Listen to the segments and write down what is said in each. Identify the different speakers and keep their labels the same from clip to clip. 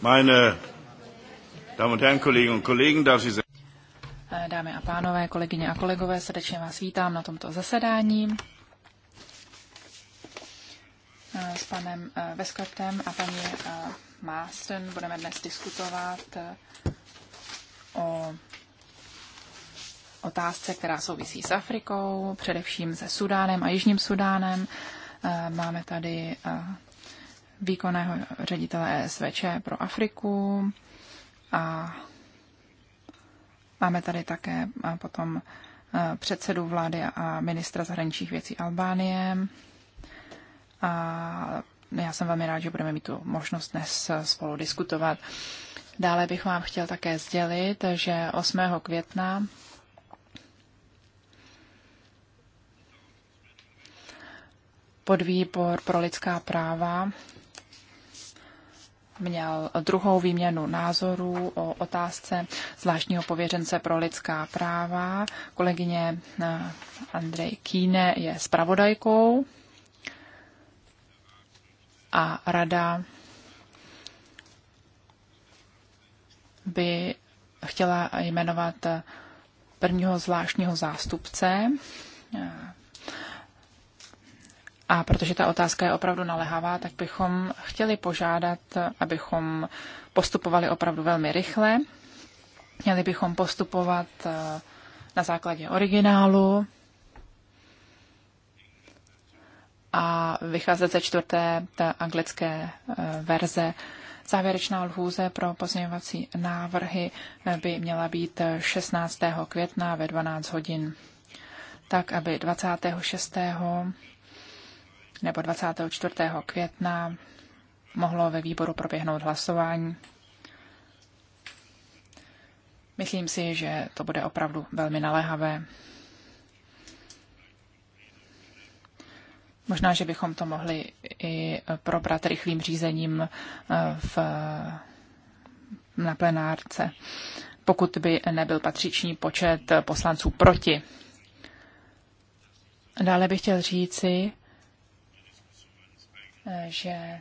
Speaker 1: Meine Damen und Herren, Kolleginnen und Kollegen, darf ich
Speaker 2: eh, Dámy a pánové, kolegyně a kolegové, srdečně vás vítám na tomto zasedání eh, s panem eh, Veskartem a paní Másten. Budeme dnes diskutovat o otázce, která souvisí s Afrikou, především se Sudánem a Jižním Sudánem. Máme tady výkonného ředitele ESVČ pro Afriku a máme tady také potom e, předsedu vlády a ministra zahraničních věcí Albánie. A já jsem velmi rád, že budeme mít tu možnost dnes spolu diskutovat. Dále bych vám chtěl také sdělit, že 8. května podvýbor pro lidská práva měl druhou výměnu názorů o otázce zvláštního pověřence pro lidská práva. Kolegyně eh, Andrej Kýne je spravodajkou a rada by chtěla jmenovat prvního zvláštního zástupce eh, a protože ta otázka je opravdu nalehavá, tak bychom chtěli požádat, abychom postupovali opravdu velmi rychle. Měli bychom postupovat eh, na základě originálu a vycházet ze čtvrté té anglické eh, verze. Závěrečná lhůze pro pozměňovací návrhy eh, by měla být 16. května ve 12 hodin, tak aby 26 nebo 24. května mohlo ve výboru proběhnout hlasování. Myslím si, že to bude opravdu velmi naléhavé. Možná, že bychom to mohli i probrat rychlým řízením eh, v, na plenárce, pokud by nebyl patřičný počet poslanců proti. Dále bych chtěl říci, že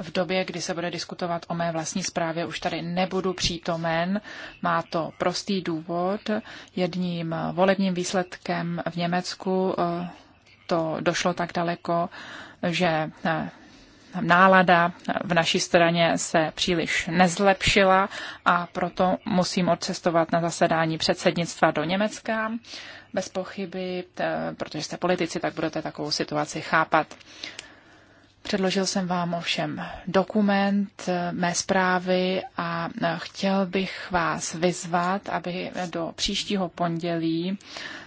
Speaker 2: v době, kdy se bude diskutovat o mé vlastní zprávě, už tady nebudu přítomen. Má to prostý důvod. Jedním volebním výsledkem v Německu eh, to došlo tak daleko, že eh, nálada v naší straně se příliš nezlepšila a proto musím odcestovat na zasedání předsednictva do Německa bez pochyby, protože jste politici, tak budete takovou situaci chápat. Předložil jsem vám ovšem dokument e, mé zprávy a e, chtěl bych vás vyzvat, aby do příštího pondělí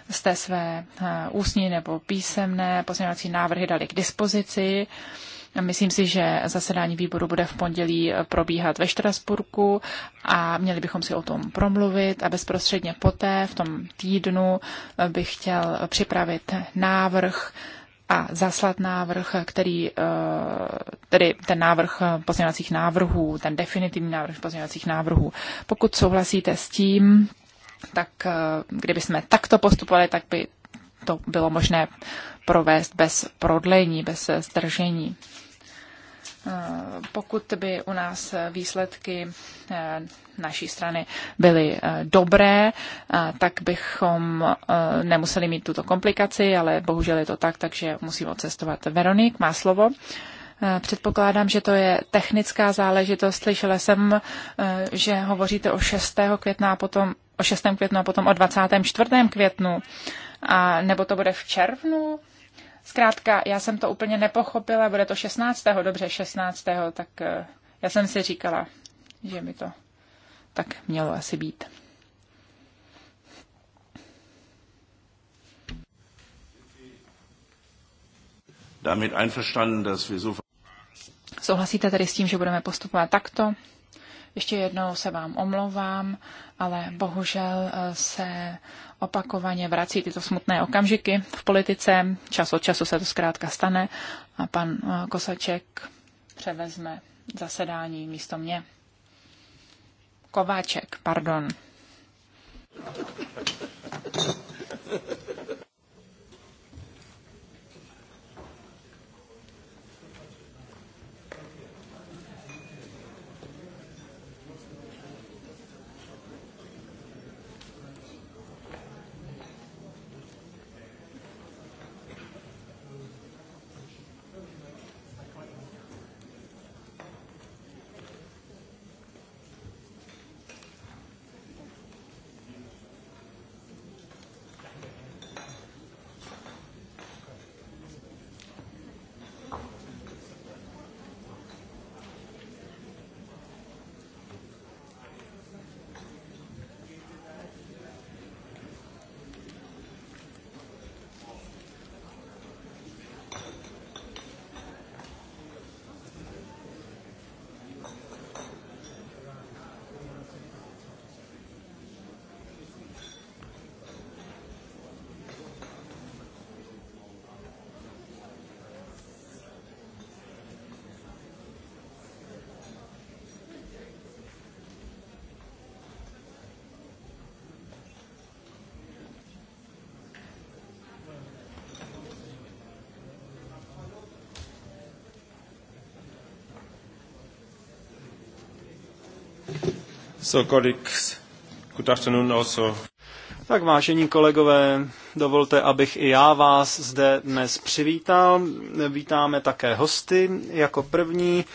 Speaker 2: jste své e, ústní nebo písemné pozměňovací návrhy dali k dispozici Myslím si, že zasedání výboru bude v pondělí probíhat ve Štrasburku a měli bychom si o tom promluvit a bezprostředně poté v tom týdnu bych chtěl připravit návrh a zaslat návrh, který, eh, tedy ten návrh pozměňovacích návrhů, ten definitivní návrh pozměňovacích návrhů. Pokud souhlasíte s tím, tak eh, kdyby jsme takto postupovali, tak by to bylo možné provést bez prodlení, bez zdržení pokud by u nás výsledky eh, naší strany byly eh, dobré, eh, tak bychom nemuseli mít tuto komplikaci, ale bohužel je to tak, takže musím odcestovat. Veronik má slovo. Předpokládám, že to je technická záležitost. Slyšela jsem, že hovoříte o 6. května a potom o 6. květnu a potom o 24. květnu. A nebo to bude v červnu? Zkrátka, já jsem to úplně nepochopila, bude to 16. dobře, 16. tak eh, já jsem si říkala, že mi to tak mělo asi být.
Speaker 1: Damit einverstanden, dass wir so
Speaker 2: Souhlasíte tedy s tím, že budeme postupovat takto? Ještě jednou se vám omlouvám, ale bohužel eh, se opakovaně vrací tyto smutné okamžiky v politice. Čas od času se to zkrátka stane a pan eh, Kosaček převezme zasedání místo mě. Kováček, pardon.
Speaker 1: So, colleagues, good
Speaker 2: afternoon also.
Speaker 1: Tak vážení kolegové, dovolte, abych i já vás zde dnes přivítal. Vítáme také hosty. Jako první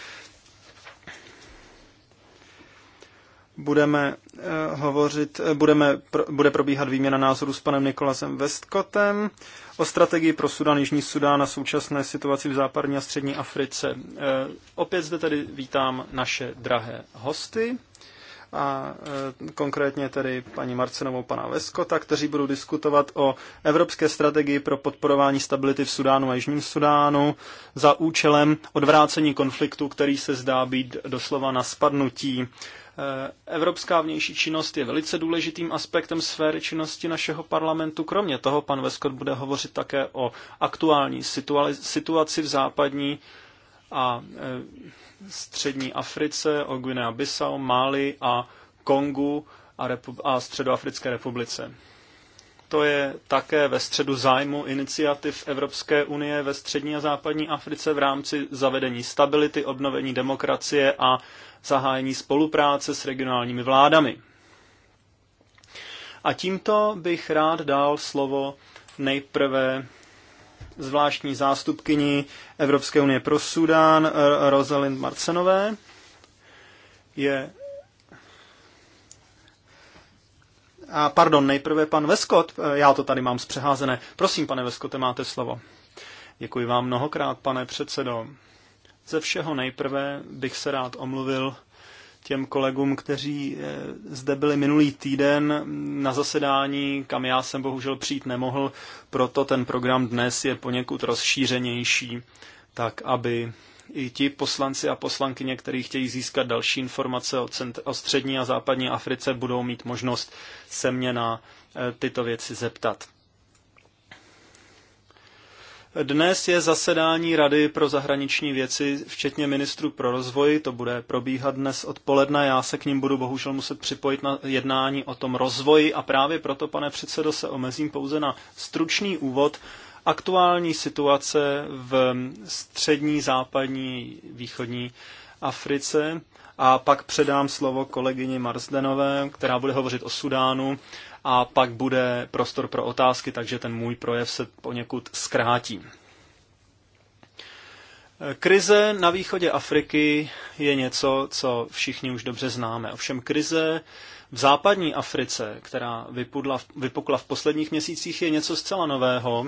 Speaker 1: budeme eh, hovořit, eh, budeme, bude probíhat výměna názorů s panem Nikolasem Westcottem o strategii pro Sudan, Jižní Sudán a současné situaci v západní a střední Africe. Eh, opět zde tedy vítám naše drahé hosty a e, konkrétně tedy paní Marcenovou, pana Veskota, kteří budou diskutovat o evropské strategii pro podporování stability v Sudánu a Jižním Sudánu za účelem odvrácení konfliktu, který se zdá být doslova na spadnutí. E, evropská vnější činnost je velice důležitým aspektem sféry činnosti našeho parlamentu. Kromě toho pan Veskot bude hovořit také o aktuální situaci v západní a e, střední Africe, o Guinea Bissau, Mali a Kongu a, repu- a Středoafrické republice. To je také ve středu zájmu iniciativ Evropské unie ve střední a západní Africe v rámci zavedení stability, obnovení demokracie a zahájení spolupráce s regionálními vládami. A tímto bych rád dal slovo nejprve zvláštní zástupkyni Evropské unie pro Sudán eh, Rosalind Marcenové. Je A pardon, nejprve pan Veskot, eh, já to tady mám zpřeházené. Prosím, pane Veskote, máte slovo. Děkuji vám mnohokrát, pane předsedo. Ze všeho nejprve bych se rád omluvil těm kolegům, kteří eh, zde byli minulý týden na zasedání, kam já jsem bohužel přijít nemohl, proto ten program dnes je poněkud rozšířenější, tak aby i ti poslanci a poslankyně, kteří chtějí získat další informace o, cent- o střední a západní Africe, budou mít možnost se mě na eh, tyto věci zeptat. Dnes je zasedání Rady pro zahraniční věci, včetně ministru pro rozvoj. To bude probíhat dnes odpoledne. Já se k ním budu bohužel muset připojit na jednání o tom rozvoji a právě proto, pane předsedo, se omezím pouze na stručný úvod aktuální situace v střední, západní, východní Africe a pak předám slovo kolegyni Marsdenové, která bude hovořit o Sudánu a pak bude prostor pro otázky, takže ten můj projev se poněkud zkrátí. Krize na východě Afriky je něco, co všichni už dobře známe. Ovšem krize v západní Africe, která vypudla, vypukla v posledních měsících, je něco zcela nového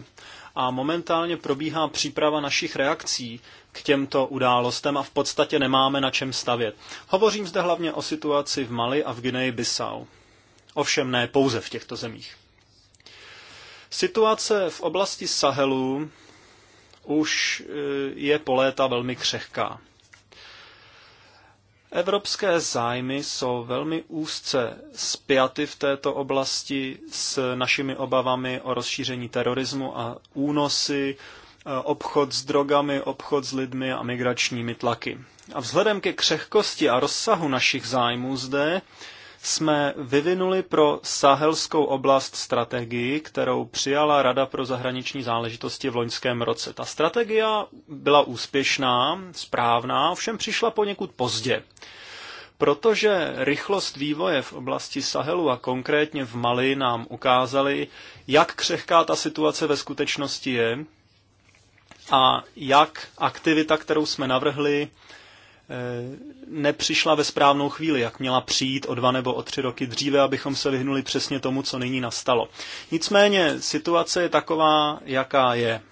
Speaker 1: a momentálně probíhá příprava našich reakcí k těmto událostem a v podstatě nemáme na čem stavět. Hovořím zde hlavně o situaci v Mali a v guinea bissau ovšem ne pouze v těchto zemích. Situace v oblasti Sahelu už eh, je po léta velmi křehká. Evropské zájmy jsou velmi úzce spjaty v této oblasti s našimi obavami o rozšíření terorismu a únosy, eh, obchod s drogami, obchod s lidmi a migračními tlaky. A vzhledem ke křehkosti a rozsahu našich zájmů zde jsme vyvinuli pro sahelskou oblast strategii, kterou přijala Rada pro zahraniční záležitosti v loňském roce. Ta strategie byla úspěšná, správná, ovšem přišla poněkud pozdě. Protože rychlost vývoje v oblasti Sahelu a konkrétně v Mali nám ukázali, jak křehká ta situace ve skutečnosti je a jak aktivita, kterou jsme navrhli, nepřišla ve správnou chvíli, jak měla přijít o dva nebo o tři roky dříve, abychom se vyhnuli přesně tomu, co nyní nastalo. Nicméně situace je taková, jaká je.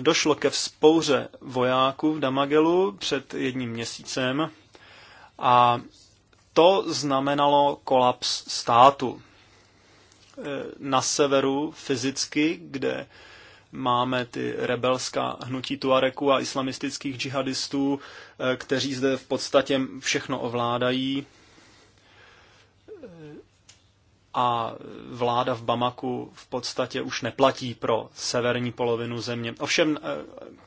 Speaker 1: Došlo ke vzpouře vojáků v Damagelu před jedním měsícem a to znamenalo kolaps státu. Na severu fyzicky, kde máme ty rebelská hnutí Tuareku a islamistických džihadistů, eh, kteří zde v podstatě všechno ovládají. Eh, a vláda v Bamaku v podstatě už neplatí pro severní polovinu země. Ovšem, eh,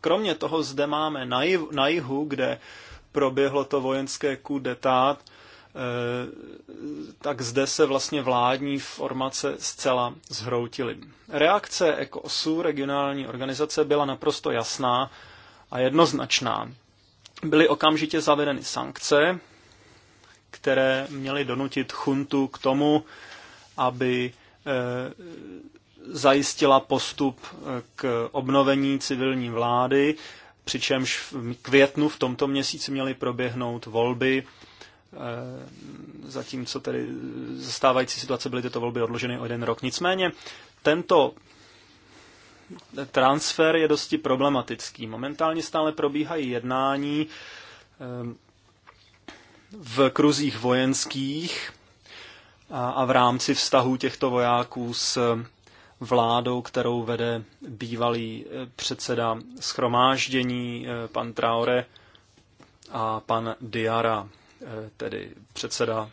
Speaker 1: kromě toho zde máme na jihu, kde proběhlo to vojenské coup Eh, tak zde se vlastně vládní formace zcela zhroutily. Reakce ECOSu, regionální organizace, byla naprosto jasná a jednoznačná. Byly okamžitě zavedeny sankce, které měly donutit chuntu k tomu, aby eh, zajistila postup eh, k obnovení civilní vlády, přičemž v květnu v tomto měsíci měly proběhnout volby Eh, zatímco tedy zastávající situace byly tyto volby odloženy o jeden rok. Nicméně tento transfer je dosti problematický. Momentálně stále probíhají jednání eh, v kruzích vojenských a v rámci vztahu těchto vojáků s vládou, kterou vede bývalý eh, předseda schromáždění pan Traore a pan Diara. Eh, tedy předseda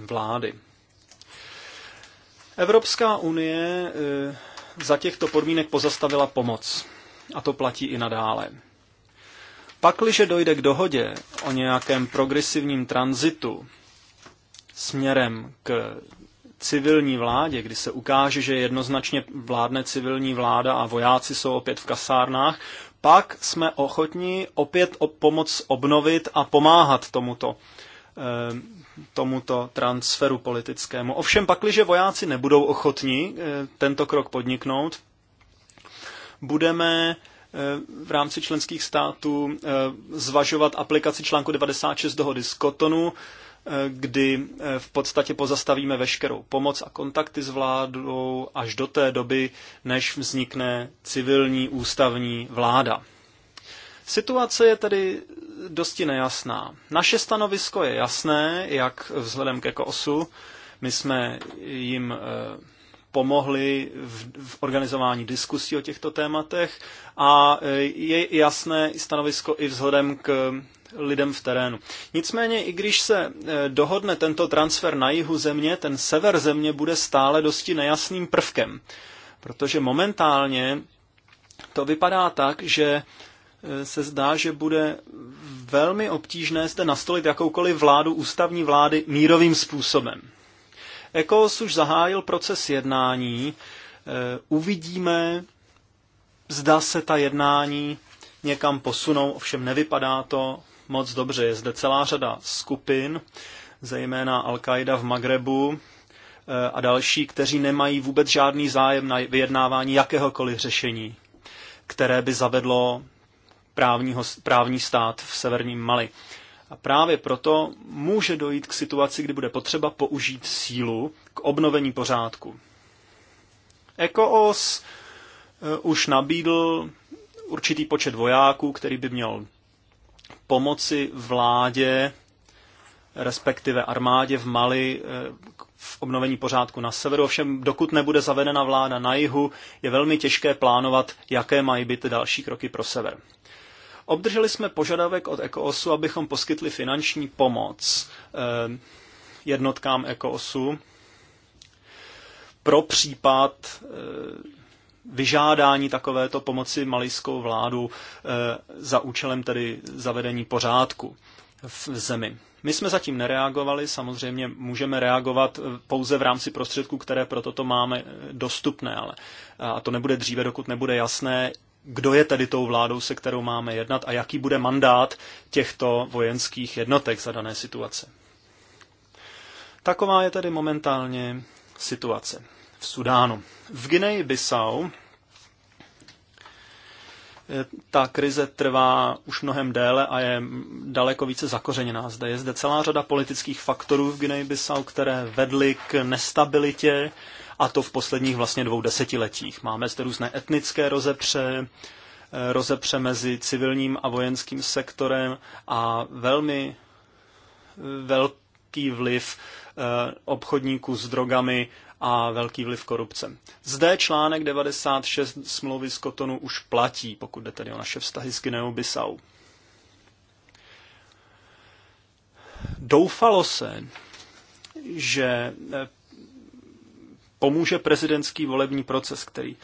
Speaker 1: vlády. Evropská unie eh, za těchto podmínek pozastavila pomoc. A to platí i nadále. Pakliže dojde k dohodě o nějakém progresivním tranzitu směrem k civilní vládě, kdy se ukáže, že jednoznačně vládne civilní vláda a vojáci jsou opět v kasárnách, pak jsme ochotni opět pomoc obnovit a pomáhat tomuto Eh, tomuto transferu politickému. Ovšem pakliže vojáci nebudou ochotni eh, tento krok podniknout, budeme eh, v rámci členských států zvažovat aplikaci článku 96 dohody z Kotonu, kdy v podstatě pozastavíme veškerou pomoc a kontakty s vládou až do té doby, než vznikne civilní ústavní vláda. Situace je tedy dosti nejasná. Naše stanovisko je jasné, jak vzhledem ke KOSu. My jsme jim eh, pomohli v, organizování diskusí o těchto tématech a eh, je jasné stanovisko i vzhledem k lidem v terénu. Nicméně, i když se eh, dohodne tento transfer na jihu země, ten sever země bude stále dosti nejasným prvkem, protože momentálně to vypadá tak, že se zdá, že bude velmi obtížné zde nastolit jakoukoliv vládu ústavní vlády mírovým způsobem. ECOS už zahájil proces jednání. E, uvidíme, zda se ta jednání někam posunou, ovšem nevypadá to moc dobře. Je zde celá řada skupin, zejména Al-Qaida v Magrebu e, a další, kteří nemají vůbec žádný zájem na vyjednávání jakéhokoliv řešení, které by zavedlo právního, právní stát v severním Mali. A právě proto může dojít k situaci, kdy bude potřeba použít sílu k obnovení pořádku. ECOOS eh, už nabídl určitý počet vojáků, který by měl pomoci vládě, respektive armádě v Mali eh, v obnovení pořádku na severu. Ovšem, dokud nebude zavedena vláda na jihu, je velmi těžké plánovat, jaké mají být další kroky pro sever. Obdrželi jsme požadavek od ECOOSu, abychom poskytli finanční pomoc ehm, jednotkám ECOOSu pro případ ehm, vyžádání takovéto pomoci malijskou vládu ehm, za účelem tedy zavedení pořádku v zemi. My jsme zatím nereagovali, samozřejmě můžeme reagovat pouze v rámci prostředků, které pro toto máme dostupné, ale a to nebude dříve, dokud nebude jasné, kdo je tedy tou vládou, se kterou máme jednat a jaký bude mandát těchto vojenských jednotek za dané situace. Taková je tedy momentálně situace v Sudánu. V Gineji Bissau eh, ta krize trvá už mnohem déle a je daleko více zakořeněná. Zde je zde celá řada politických faktorů v Guinea-Bissau, které vedly k nestabilitě a to v posledních vlastně dvou desetiletích. Máme zde různé etnické rozepře, eh, rozepře mezi civilním a vojenským sektorem a velmi eh, velký vliv eh, obchodníků s drogami a velký vliv korupce. Zde článek 96 smlouvy z Kotonu už platí, pokud jde tedy o naše vztahy s Gineou Bissau. Doufalo se, že pomůže prezidentský volební proces, který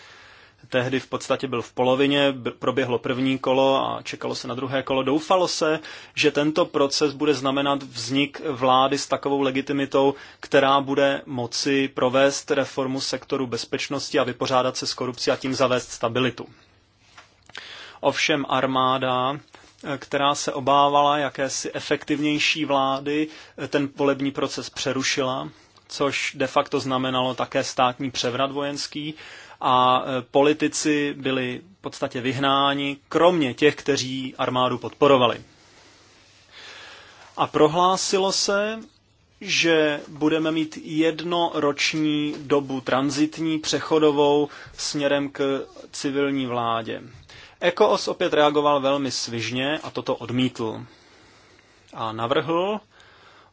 Speaker 1: tehdy v podstatě byl v polovině, proběhlo první kolo a čekalo se na druhé kolo. Doufalo se, že tento proces bude znamenat vznik vlády s takovou legitimitou, která bude moci provést reformu sektoru bezpečnosti a vypořádat se s korupcí a tím zavést stabilitu. Ovšem armáda která se obávala jakési efektivnější vlády, ten volební proces přerušila což de facto znamenalo také státní převrat vojenský a e, politici byli v podstatě vyhnáni, kromě těch, kteří armádu podporovali. A prohlásilo se, že budeme mít jednoroční dobu transitní, přechodovou směrem k civilní vládě. ECOOS opět reagoval velmi svižně a toto odmítl. A navrhl,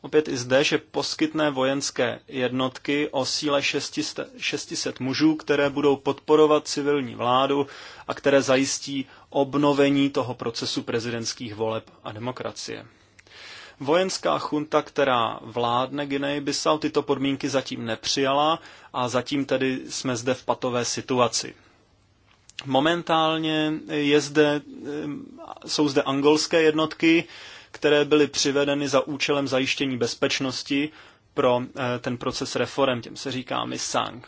Speaker 1: opět i zde, že poskytne vojenské jednotky o síle 600, 600 mužů, které budou podporovat civilní vládu a které zajistí obnovení toho procesu prezidentských voleb a demokracie. Vojenská chunta, která vládne Guinei Bissau, tyto podmínky zatím nepřijala a zatím tedy jsme zde v patové situaci. Momentálně je zde, eh, jsou zde angolské jednotky, které byly přivedeny za účelem zajištění bezpečnosti pro eh, ten proces reform, těm se říká Missang.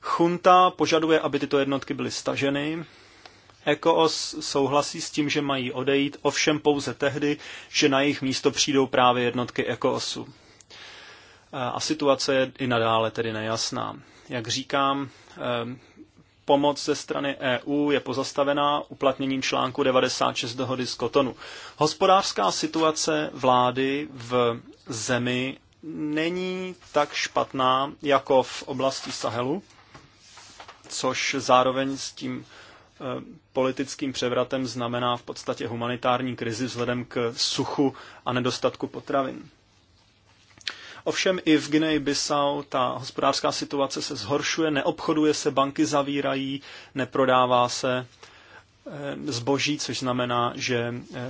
Speaker 1: Chunta požaduje, aby tyto jednotky byly staženy. ECOOS souhlasí s tím, že mají odejít, ovšem pouze tehdy, že na jejich místo přijdou právě jednotky ECOOSu. Eh, a situace je i nadále tedy nejasná. Jak říkám, eh, pomoc ze strany EU je pozastavená uplatněním článku 96 dohody z Kotonu. Hospodářská situace vlády v zemi není tak špatná jako v oblasti Sahelu, což zároveň s tím e, politickým převratem znamená v podstatě humanitární krizi vzhledem k suchu a nedostatku potravin. Ovšem i v Guinea-Bissau ta hospodářská situace se zhoršuje, neobchoduje se, banky zavírají, neprodává se eh, zboží, což znamená, že eh,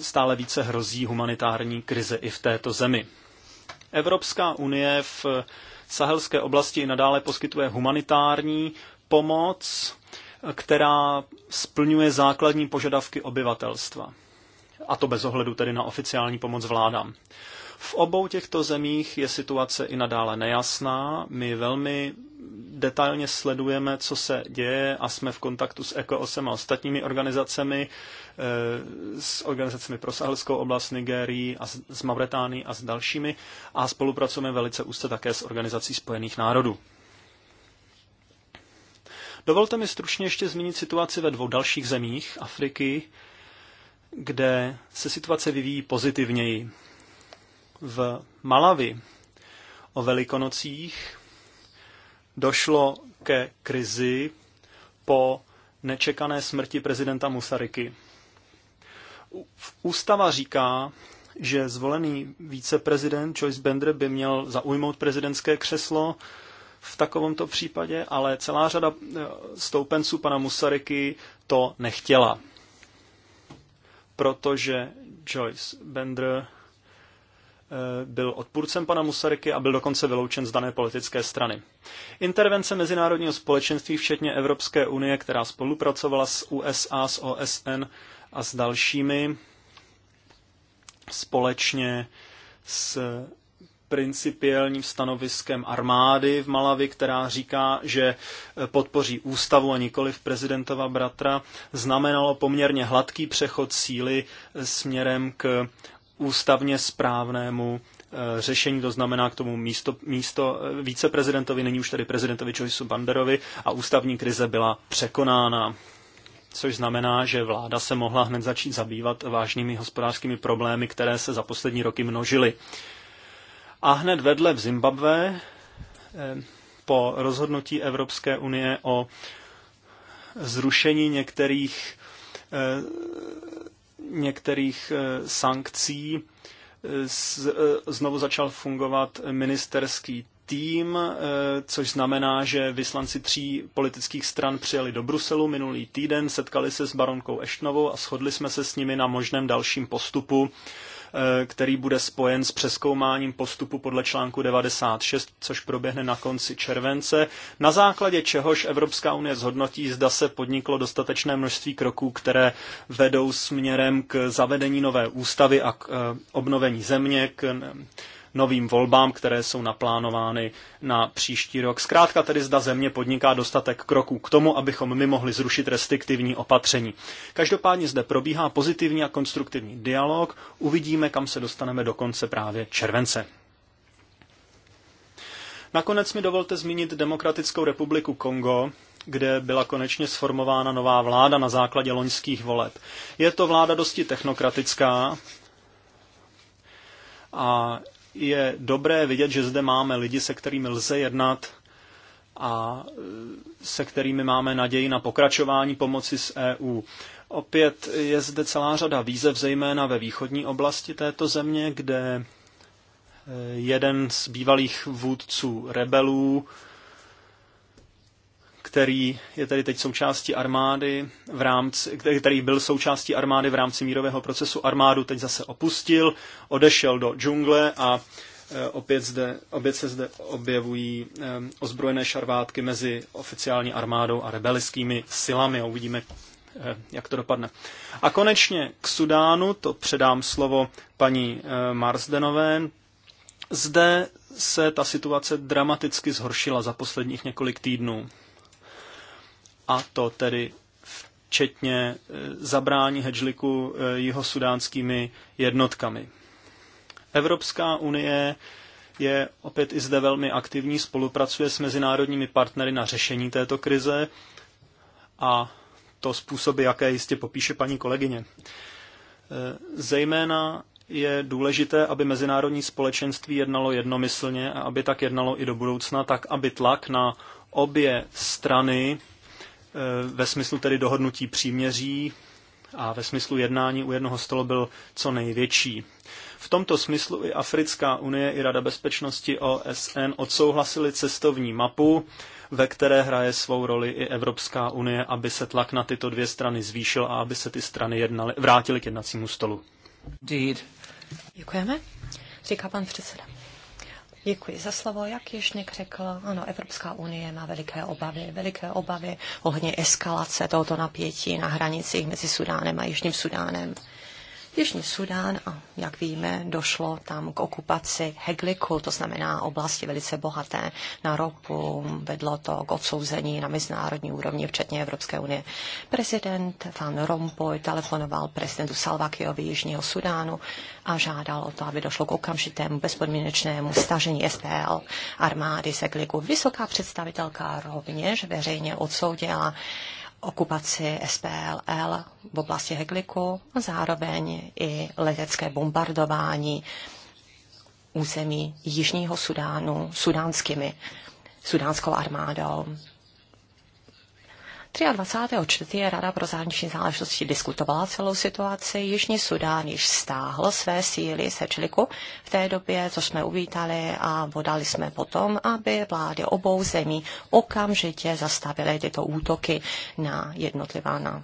Speaker 1: stále více hrozí humanitární krize i v této zemi. Evropská unie v sahelské oblasti i nadále poskytuje humanitární pomoc, která splňuje základní požadavky obyvatelstva. A to bez ohledu tedy na oficiální pomoc vládám. V obou těchto zemích je situace i nadále nejasná. My velmi detailně sledujeme, co se děje a jsme v kontaktu s ECOOSem a ostatními organizacemi, eh, s organizacemi pro sahelskou oblast Nigérií a s Mauretánií a s dalšími a spolupracujeme velice úzce také s Organizací spojených národů. Dovolte mi stručně ještě zmínit situaci ve dvou dalších zemích Afriky, kde se situace vyvíjí pozitivněji v Malavi o Velikonocích došlo ke krizi po nečekané smrti prezidenta Musariky. Ústava říká, že zvolený víceprezident Joyce Bender by měl zaujmout prezidentské křeslo v takovomto případě, ale celá řada e, stoupenců pana Musariky to nechtěla. Protože Joyce Bender Eh, byl odpůrcem pana Musariky a byl dokonce vyloučen z dané politické strany. Intervence mezinárodního společenství, včetně Evropské unie, která spolupracovala s USA, s OSN a s dalšími, společně s principiálním stanoviskem armády v Malavi, která říká, že podpoří ústavu a nikoli v prezidentova bratra, znamenalo poměrně hladký přechod síly směrem k ústavně správnému eh, řešení, to znamená k tomu místo, místo eh, víceprezidentovi, není už tedy prezidentovi Joyce Banderovi a ústavní krize byla překonána. Což znamená, že vláda se mohla hned začít zabývat vážnými hospodářskými problémy, které se za poslední roky množily. A hned vedle v Zimbabwe eh, po rozhodnutí Evropské unie o zrušení některých některých eh, sankcí eh, eh, znovu začal fungovat ministerský tým, což znamená, že vyslanci tří politických stran přijeli do Bruselu minulý týden, setkali se s baronkou Eštnovou a shodli jsme se s nimi na možném dalším postupu Eh, který bude spojen s přeskoumáním postupu podle článku 96, což proběhne na konci července, na základě čehož Evropská unie zhodnotí, zda se podniklo dostatečné množství kroků, které vedou směrem k zavedení nové ústavy a k eh, obnovení země, k novým volbám, které jsou naplánovány na příští rok. Zkrátka tedy zda země podniká dostatek kroků k tomu, abychom my mohli zrušit restriktivní opatření. Každopádně zde probíhá pozitivní a konstruktivní dialog. Uvidíme, kam se dostaneme do konce právě července. Nakonec mi dovolte zmínit Demokratickou republiku Kongo, kde byla konečně sformována nová vláda na základě loňských voleb. Je to vláda dosti technokratická a je dobré vidět, že zde máme lidi, se kterými lze jednat a e, se kterými máme naději na pokračování pomoci z EU. Opět je zde celá řada výzev, zejména ve východní oblasti této země, kde e, jeden z bývalých vůdců rebelů který je tedy teď součástí armády v rámci, který byl součástí armády v rámci mírového procesu. Armádu teď zase opustil, odešel do džungle a e, opět, zde, opět se zde objevují e, ozbrojené šarvátky mezi oficiální armádou a rebelskými silami a uvidíme, e, jak to dopadne. A konečně k Sudánu, to předám slovo paní Marsdenové. Zde se ta situace dramaticky zhoršila za posledních několik týdnů a to tedy včetně e, zabrání hedžliku e, jihosudánskými jednotkami. Evropská unie je opět i zde velmi aktivní, spolupracuje s mezinárodními partnery na řešení této krize a to způsoby, jaké jistě popíše paní kolegyně. E, zejména je důležité, aby mezinárodní společenství jednalo jednomyslně a aby tak jednalo i do budoucna, tak aby tlak na obě strany Eh, ve smyslu tedy dohodnutí příměří a ve smyslu jednání u jednoho stolu byl co největší. V tomto smyslu i Africká unie i Rada bezpečnosti OSN odsouhlasili cestovní mapu, ve které hraje svou roli i Evropská unie, aby se tlak na tyto dvě strany zvýšil a aby se ty strany jednali, vrátili k jednacímu stolu.
Speaker 3: Děkujeme, říká pan předseda. Děkuji za slovo. Jak již Nik řekl, ano, Evropská unie má veliké obavy, veliké obavy ohně eskalace tohoto napětí na hranicích mezi Sudánem a Jižním Sudánem. Jižní Sudán, a jak víme, došlo tam k okupaci Hegliku, to znamená oblasti velice bohaté na ropu, vedlo to k odsouzení na mezinárodní úrovni, včetně Evropské unie. Prezident Van Rompuy telefonoval prezidentu Salvakiovi Jižního Sudánu a žádal o to, aby došlo k okamžitému bezpodmínečnému stažení SPL armády z Hegliku. Vysoká představitelka rovněž veřejně odsoudila okupaci SPLL v oblasti Hegliku a zároveň i letecké bombardování území Jižního Sudánu sudánskými, sudánskou armádou. 23. Rada pro zahraniční záležitosti diskutovala celou situaci. Jižní Sudán již stáhl své síly se čliku v té době, co jsme uvítali a podali jsme potom, aby vlády obou zemí okamžitě zastavily tyto útoky na jednotlivá na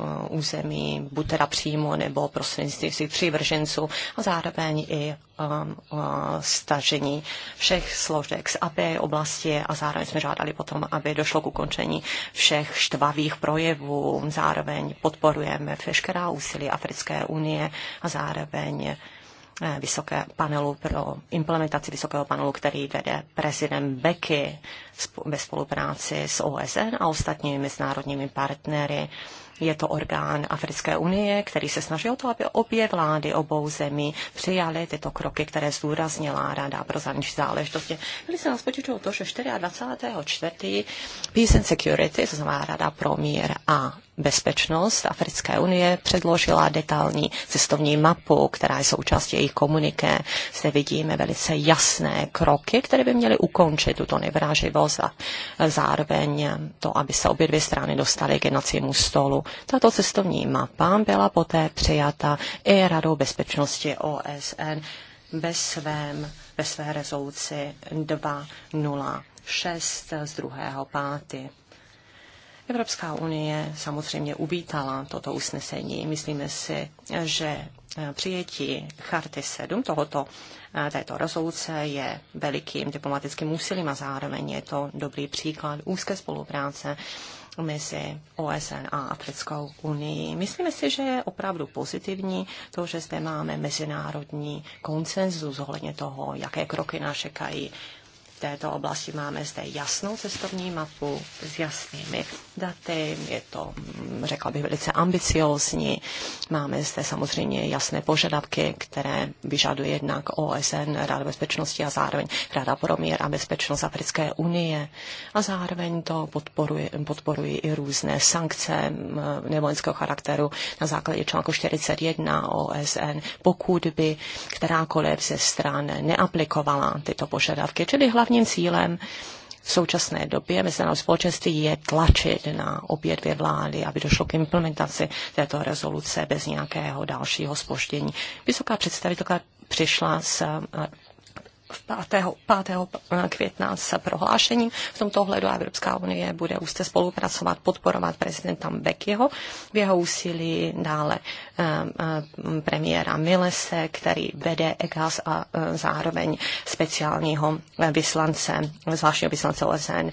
Speaker 3: Eh, území, buď teda přímo nebo prostřednictvím svých přívrženců a zároveň i um, uh, stažení všech složek z AP oblasti a zároveň jsme žádali potom, aby došlo k ukončení všech štvavých projevů. Zároveň podporujeme veškerá úsilí Africké unie a zároveň vysoké panelu pro implementaci vysokého panelu, který vede prezident Beky ve spolupráci s OSN a ostatními mezinárodními partnery je to orgán Africké unie, který se snaží o to, aby obě vlády obou zemí přijaly tyto kroky, které zdůraznila Rada pro zahraniční záležitosti. Byli se nás počítalo to, že 24. 4. Peace and Security, to znamená Rada pro mír a bezpečnost Africké unie předložila detailní cestovní mapu, která je součástí jejich komuniké. Zde vidíme velice jasné kroky, které by měly ukončit tuto nevraživost a zároveň to, aby se obě dvě strany dostaly k jednacímu stolu. Tato cestovní mapa byla poté přijata i Radou bezpečnosti OSN ve, svém, ve své rezoluci 206 z 2. 5. Evropská unie samozřejmě uvítala toto usnesení. Myslíme si, že eh, přijetí Charty 7 tohoto, eh, této rezoluce je velikým diplomatickým úsilím a zároveň je to dobrý příklad úzké spolupráce mezi OSN a Africkou unii. Myslíme si, že je opravdu pozitivní to, že zde máme mezinárodní koncenzus ohledně toho, jaké kroky nás čekají v této oblasti máme zde jasnou cestovní mapu s jasnými daty, je to, mm, řekla bych, velice ambiciózní. Máme zde samozřejmě jasné požadavky, které vyžaduje jednak OSN, Rada bezpečnosti a zároveň Rada pro mír a bezpečnost Africké unie. A zároveň to podporuje, podporují i různé sankce mm, nevojenského charakteru na základě článku 41 OSN, pokud by kterákoliv ze stran neaplikovala tyto požadavky. Čili hlavně hlavním cílem v současné době mezinárodní společenství je tlačit na obě dvě vlády, aby došlo k implementaci této rezoluce bez nějakého dalšího spoštění. Vysoká představitelka přišla s eh, 5. 5. května s prohlášením. V tomto ohledu Evropská unie bude úzce spolupracovat, podporovat prezidenta Bekyho v jeho úsilí, dále um, um, premiéra Milese, který vede EGAS a um, zároveň speciálního vyslance, zvláštního vyslance OSN um,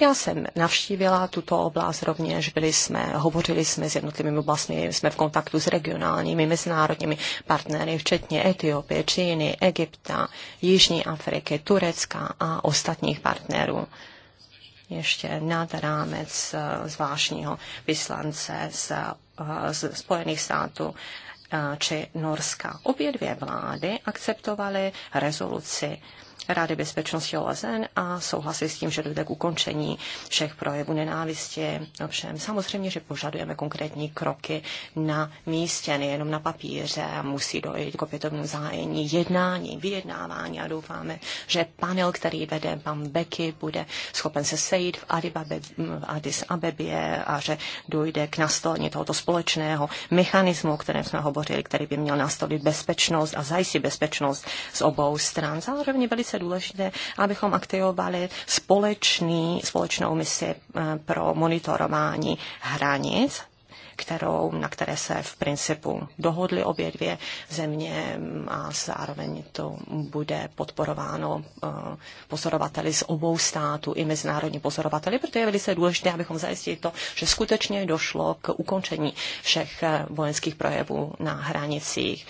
Speaker 3: já jsem navštívila tuto oblast rovněž, byli jsme, hovořili jsme s jednotlivými oblastmi, jsme v kontaktu s regionálními mezinárodními partnery, včetně Etiopie, Číny, Egypta, Jižní Afriky, Turecka a ostatních partnerů ještě nad rámec eh, zvláštního vyslance z, eh, z Spojených států eh, či Norska. Obě dvě vlády akceptovaly rezoluci Rady bezpečnosti OSN a souhlasí s tím, že dojde k ukončení všech projevů nenávisti. Ovšem samozřejmě, že požadujeme konkrétní kroky na místě, nejenom na papíře a musí dojít k opětovnému zájení jednání, vyjednávání a doufáme, že panel, který vede pan Beky, bude schopen se sejít v, Adibabe, v Addis Abebě a že dojde k nastolení tohoto společného mechanismu, o kterém jsme hovořili, který by měl nastolit bezpečnost a zajistit bezpečnost z obou stran. Zároveň byli velice důležité, abychom aktivovali společný, společnou misi eh, pro monitorování hranic kterou, na které se v principu dohodly obě dvě země mm, a zároveň to bude podporováno eh, pozorovateli z obou států i mezinárodní pozorovateli, protože je velice důležité, abychom zajistili to, že skutečně došlo k ukončení všech eh, vojenských projevů na hranicích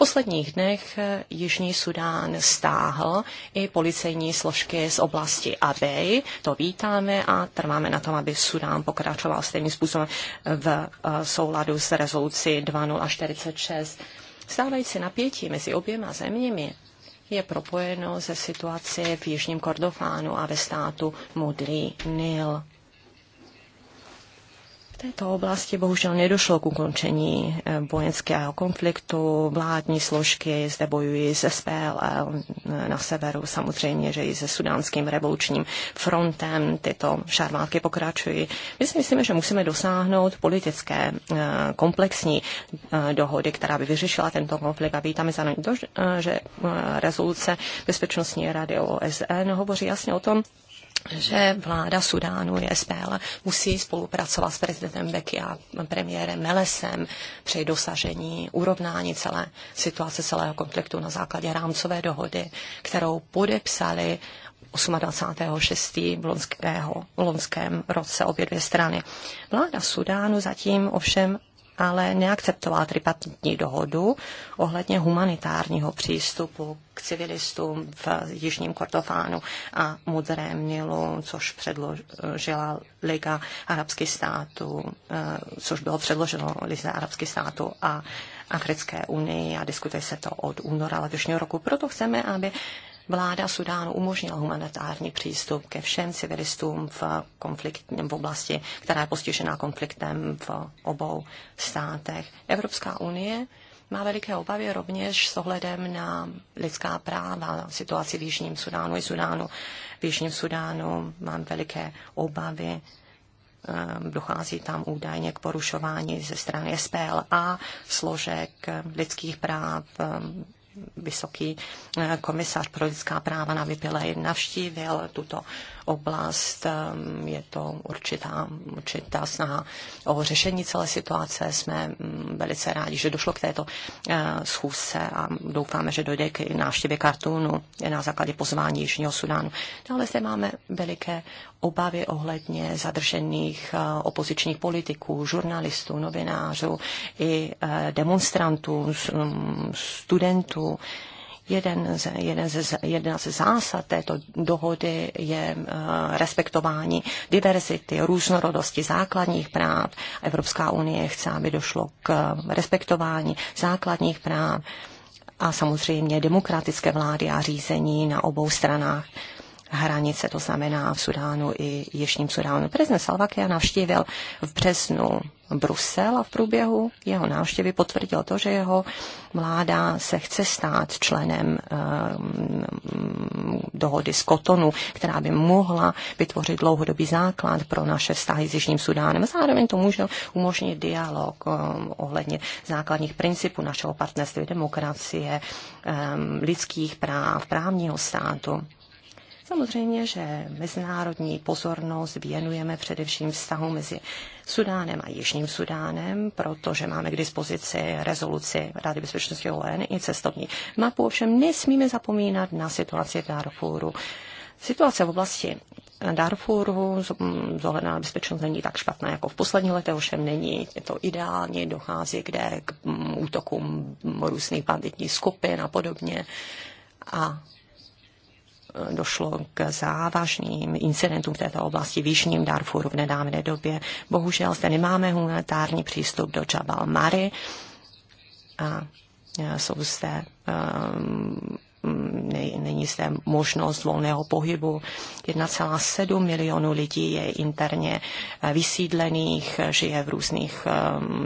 Speaker 3: posledních dnech eh, Jižní Sudán stáhl i policejní složky z oblasti Abej. To vítáme a trváme na tom, aby Sudán pokračoval stejným způsobem eh, v eh, souladu s rezolucí 2046. Stávající napětí mezi oběma zeměmi je propojeno se situací v Jižním Kordofánu a ve státu Modrý Nil této oblasti bohužel nedošlo k ukončení eh, vojenského konfliktu. Vládní složky zde bojují se SPLL na severu, samozřejmě, že i se sudánským revolučním frontem tyto šarvátky pokračují. My si myslíme, že musíme dosáhnout politické eh, komplexní eh, dohody, která by vyřešila tento konflikt a vítáme zároveň to, že rezoluce Bezpečnostní rady OSN hovoří jasně o tom, že vláda Sudánu i SPL musí spolupracovat s prezidentem Beky a premiérem Melesem při dosažení urovnání celé situace celého konfliktu na základě rámcové dohody, kterou podepsali 28.6. v loňského, loňském roce obě dvě strany. Vláda Sudánu zatím ovšem ale neakceptoval tripartitní dohodu ohledně humanitárního přístupu k civilistům v Jižním Kordofánu a Mudrém Nilu, což předložila Liga arabských států, eh, což bylo předloženo Lize arabských států a Africké unii a diskutuje se to od února letošního roku. Proto chceme, aby Vláda Sudánu umožnila humanitární přístup ke všem civilistům v, konfliktním, v oblasti, která je postižená konfliktem v obou státech. Evropská unie má veliké obavy rovněž s ohledem na lidská práva, situaci v Jižním Sudánu i Sudánu. V Jižním Sudánu mám veliké obavy ehm, dochází tam údajně k porušování ze strany SPLA, složek lidských práv, ehm, vysoký eh, komisař pro lidská práva na Vypile navštívil tuto oblast, ehm, je to určitá, určitá snaha o řešení celé situace. Jsme mm, velice rádi, že došlo k této eh, schůzce a doufáme, že dojde k návštěvě kartunu na základě pozvání Jižního Sudánu. Dále zde máme veliké obavy ohledně zadržených eh, opozičních politiků, žurnalistů, novinářů i eh, demonstrantů, mm, studentů. Jeden z, jeden z, jedna z zásad této dohody je eh, respektování diverzity, různorodosti základních práv. Evropská unie chce, aby došlo k eh, respektování základních práv a samozřejmě demokratické vlády a řízení na obou stranách hranice, to znamená v Sudánu i Jižním Sudánu. Prezident Salvakia navštívil v březnu Brusel a v průběhu jeho návštěvy potvrdil to, že jeho vláda se chce stát členem um, dohody z Kotonu, která by mohla vytvořit dlouhodobý základ pro naše vztahy s Jižním Sudánem. Zároveň to může umožnit dialog um, ohledně základních principů našeho partnerství, demokracie, um, lidských práv, právního státu. Samozřejmě, že mezinárodní pozornost věnujeme především vztahu mezi Sudánem a Jižním Sudánem, protože máme k dispozici rezoluci Rady bezpečnosti ON i cestovní mapu. Ovšem nesmíme zapomínat na situaci v Darfuru. Situace v oblasti Darfuru zohledná bezpečnost není tak špatná jako v posledních letech, ovšem není je to ideálně, dochází kde k mm, útokům různých banditních skupin a podobně. A Eh, došlo k závažným incidentům v této oblasti v Jižním Darfuru v nedávné době. Bohužel zde nemáme humanitární přístup do Jabal Mary a eh, jsou zde um, Mm, není zde možnost volného pohybu. 1,7 milionu lidí je interně eh, vysídlených, žije v různých eh,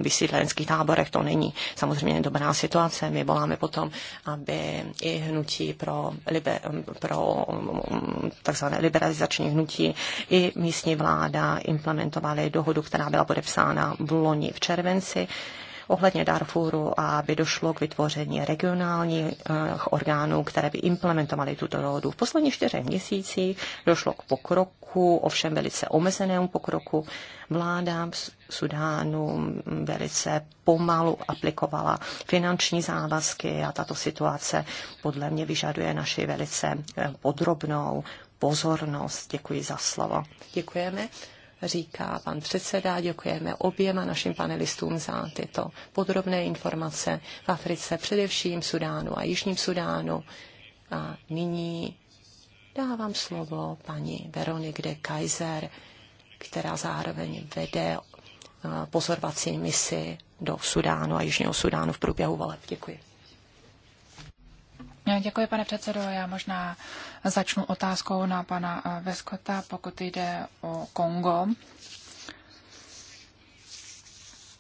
Speaker 3: vysídlenských táborech. To není samozřejmě dobrá situace. My voláme potom, aby i hnutí pro, liber, pro mm, takzvané liberalizační hnutí i místní vláda implementovaly dohodu, která byla podepsána v loni v červenci ohledně Darfuru a aby došlo k vytvoření regionálních eh, orgánů, které by implementovaly tuto dohodu. V posledních čtyřech měsících došlo k pokroku, ovšem velice omezenému pokroku. Vláda Sudánu velice pomalu aplikovala finanční závazky a tato situace podle mě vyžaduje naši velice eh, podrobnou pozornost. Děkuji za slovo. Děkujeme říká pan předseda. Děkujeme oběma našim panelistům za tyto podrobné informace v Africe, především Sudánu a Jižním Sudánu. A nyní dávám slovo paní Veronik de Kaiser, která zároveň vede eh, pozorovací misi do Sudánu a Jižního Sudánu v průběhu voleb. Děkuji.
Speaker 2: Děkuji, pane předsedo. Já možná Začnu otázkou na pana eh, Veskota, pokud jde o Kongo.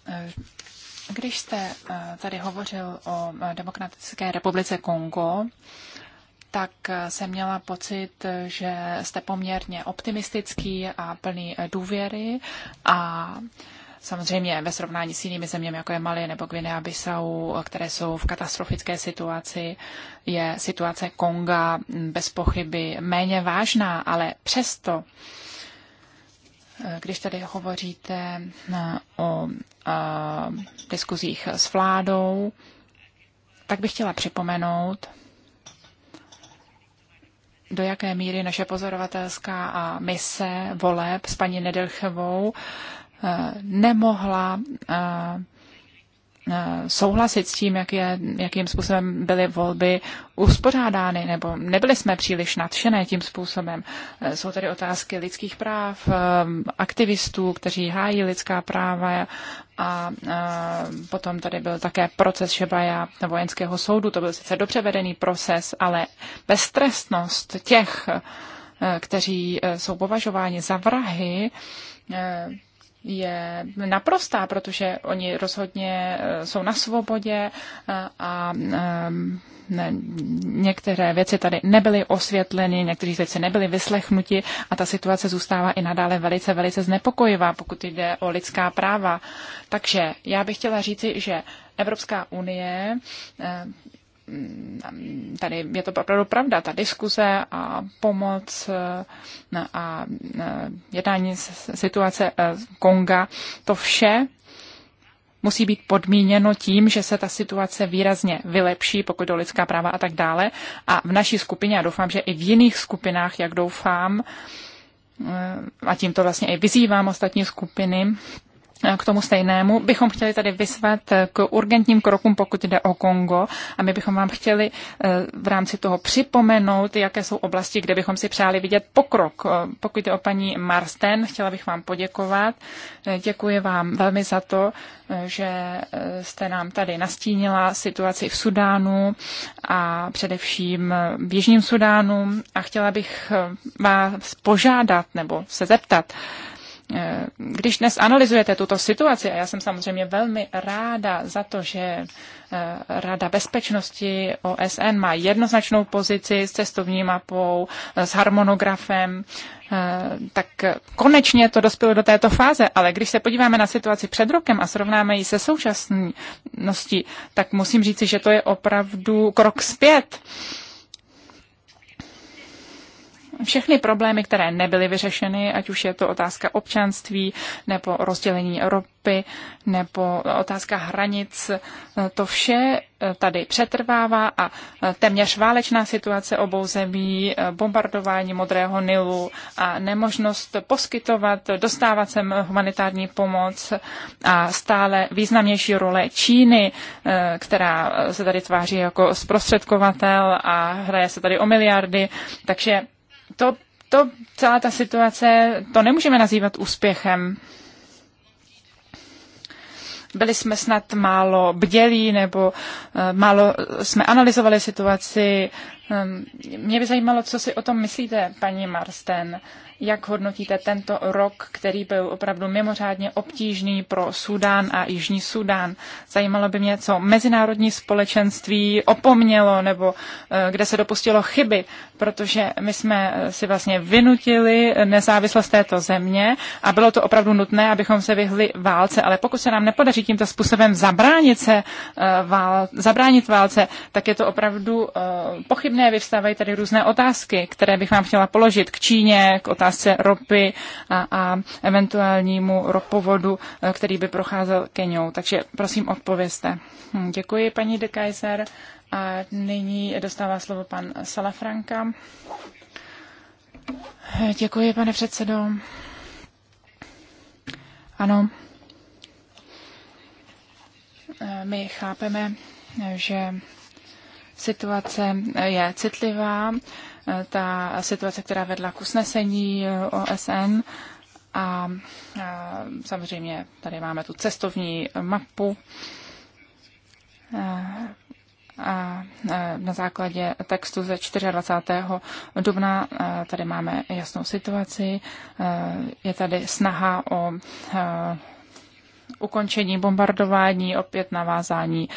Speaker 2: Eh, když jste eh, tady hovořil o Demokratické republice Kongo, tak jsem měla pocit, že jste poměrně optimistický a plný důvěry a Samozřejmě ve srovnání s jinými zeměmi, jako je Mali nebo Guinea Bissau, které jsou v katastrofické situaci, je situace Konga mm, bez pochyby méně vážná, ale přesto eh, když tady hovoříte eh, o eh, diskuzích s vládou, tak bych chtěla připomenout, do jaké míry naše pozorovatelská a mise voleb s paní Nedelchevou Eh, nemohla eh, eh, souhlasit s tím, jak je, jakým způsobem byly volby uspořádány, nebo nebyli jsme příliš nadšené tím způsobem. Jsou tady otázky lidských práv, aktivistů, kteří hájí lidská práva a potom tady byl také proces Šebaja vojenského soudu. To byl sice dobře vedený proces, ale beztrestnost těch, kteří jsou považováni za vrahy, je naprostá, protože oni rozhodně eh, jsou na svobodě eh, a ehm, ne, některé věci tady nebyly osvětleny, někteří věci nebyly vyslechnuti a ta situace zůstává i nadále velice, velice znepokojivá, pokud jde o lidská práva. Takže já bych chtěla říci, že Evropská unie eh, Mm, tady je to opravdu pravda, ta diskuze a pomoc eh, a eh, jednání situace eh, Konga, to vše musí být podmíněno tím, že se ta situace výrazně vylepší, pokud do lidská práva a tak dále. A v naší skupině, a doufám, že i v jiných skupinách, jak doufám, a tímto vlastně i vyzývám ostatní skupiny, k tomu stejnému, bychom chtěli tady vysvat k urgentním krokům, pokud jde o Kongo. A my bychom vám chtěli eh, v rámci toho připomenout, jaké jsou oblasti, kde bychom si přáli vidět pokrok. Eh, pokud jde o paní Marsten, chtěla bych vám poděkovat. Eh, děkuji vám velmi za to, že jste nám tady nastínila situaci v Sudánu a především v Jižním Sudánu. A chtěla bych vás požádat nebo se zeptat, Eh, když dnes analyzujete tuto situaci, a já jsem samozřejmě velmi ráda za to, že eh, Rada bezpečnosti OSN má jednoznačnou pozici s cestovní mapou, eh, s harmonografem, tak konečně to dospělo do této fáze, ale když se podíváme na situaci před rokem a srovnáme ji se současností, tak musím říci, že to je opravdu krok zpět všechny problémy, které nebyly vyřešeny, ať už je to otázka občanství, nebo rozdělení Evropy, nebo otázka hranic, to vše eh, tady přetrvává a eh, téměř válečná situace obou zemí, eh, bombardování Modrého Nilu a nemožnost poskytovat, dostávat sem humanitární pomoc a stále významnější role Číny, která se tady tváří jako zprostředkovatel a hraje se tady o miliardy. Takže to, to celá ta situace, to nemůžeme nazývat úspěchem. Byli jsme snad málo bdělí nebo eh, málo jsme analyzovali situaci. Ehm, mě by zajímalo, co si o tom myslíte, paní Marsten. Jak hodnotíte tento rok, který byl opravdu mimořádně obtížný pro Sudán a Jižní Sudán? Zajímalo by mě, co mezinárodní společenství opomnělo nebo eh, kde se dopustilo chyby, protože my jsme eh, si vlastně vynutili nezávislost této země a bylo to opravdu nutné, abychom se vyhli válce. Ale pokud se nám nepodaří tímto způsobem zabránit, se, eh, vál, zabránit válce, tak je to opravdu pochybné. Vyvstávají tady různé otázky, které bych vám chtěla položit k Číně, k otázce otázce ropy a, a eventuálnímu ropovodu, eh, který by procházel Keniou. Takže prosím odpovězte. Hm, děkuji, paní de Kaiser. A nyní dostává slovo pan Salafranka. Děkuji, pane předsedo. Ano. Eh, my chápeme, že situace je citlivá ta situace, která vedla k usnesení eh, OSN. A samozřejmě tady máme tu cestovní mapu. Eh, a eh, na základě textu ze 24. dubna tady máme jasnou situaci. Je tady snaha o ukončení bombardování, opět navázání,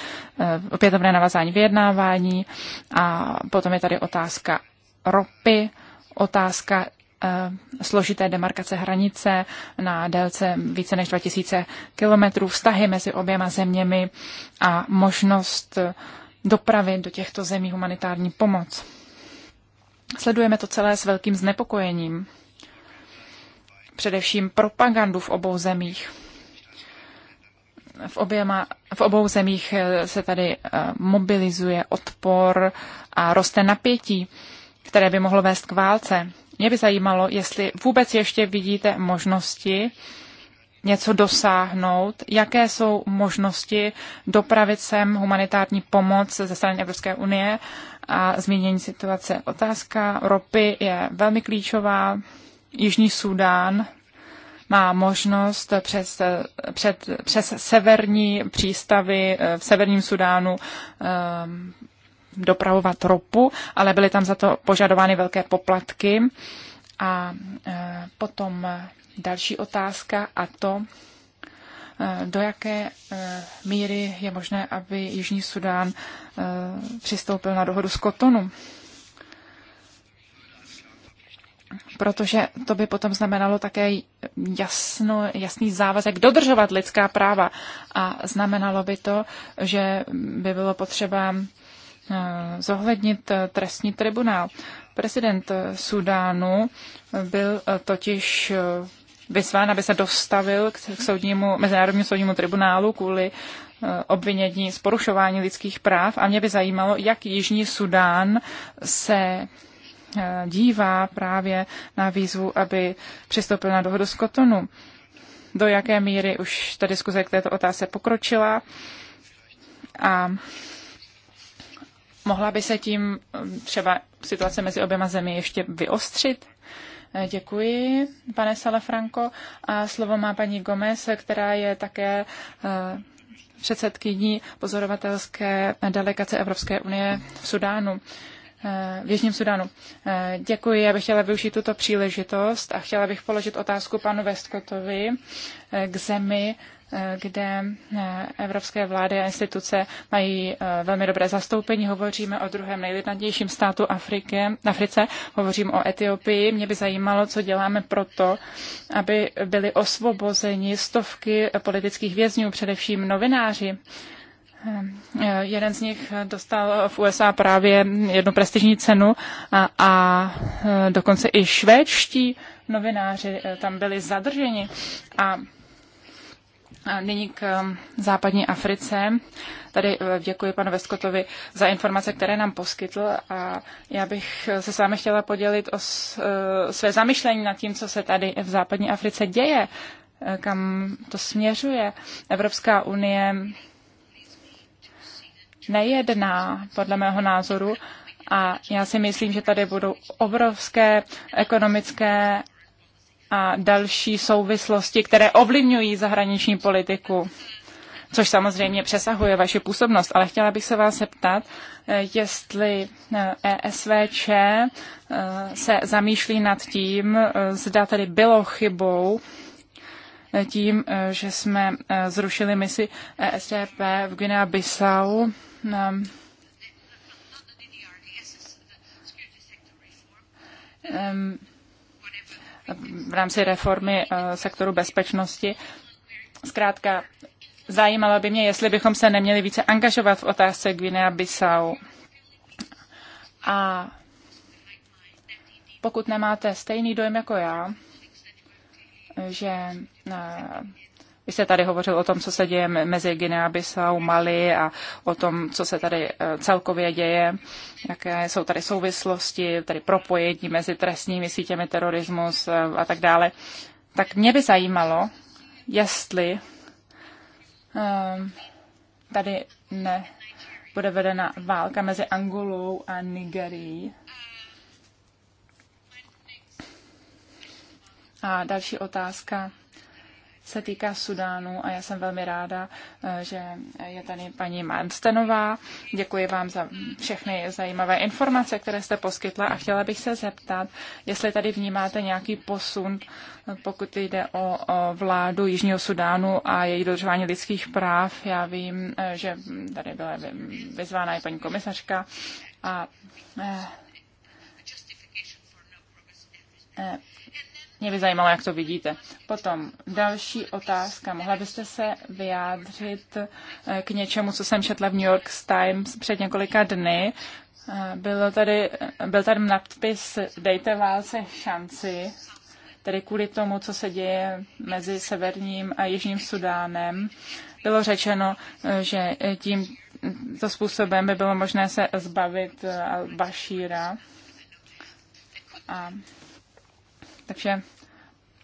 Speaker 2: opětovné navázání vyjednávání a potom je tady otázka ropy, otázka eh, složité demarkace hranice na délce více než 2000 kilometrů, vztahy mezi oběma zeměmi a možnost dopravy do těchto zemí humanitární pomoc. Sledujeme to celé s velkým znepokojením, především propagandu v obou zemích. V, oběma, v obou zemích eh, se tady eh, mobilizuje odpor a roste napětí které by mohlo vést k válce. Mě by zajímalo, jestli vůbec ještě vidíte možnosti něco dosáhnout, jaké jsou možnosti dopravit sem humanitární pomoc ze strany Evropské unie a změnění situace. Otázka ropy je velmi klíčová. Jižní Súdán má možnost přes, před, přes severní přístavy eh, v severním Sudánu eh, dopravovat ropu, ale byly tam za to požadovány velké poplatky. A e, potom další otázka a to, e, do jaké e, míry je možné, aby Jižní Sudán přistoupil na dohodu s Kotonu. Protože to by potom znamenalo také jasno, jasný závazek dodržovat lidská práva a znamenalo by to, že by bylo potřeba Eh, zohlednit eh, trestní tribunál. Prezident eh, Sudánu byl totiž vyzván, aby se dostavil k soudnímu, Mezinárodnímu soudnímu tribunálu kvůli obvinění z porušování lidských práv. A mě by zajímalo, jak Jižní Sudán se dívá právě na výzvu, aby přistoupil na dohodu z Kotonu. Do jaké míry už ta diskuze k této otázce pokročila a Mohla by se tím um, třeba situace mezi oběma zemi ještě vyostřit? Eh, děkuji, pane Salafranko. A slovo má paní Gomez, která je také eh, předsedkyní pozorovatelské delegace Evropské unie v Sudánu. Eh, v Jižním Sudánu. Děkuji, já bych chtěla využít tuto příležitost a chtěla bych položit otázku panu Westcottovi k zemi, kde eh, evropské vlády a instituce mají eh, velmi dobré zastoupení. Hovoříme o druhém nejlidnatějším státu Afriky, Africe, hovořím o Etiopii. Mě by zajímalo, co děláme proto, aby byly osvobozeni stovky politických vězňů, především novináři. Eh, jeden z nich dostal v USA právě jednu prestižní cenu a, a dokonce i švédští novináři tam byli zadrženi. A Nyní k um, západní Africe. Tady uh, děkuji panu Veskotovi za informace, které nám poskytl a já bych se s vámi chtěla podělit o uh, své zamyšlení nad tím, co se tady v západní Africe děje, uh, kam to směřuje. Evropská unie nejedná, podle mého názoru, a já si myslím, že tady budou obrovské ekonomické a další souvislosti, které ovlivňují zahraniční politiku, což samozřejmě přesahuje vaši působnost. Ale chtěla bych se vás zeptat, eh, jestli ESVČ eh, e eh, se zamýšlí nad tím, zda tedy bylo chybou tím, že jsme zrušili misi ESDP v Guinea-Bissau. Um, v rámci reformy eh, sektoru bezpečnosti. Zkrátka, zajímalo by mě, jestli bychom se neměli více angažovat v otázce Guinea-Bissau. A pokud nemáte stejný dojem jako já, že eh, vy jste tady hovořil o tom, co se děje mezi Guinea-Bissau, Mali a o tom, co se tady eh, celkově děje, jaké jsou tady souvislosti, tady propojení mezi trestními sítěmi terorismus eh, a tak dále. Tak mě by zajímalo, jestli um, tady ne, bude vedena válka mezi Angolou a Nigerií. A další otázka se týká Sudánu a já jsem velmi ráda, eh, že je tady paní Manstenová. Děkuji vám za všechny zajímavé informace, které jste poskytla a chtěla bych se zeptat, jestli tady vnímáte nějaký posun, eh, pokud jde o, vládu Jižního Sudánu a její dodržování lidských práv. Já vím, eh, že tady byla vyzvána i paní komisařka a eh, mě by zajímalo, jak to vidíte. Potom další otázka. Mohla byste se vyjádřit eh, k něčemu, co jsem četla v New York Times před několika dny. Eh, bylo tady, eh, byl tady nadpis Dejte válce šanci, tedy kvůli tomu, co se děje mezi Severním a Jižním Sudánem. Bylo řečeno, že tím způsobem by bylo možné se zbavit Bašíra. A takže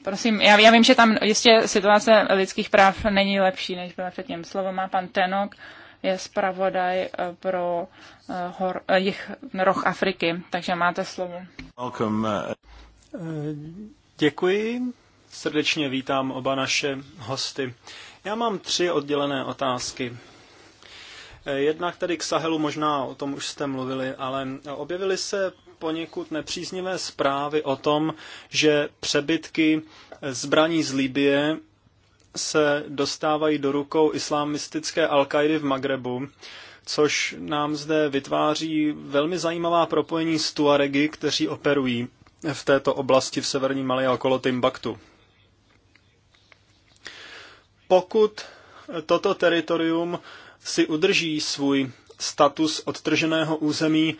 Speaker 2: prosím, já, já vím, že tam jistě situace lidských práv není lepší, než byla předtím. Slovo má pan Tenok, je zpravodaj eh, pro eh, hor, eh, jich, roh Afriky, takže máte slovo.
Speaker 1: Welcome. Děkuji. Srdečně vítám oba naše hosty. Já mám tři oddělené otázky. Jednak tady k Sahelu možná o tom už jste mluvili, ale objevily se poněkud nepříznivé zprávy o tom, že přebytky zbraní z Libie se dostávají do rukou islamistické al v Magrebu, což nám zde vytváří velmi zajímavá propojení s Tuaregy, kteří operují v této oblasti v severní Mali a okolo Timbaktu. Pokud toto teritorium si udrží svůj status odtrženého území,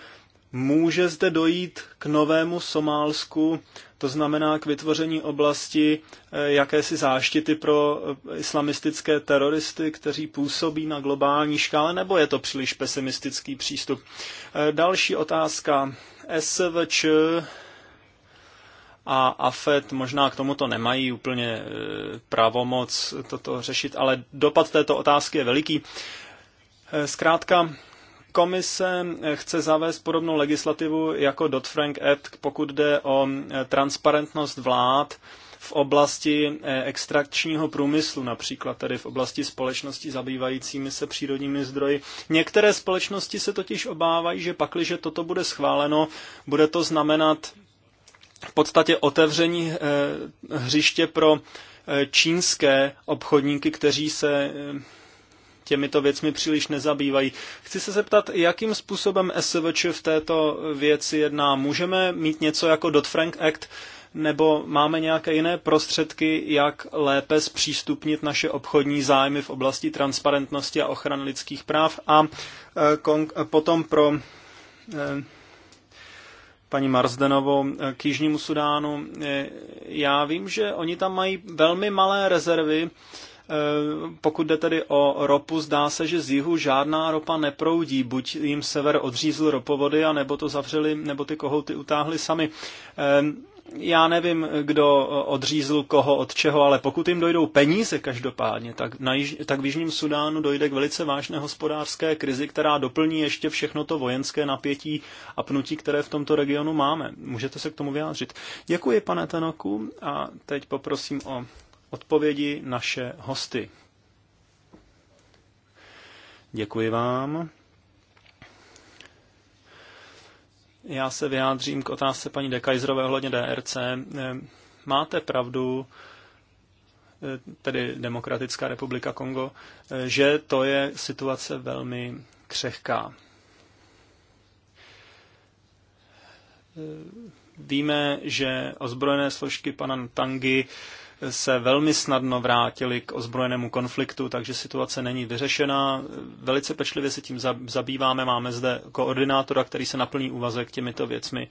Speaker 1: Může zde dojít k novému Somálsku, to znamená k vytvoření oblasti eh, jakési záštity pro eh, islamistické teroristy, kteří působí na globální škále, nebo je to příliš pesimistický přístup? Eh, další otázka. SVČ a AFET možná k tomuto nemají úplně pravomoc toto řešit, ale dopad této otázky je veliký. Zkrátka, Komise eh, chce zavést podobnou legislativu jako Dodd-Frank Act, pokud jde o eh, transparentnost vlád v oblasti eh, extrakčního průmyslu, například tedy v oblasti společností zabývajícími se přírodními zdroji. Některé společnosti se totiž obávají, že pakliže toto bude schváleno, bude to znamenat v podstatě otevření hřiště pro čínské obchodníky, kteří se těmito věcmi příliš nezabývají. Chci se zeptat, jakým způsobem SVČ v této věci jedná. Můžeme mít něco jako Dodd-Frank Act, nebo máme nějaké jiné prostředky, jak lépe zpřístupnit naše obchodní zájmy v oblasti transparentnosti a ochrany lidských práv. A e, e, potom pro e, paní Marsdenovou k Jižnímu Sudánu. Já vím, že oni tam mají velmi malé rezervy Eh, pokud jde tedy o ropu, zdá se, že z jihu žádná ropa neproudí. Buď jim sever odřízl ropovody, nebo to zavřeli, nebo ty kohouty utáhli sami. Eh, já nevím, kdo odřízl koho od čeho, ale pokud jim dojdou peníze každopádně, tak, na již, tak v Jižním Sudánu dojde k velice vážné hospodářské krizi, která doplní ještě všechno to vojenské napětí a pnutí, které v tomto regionu máme. Můžete se k tomu vyjádřit. Děkuji, pane Tenoku, a teď poprosím o odpovědi naše hosty. Děkuji vám. Já se vyjádřím k otázce paní Dekajzrové ohledně DRC. Eh, máte pravdu, eh, tedy Demokratická republika Kongo, eh, že to je situace velmi křehká. Víme, že ozbrojené složky pana Tangy se velmi snadno vrátili k ozbrojenému konfliktu, takže situace není vyřešená. Velice pečlivě se tím zabýváme, máme zde koordinátora, který se naplní úvazek těmito věcmi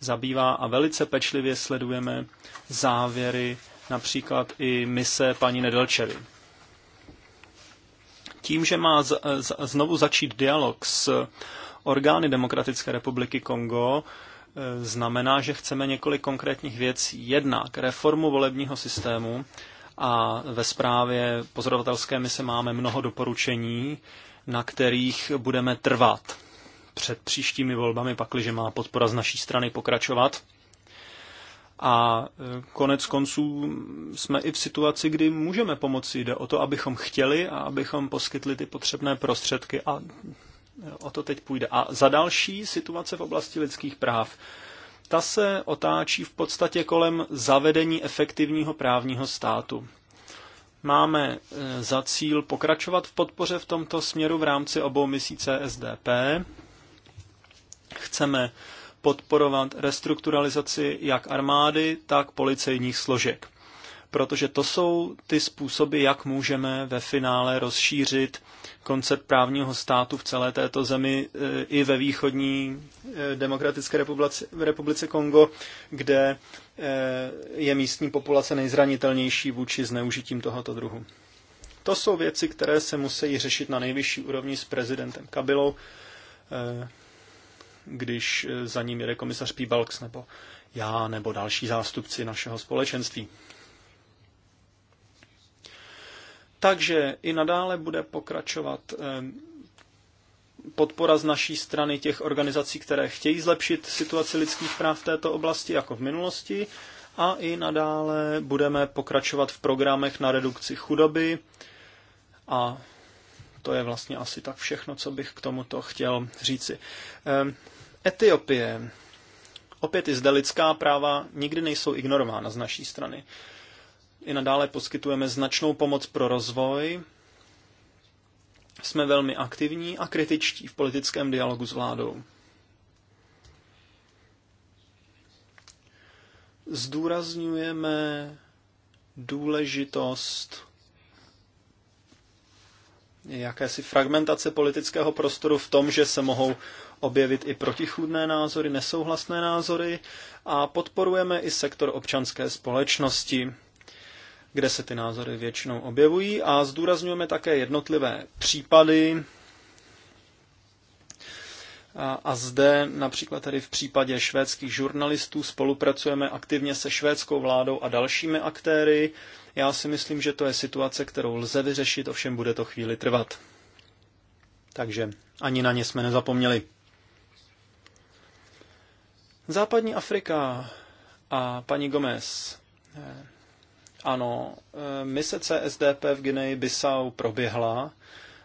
Speaker 1: zabývá a velice pečlivě sledujeme závěry například i mise paní Nedelčevy. Tím, že má z, z, znovu začít dialog s orgány Demokratické republiky Kongo, Eh, znamená, že chceme několik konkrétních věcí. Jednak reformu volebního systému a ve zprávě pozorovatelské se máme mnoho doporučení, na kterých budeme trvat před příštími volbami, pakliže má podpora z naší strany pokračovat. A eh, konec konců jsme i v situaci, kdy můžeme pomoci. Jde o to, abychom chtěli a abychom poskytli ty potřebné prostředky a o to teď půjde. A za další situace v oblasti lidských práv. Ta se otáčí v podstatě kolem zavedení efektivního právního státu. Máme e, za cíl pokračovat v podpoře v tomto směru v rámci obou misí CSDP. Chceme podporovat restrukturalizaci jak armády, tak policejních složek protože to jsou ty způsoby, jak můžeme ve finále rozšířit koncept právního státu v celé této zemi eh, i ve východní eh, demokratické republice, republice Kongo, kde eh, je místní populace nejzranitelnější vůči zneužitím tohoto druhu. To jsou věci, které se musí řešit na nejvyšší úrovni s prezidentem Kabilou, když za ním jede komisař P. Balks nebo já nebo další zástupci našeho společenství. Takže i nadále bude pokračovat eh, podpora z naší strany těch organizací, které chtějí zlepšit situaci lidských práv v této oblasti, jako v minulosti. A i nadále budeme pokračovat v programech na redukci chudoby. A to je vlastně asi tak všechno, co bych k tomuto chtěl říci. Eh, Etiopie. Opět i zde lidská práva nikdy nejsou ignorována z naší strany. I nadále poskytujeme značnou pomoc pro rozvoj. Jsme velmi aktivní a kritičtí v politickém dialogu s vládou. Zdůrazňujeme důležitost jakési fragmentace politického prostoru v tom, že se mohou objevit i protichůdné názory, nesouhlasné názory a podporujeme i sektor občanské společnosti kde se ty názory většinou objevují a zdůrazňujeme také jednotlivé případy. A, a zde například tady v případě švédských žurnalistů spolupracujeme aktivně se švédskou vládou a dalšími aktéry. Já si myslím, že to je situace, kterou lze vyřešit, ovšem bude to chvíli trvat. Takže ani na ně jsme nezapomněli. Západní Afrika a paní Gomez eh, ano, e, mise CSDP v Gineji Bissau proběhla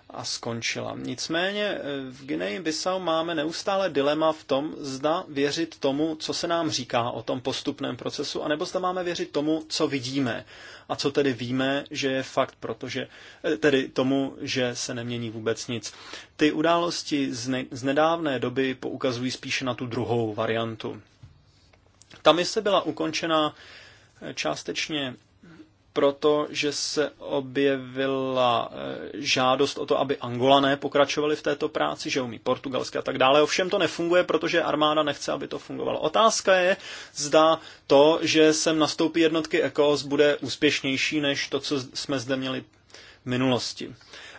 Speaker 1: a skončila. Nicméně e, v Gineji Bissau máme neustále dilema v tom, zda věřit tomu, co se nám říká o tom postupném procesu, anebo zda máme věřit tomu, co vidíme a co tedy víme, že je fakt, protože e, tedy tomu, že se nemění vůbec nic. Ty události z, ne, z nedávné doby poukazují spíše na tu druhou variantu. Ta mise byla ukončena částečně protože se objevila eh, žádost o to, aby Angolané pokračovali v této práci, že umí portugalsky a tak dále. Ovšem to nefunguje, protože armáda nechce, aby to fungovalo. Otázka je, zda to, že sem nastoupí jednotky ECOS, bude úspěšnější než to, co jsme zde měli v minulosti.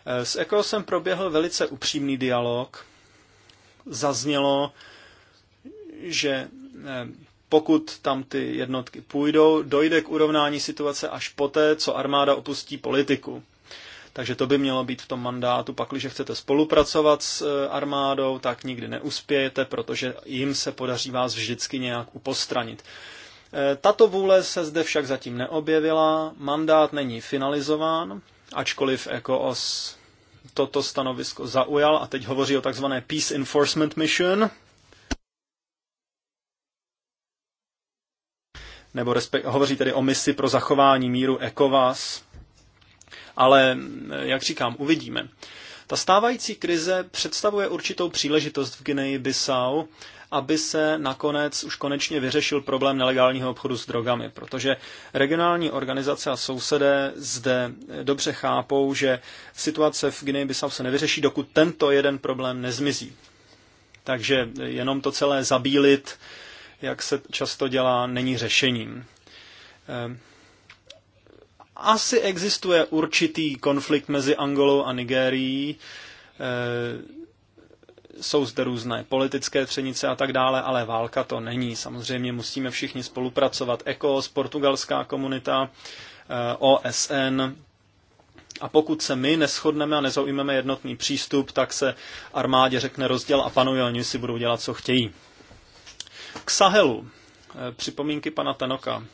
Speaker 1: Eh, s ECOSem proběhl velice upřímný dialog. Zaznělo, že eh, pokud tam ty jednotky půjdou, dojde k urovnání situace až poté, co armáda opustí politiku. Takže to by mělo být v tom mandátu. Pak, když chcete spolupracovat s e, armádou, tak nikdy neuspějete, protože jim se podaří vás vždycky nějak upostranit. E, tato vůle se zde však zatím neobjevila, mandát není finalizován, ačkoliv ECOOS toto stanovisko zaujal a teď hovoří o takzvané Peace Enforcement Mission, nebo respekt, hovoří tedy o misi pro zachování míru ECOWAS, ale, eh, jak říkám, uvidíme. Ta stávající krize představuje určitou příležitost v Gineji Bissau, aby se nakonec už konečně vyřešil problém nelegálního obchodu s drogami, protože regionální organizace a sousedé zde dobře chápou, že situace v Gineji Bissau se nevyřeší, dokud tento jeden problém nezmizí. Takže jenom to celé zabílit jak se často dělá, není řešením. Ehm, asi existuje určitý konflikt mezi Angolou a Nigérií, ehm, jsou zde různé politické třenice a tak dále, ale válka to není. Samozřejmě musíme všichni spolupracovat. ECOS, portugalská komunita, ehm, OSN. A pokud se my neschodneme a nezaujmeme jednotný přístup, tak se armádě řekne rozděl a panuje, oni si budou dělat, co chtějí k Sahelu. E, připomínky pana Tenoka.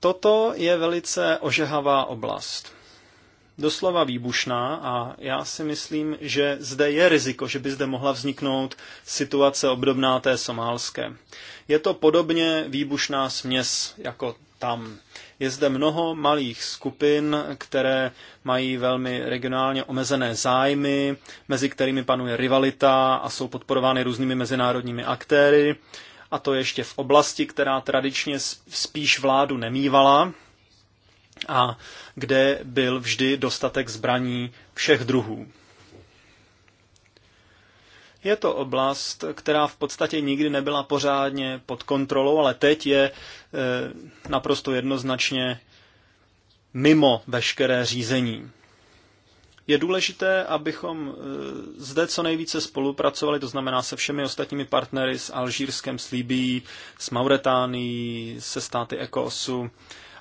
Speaker 1: Toto je velice ožehavá oblast doslova výbušná a já si myslím, že zde je riziko, že by zde mohla vzniknout situace obdobná té somálské. Je to podobně výbušná směs jako tam. Je zde mnoho malých skupin, které mají velmi regionálně omezené zájmy, mezi kterými panuje rivalita a jsou podporovány různými mezinárodními aktéry, a to ještě v oblasti, která tradičně spíš vládu nemývala, a kde byl vždy dostatek zbraní všech druhů. Je to oblast, která v podstatě nikdy nebyla pořádně pod kontrolou, ale teď je eh, naprosto jednoznačně mimo veškeré řízení. Je důležité, abychom eh, zde co nejvíce spolupracovali, to znamená se všemi ostatními partnery s Alžírskem, s Libií, s Mauretánií, se státy EKOSU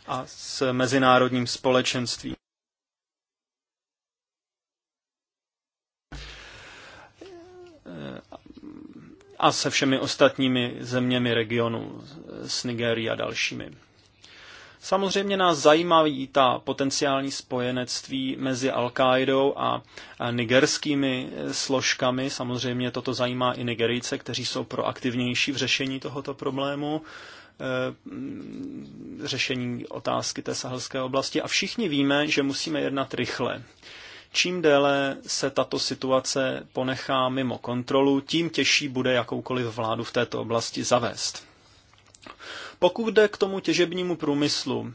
Speaker 1: a s mezinárodním společenstvím. a se všemi ostatními zeměmi regionu, s Nigerií a dalšími. Samozřejmě nás zajímají ta potenciální spojenectví mezi al a nigerskými složkami. Samozřejmě toto zajímá i Nigerijce, kteří jsou proaktivnější v řešení tohoto problému. Eh, řešení otázky té sahelské oblasti. A všichni víme, že musíme jednat rychle. Čím déle se tato situace ponechá mimo kontrolu, tím těžší bude jakoukoliv vládu v této oblasti zavést. Pokud jde k tomu těžebnímu průmyslu,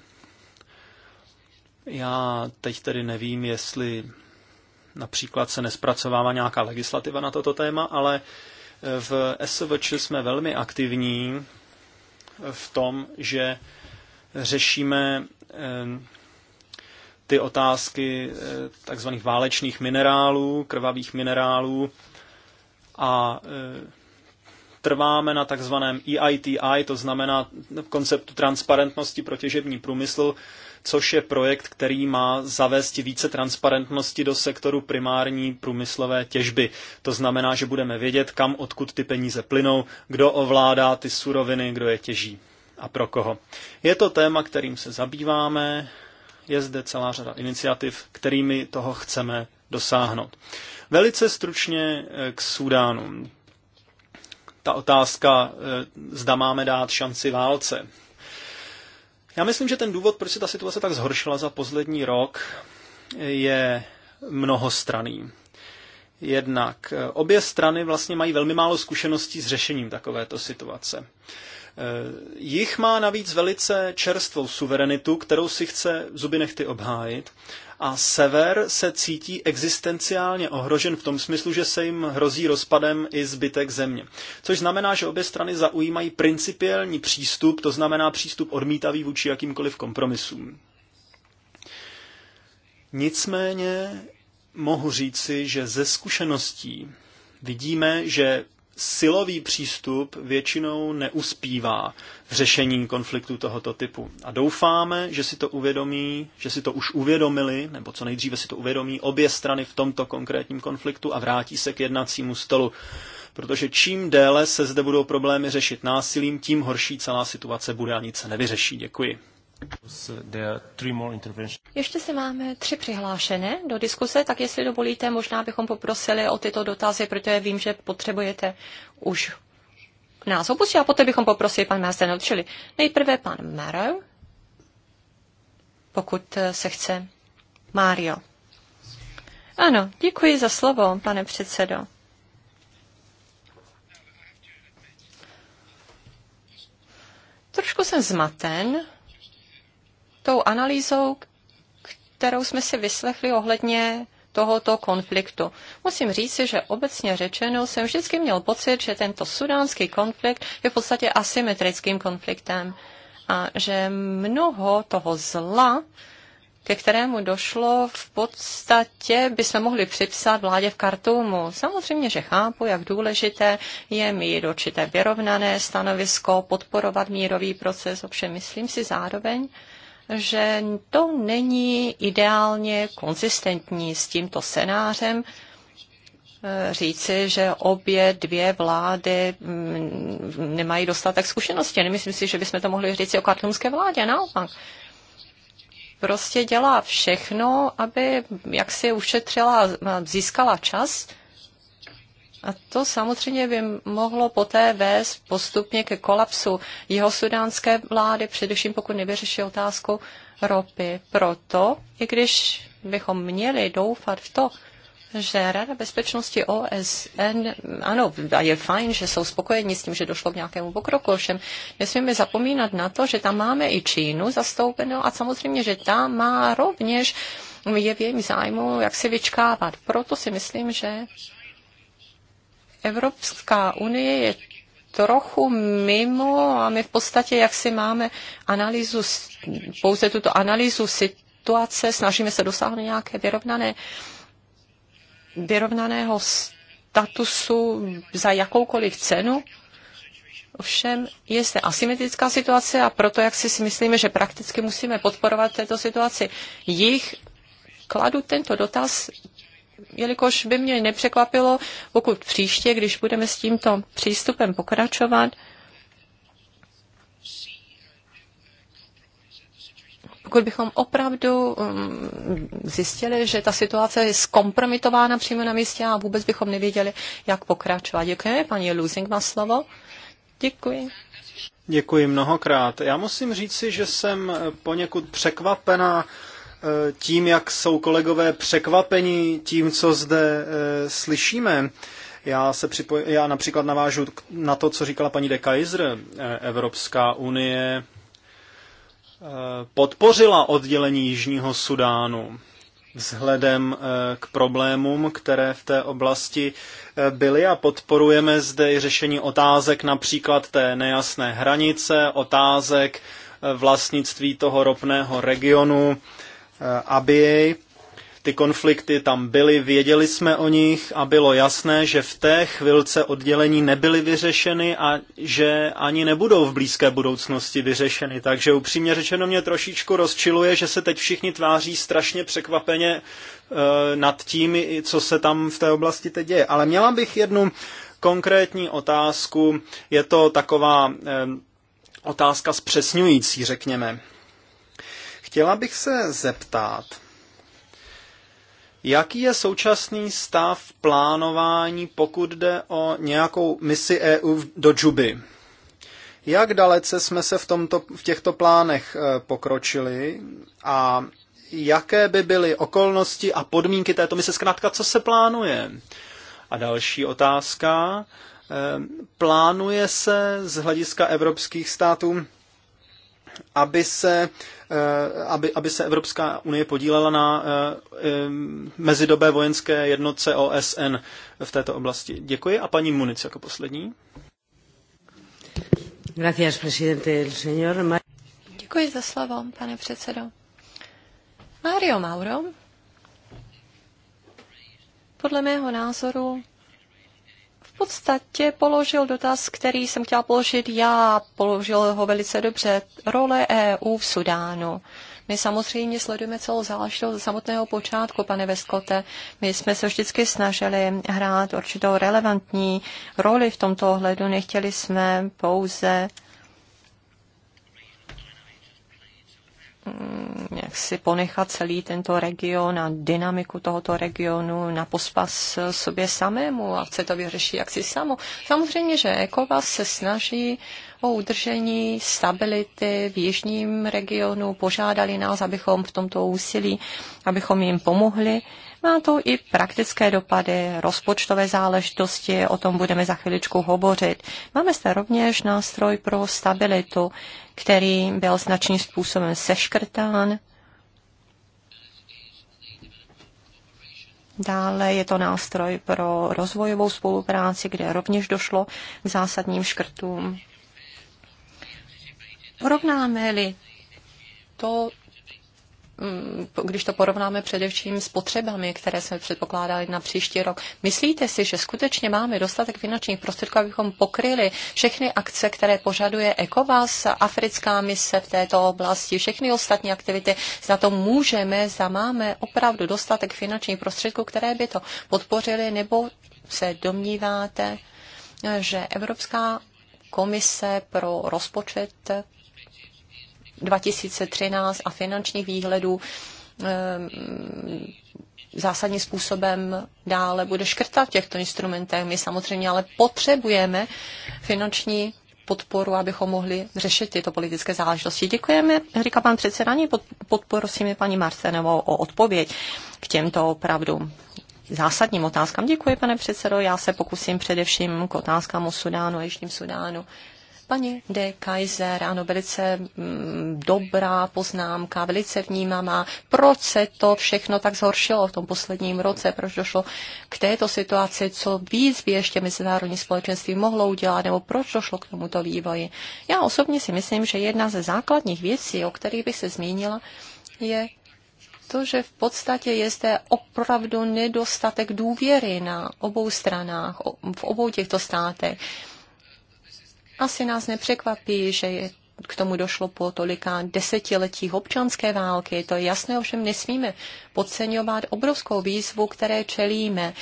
Speaker 1: já teď tedy nevím, jestli například se nespracovává nějaká legislativa na toto téma, ale v SVČ jsme velmi aktivní v tom, že řešíme eh, ty otázky eh, takzvaných válečných minerálů, krvavých minerálů a eh, trváme na takzvaném EITI, to znamená konceptu transparentnosti pro těžební průmysl, což je projekt, který má zavést více transparentnosti do sektoru primární průmyslové těžby. To znamená, že budeme vědět, kam odkud ty peníze plynou, kdo ovládá ty suroviny, kdo je těží a pro koho. Je to téma, kterým se zabýváme, je zde celá řada iniciativ, kterými toho chceme dosáhnout. Velice stručně eh, k Sudánu ta otázka, eh, zda máme dát šanci válce. Já myslím, že ten důvod, proč se ta situace tak zhoršila za poslední rok, je mnohostraný. Jednak eh, obě strany vlastně mají velmi málo zkušeností s řešením takovéto situace. Eh, jich má navíc velice čerstvou suverenitu, kterou si chce zuby nechty obhájit, a sever se cítí existenciálně ohrožen v tom smyslu, že se jim hrozí rozpadem i zbytek země. Což znamená, že obě strany zaujímají principiální přístup, to znamená přístup odmítavý vůči jakýmkoliv kompromisům. Nicméně mohu říci, že ze zkušeností vidíme, že silový přístup většinou neuspívá v řešení konfliktu tohoto typu. A doufáme, že si to uvědomí, že si to už uvědomili, nebo co nejdříve si to uvědomí obě strany v tomto konkrétním konfliktu a vrátí se k jednacímu stolu. Protože čím déle se zde budou problémy řešit násilím, tím horší celá situace bude a nic se nevyřeší. Děkuji.
Speaker 3: Ještě se máme tři přihlášené do diskuse, tak jestli dovolíte, možná bychom poprosili o tyto dotazy, protože vím, že potřebujete už nás opustit a poté bychom poprosili pan Mersen. Čili nejprve pan Merrow, pokud eh, se chce. Mário. Ano, děkuji za slovo, pane předsedo. Trošku jsem zmaten, tou analýzou, kterou jsme si vyslechli ohledně tohoto konfliktu. Musím říct, že obecně řečeno jsem vždycky měl pocit, že tento sudánský konflikt je v podstatě asymetrickým konfliktem a že mnoho toho zla, ke kterému došlo, v podstatě by se mohli připsat vládě v Kartumu. Samozřejmě, že chápu, jak důležité je mít určité vyrovnané stanovisko, podporovat mírový proces, ovšem myslím si zároveň, že to není ideálně konzistentní s tímto scénářem, eh, říci, že obě dvě vlády mm, nemají dostatek zkušenosti. Nemyslím si, že bychom to mohli říci o katlumské vládě, naopak. Prostě dělá všechno, aby jak si ušetřila, získala čas a to samozřejmě by mohlo poté vést postupně ke kolapsu jeho sudánské vlády, především pokud nevyřeší otázku ropy. Proto, i když bychom měli doufat v to, že Rada bezpečnosti OSN, ano, je fajn, že jsou spokojeni s tím, že došlo k nějakému pokroku, ovšem nesmíme zapomínat na to, že tam máme i Čínu zastoupenou a samozřejmě, že tam má rovněž je v jejím zájmu, jak si vyčkávat. Proto si myslím, že Evropská unie je trochu mimo a my v podstatě jak si máme analýzu, pouze tuto analýzu situace, snažíme se dosáhnout nějaké vyrovnané, vyrovnaného statusu za jakoukoliv cenu. Ovšem je zde asymetrická situace a proto, jak si myslíme, že prakticky musíme podporovat této situaci, jich kladu tento dotaz jelikož by mě nepřekvapilo, pokud příště, když budeme s tímto přístupem pokračovat, pokud bychom opravdu um, zjistili, že ta situace je zkompromitována přímo na místě a vůbec bychom nevěděli, jak pokračovat. Děkuji, paní Lusing má slovo. Děkuji.
Speaker 1: Děkuji mnohokrát. Já musím říci, že jsem poněkud překvapená Eh, tím, jak jsou kolegové překvapeni tím, co zde eh, slyšíme. Já, se připoj- já například navážu na to, co říkala paní de Kaiser. Eh, Evropská unie podpořila oddělení Jižního Sudánu vzhledem k problémům, které v té oblasti byly a podporujeme zde i řešení otázek například té nejasné hranice, otázek vlastnictví toho ropného regionu Eh, ABA. Ty konflikty tam byly, věděli jsme o nich a bylo jasné, že v té chvilce oddělení nebyly vyřešeny a že ani nebudou v blízké budoucnosti vyřešeny. Takže upřímně řečeno mě trošičku rozčiluje, že se teď všichni tváří strašně překvapeně e, nad tím, co se tam v té oblasti teď děje. Ale měla bych jednu konkrétní otázku. Je to taková e, otázka zpřesňující, řekněme. Chtěla bych se zeptat, jaký je současný stav plánování, pokud jde o nějakou misi EU do Džuby? Jak dalece jsme se v, tomto, v těchto plánech eh, pokročili a jaké by byly okolnosti a podmínky této mise, zkrátka, co se plánuje? A další otázka. Eh, plánuje se z hlediska evropských států aby se, eh, aby, aby se Evropská unie podílela na eh, mezidobé vojenské jednotce OSN v této oblasti. Děkuji a paní Munic jako poslední.
Speaker 3: Gracias, presidente. Señor... Děkuji za slovo, pane předsedo. Mario Mauro podle mého názoru podstatě položil dotaz, který jsem chtěla položit já. Položil ho velice dobře. Role EU v Sudánu. My samozřejmě sledujeme celou záležitost od samotného počátku, pane Veskote. My jsme se vždycky snažili hrát určitou relevantní roli v tomto ohledu. Nechtěli jsme pouze Mm, jak si ponechat celý tento region a dynamiku tohoto regionu na pospas sobě samému a chce to vyřešit jaksi samo. Samozřejmě, že ECOWAS se snaží o udržení stability v jižním regionu, požádali nás, abychom v tomto úsilí, abychom jim pomohli má to i praktické dopady, rozpočtové záležitosti, o tom budeme za chviličku hovořit. Máme zde rovněž nástroj pro stabilitu, který byl značným způsobem seškrtán. Dále je to nástroj pro rozvojovou spolupráci, kde rovněž došlo k zásadním škrtům. Porovnáme-li to, Mm, když to porovnáme především s potřebami, které jsme předpokládali na příští rok. Myslíte si, že skutečně máme dostatek finančních prostředků, abychom pokryli všechny akce, které požaduje ECOVAS, africká mise v této oblasti, všechny ostatní aktivity, za to můžeme, za máme opravdu dostatek finančních prostředků, které by to podpořily, nebo se domníváte, že Evropská komise pro rozpočet 2013 a finančních výhledů ehm, zásadním způsobem dále bude škrtat v těchto instrumentech. My samozřejmě ale potřebujeme finanční podporu, abychom mohli řešit tyto politické záležitosti. Děkujeme, říká pan předseda, podporosíme paní Marcenovou o odpověď k těmto opravdu zásadním otázkám. Děkuji, pane předsedo. Já se pokusím především k otázkám o Sudánu a Jižním Sudánu Paní de Kaiser, ano, velice mm, dobrá poznámka, velice vnímavá. Proč se to všechno tak zhoršilo v tom posledním roce? Proč došlo k této situaci? Co víc by ještě mezinárodní společenství mohlo udělat? Nebo proč došlo k tomuto vývoji? Já osobně si myslím, že jedna ze základních věcí, o kterých bych se zmínila, je to, že v podstatě je zde opravdu nedostatek důvěry na obou stranách, v obou těchto státech asi nás nepřekvapí, že je k tomu došlo po tolika desetiletích občanské války. To je jasné, ovšem nesmíme podceňovat obrovskou výzvu, které čelíme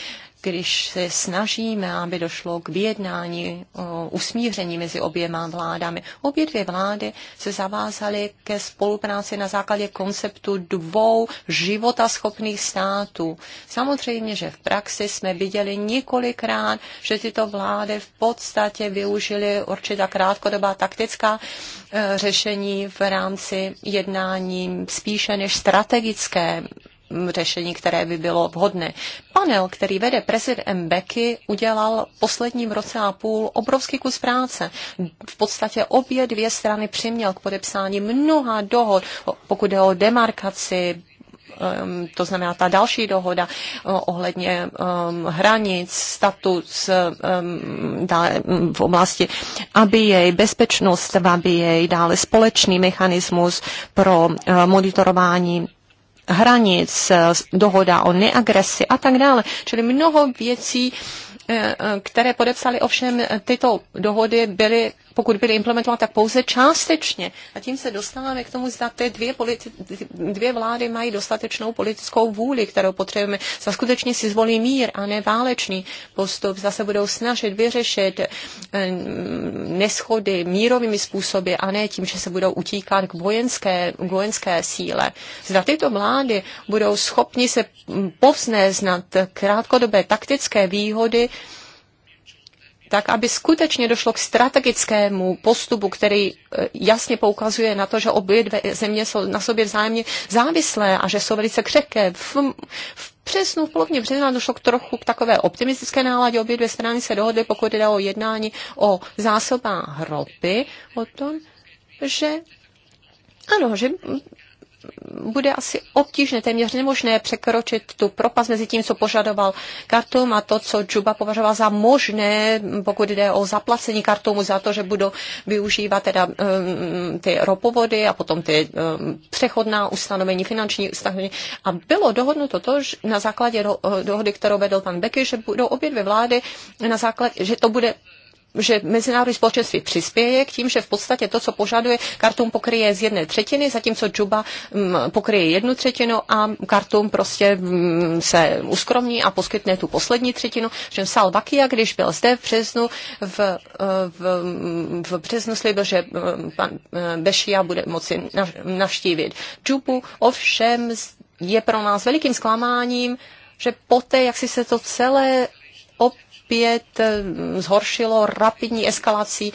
Speaker 3: když se snažíme, aby došlo k vyjednání o usmíření mezi oběma vládami. Obě dvě vlády se zavázaly ke spolupráci na základě konceptu dvou životaschopných států. Samozřejmě, že v praxi jsme viděli několikrát, že tyto vlády v podstatě využily určitá krátkodobá taktická eh, řešení v rámci jednání spíše než strategické Mm, řešení, které by bylo vhodné. Panel, který vede prezident Becky, udělal posledním roce a půl obrovský kus práce. V podstatě obě dvě strany přiměl k podepsání mnoha dohod, pokud jde o demarkaci, um, to znamená ta další dohoda uh, ohledně um, hranic, status um, v oblasti jej bezpečnost aby jej dále společný mechanismus pro uh, monitorování hranic, eh, dohoda o neagresi a tak dále. Čili mnoho věcí, eh, eh, které podepsali ovšem tyto dohody, byly pokud byly implementovány, tak pouze částečně. A tím se dostáváme k tomu, zda ty dvě, politi- dvě vlády mají dostatečnou politickou vůli, kterou potřebujeme. Zda skutečně si zvolí mír a ne válečný postup, zda se budou snažit vyřešit eh, neschody mírovými způsoby a ne tím, že se budou utíkat k vojenské, k vojenské síle. Zda tyto vlády budou schopni se hm, povznést nad krátkodobé taktické výhody, tak aby skutečně došlo k strategickému postupu, který eh, jasně poukazuje na to, že obě dvě země jsou na sobě vzájemně závislé a že jsou velice křehké. V, v přesnu, v polovině března došlo k trochu k takové optimistické náladě. Obě dvě strany se dohodly, pokud jde o jednání o zásobách ropy, o tom, že ano, že bude asi obtížné, téměř nemožné překročit tu propast mezi tím, co požadoval Kartum a to, co Džuba považoval za možné, pokud jde o zaplacení Kartumu za to, že budou využívat teda um, ty ropovody a potom ty um, přechodná ustanovení, finanční ustanovení. A bylo dohodnuto to, že na základě do, dohody, kterou vedl pan Beky, že budou obě dvě vlády na základě, že to bude že mezinárodní společenství přispěje k tím, že v podstatě to, co požaduje, kartum pokryje z jedné třetiny, zatímco Džuba mm, pokryje jednu třetinu a kartum prostě mm, se uskromní a poskytne tu poslední třetinu. Že Salvakia, když byl zde v březnu, v, eh, v, mm, v březnu slíbil, že pan eh, Bešia bude moci navštívit Džubu, ovšem je pro nás velikým zklamáním, že poté, jak si se to celé op- opět eh, zhoršilo rapidní eskalací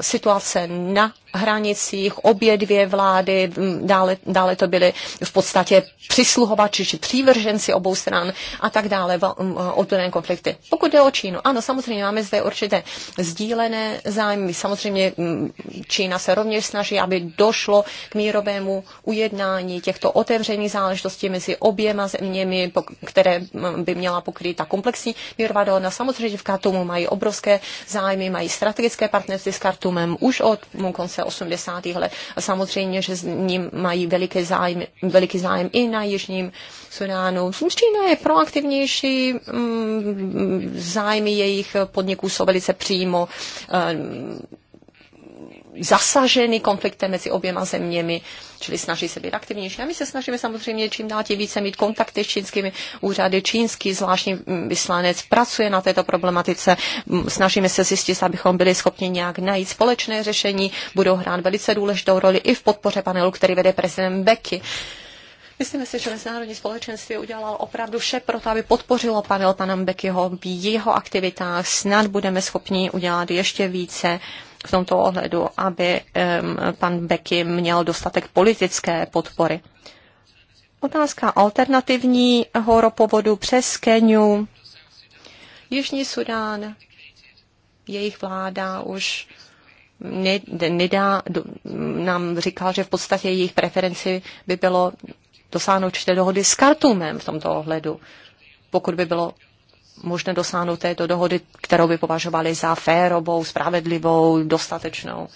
Speaker 3: situace na hranicích, obě dvě vlády, dále, dále to byly v podstatě přisluhovači či přívrženci obou stran a tak dále, odborné konflikty. Pokud jde o Čínu, ano, samozřejmě máme zde určité sdílené zájmy. Samozřejmě Čína se rovněž snaží, aby došlo k mírovému ujednání těchto otevřených záležitostí mezi oběma zeměmi, které by měla pokrýt ta komplexní mírová dohoda. Samozřejmě v Katumu mají obrovské zájmy, mají strategické partnerství s Kartumem už od konce 80. let. A samozřejmě, že s ním mají veliký zájem, veliký zájem i na Jižním Sudánu. Čína je proaktivnější, mm, zájmy jejich podniků jsou velice přímo eh, zasaženy konfliktem mezi oběma zeměmi, čili snaží se být aktivnější. A my se snažíme samozřejmě čím dál tím více mít kontakty s čínskými úřady. Čínský zvláštní vyslanec pracuje na této problematice. Snažíme se zjistit, abychom byli schopni nějak najít společné řešení. Budou hrát velice důležitou roli i v podpoře panelu, který vede prezident Becky. Myslím si, že mezinárodní společenství udělalo opravdu vše pro to, aby podpořilo panel pana Beckyho v jeho aktivitách. Snad budeme schopni udělat ještě více v tomto ohledu, aby pan Beky měl dostatek politické podpory. Otázka alternativního ropovodu přes Keniu. Jižní Sudán, jejich vláda už nedá, nám říkal, že v podstatě jejich preferenci by bylo dosáhnout určité dohody s Kartumem v tomto ohledu, pokud by bylo možné dosáhnout této dohody, kterou by považovali za férovou, spravedlivou, dostatečnou.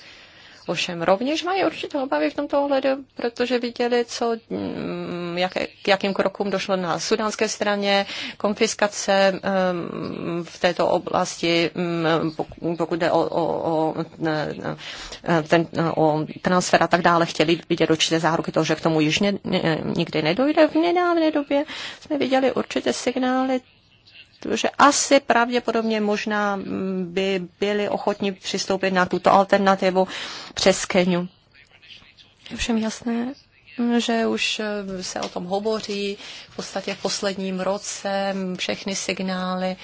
Speaker 3: Ovšem rovněž mají určité obavy v tomto ohledu, protože viděli, co, mm, jak, k jakým krokům došlo na sudánské straně, konfiskace mm, v této oblasti, mm, pokud jde o, o, o, ten, o transfer a tak dále, chtěli vidět určité záruky toho, že k tomu již ne, ne, nikdy nedojde. V nedávné době jsme viděli určité signály že asi pravděpodobně možná mm, by byli ochotni přistoupit na tuto alternativu přes Keniu. Je všem jasné? Mm, že už eh, se o tom hovoří v podstatě v posledním roce, mm, všechny signály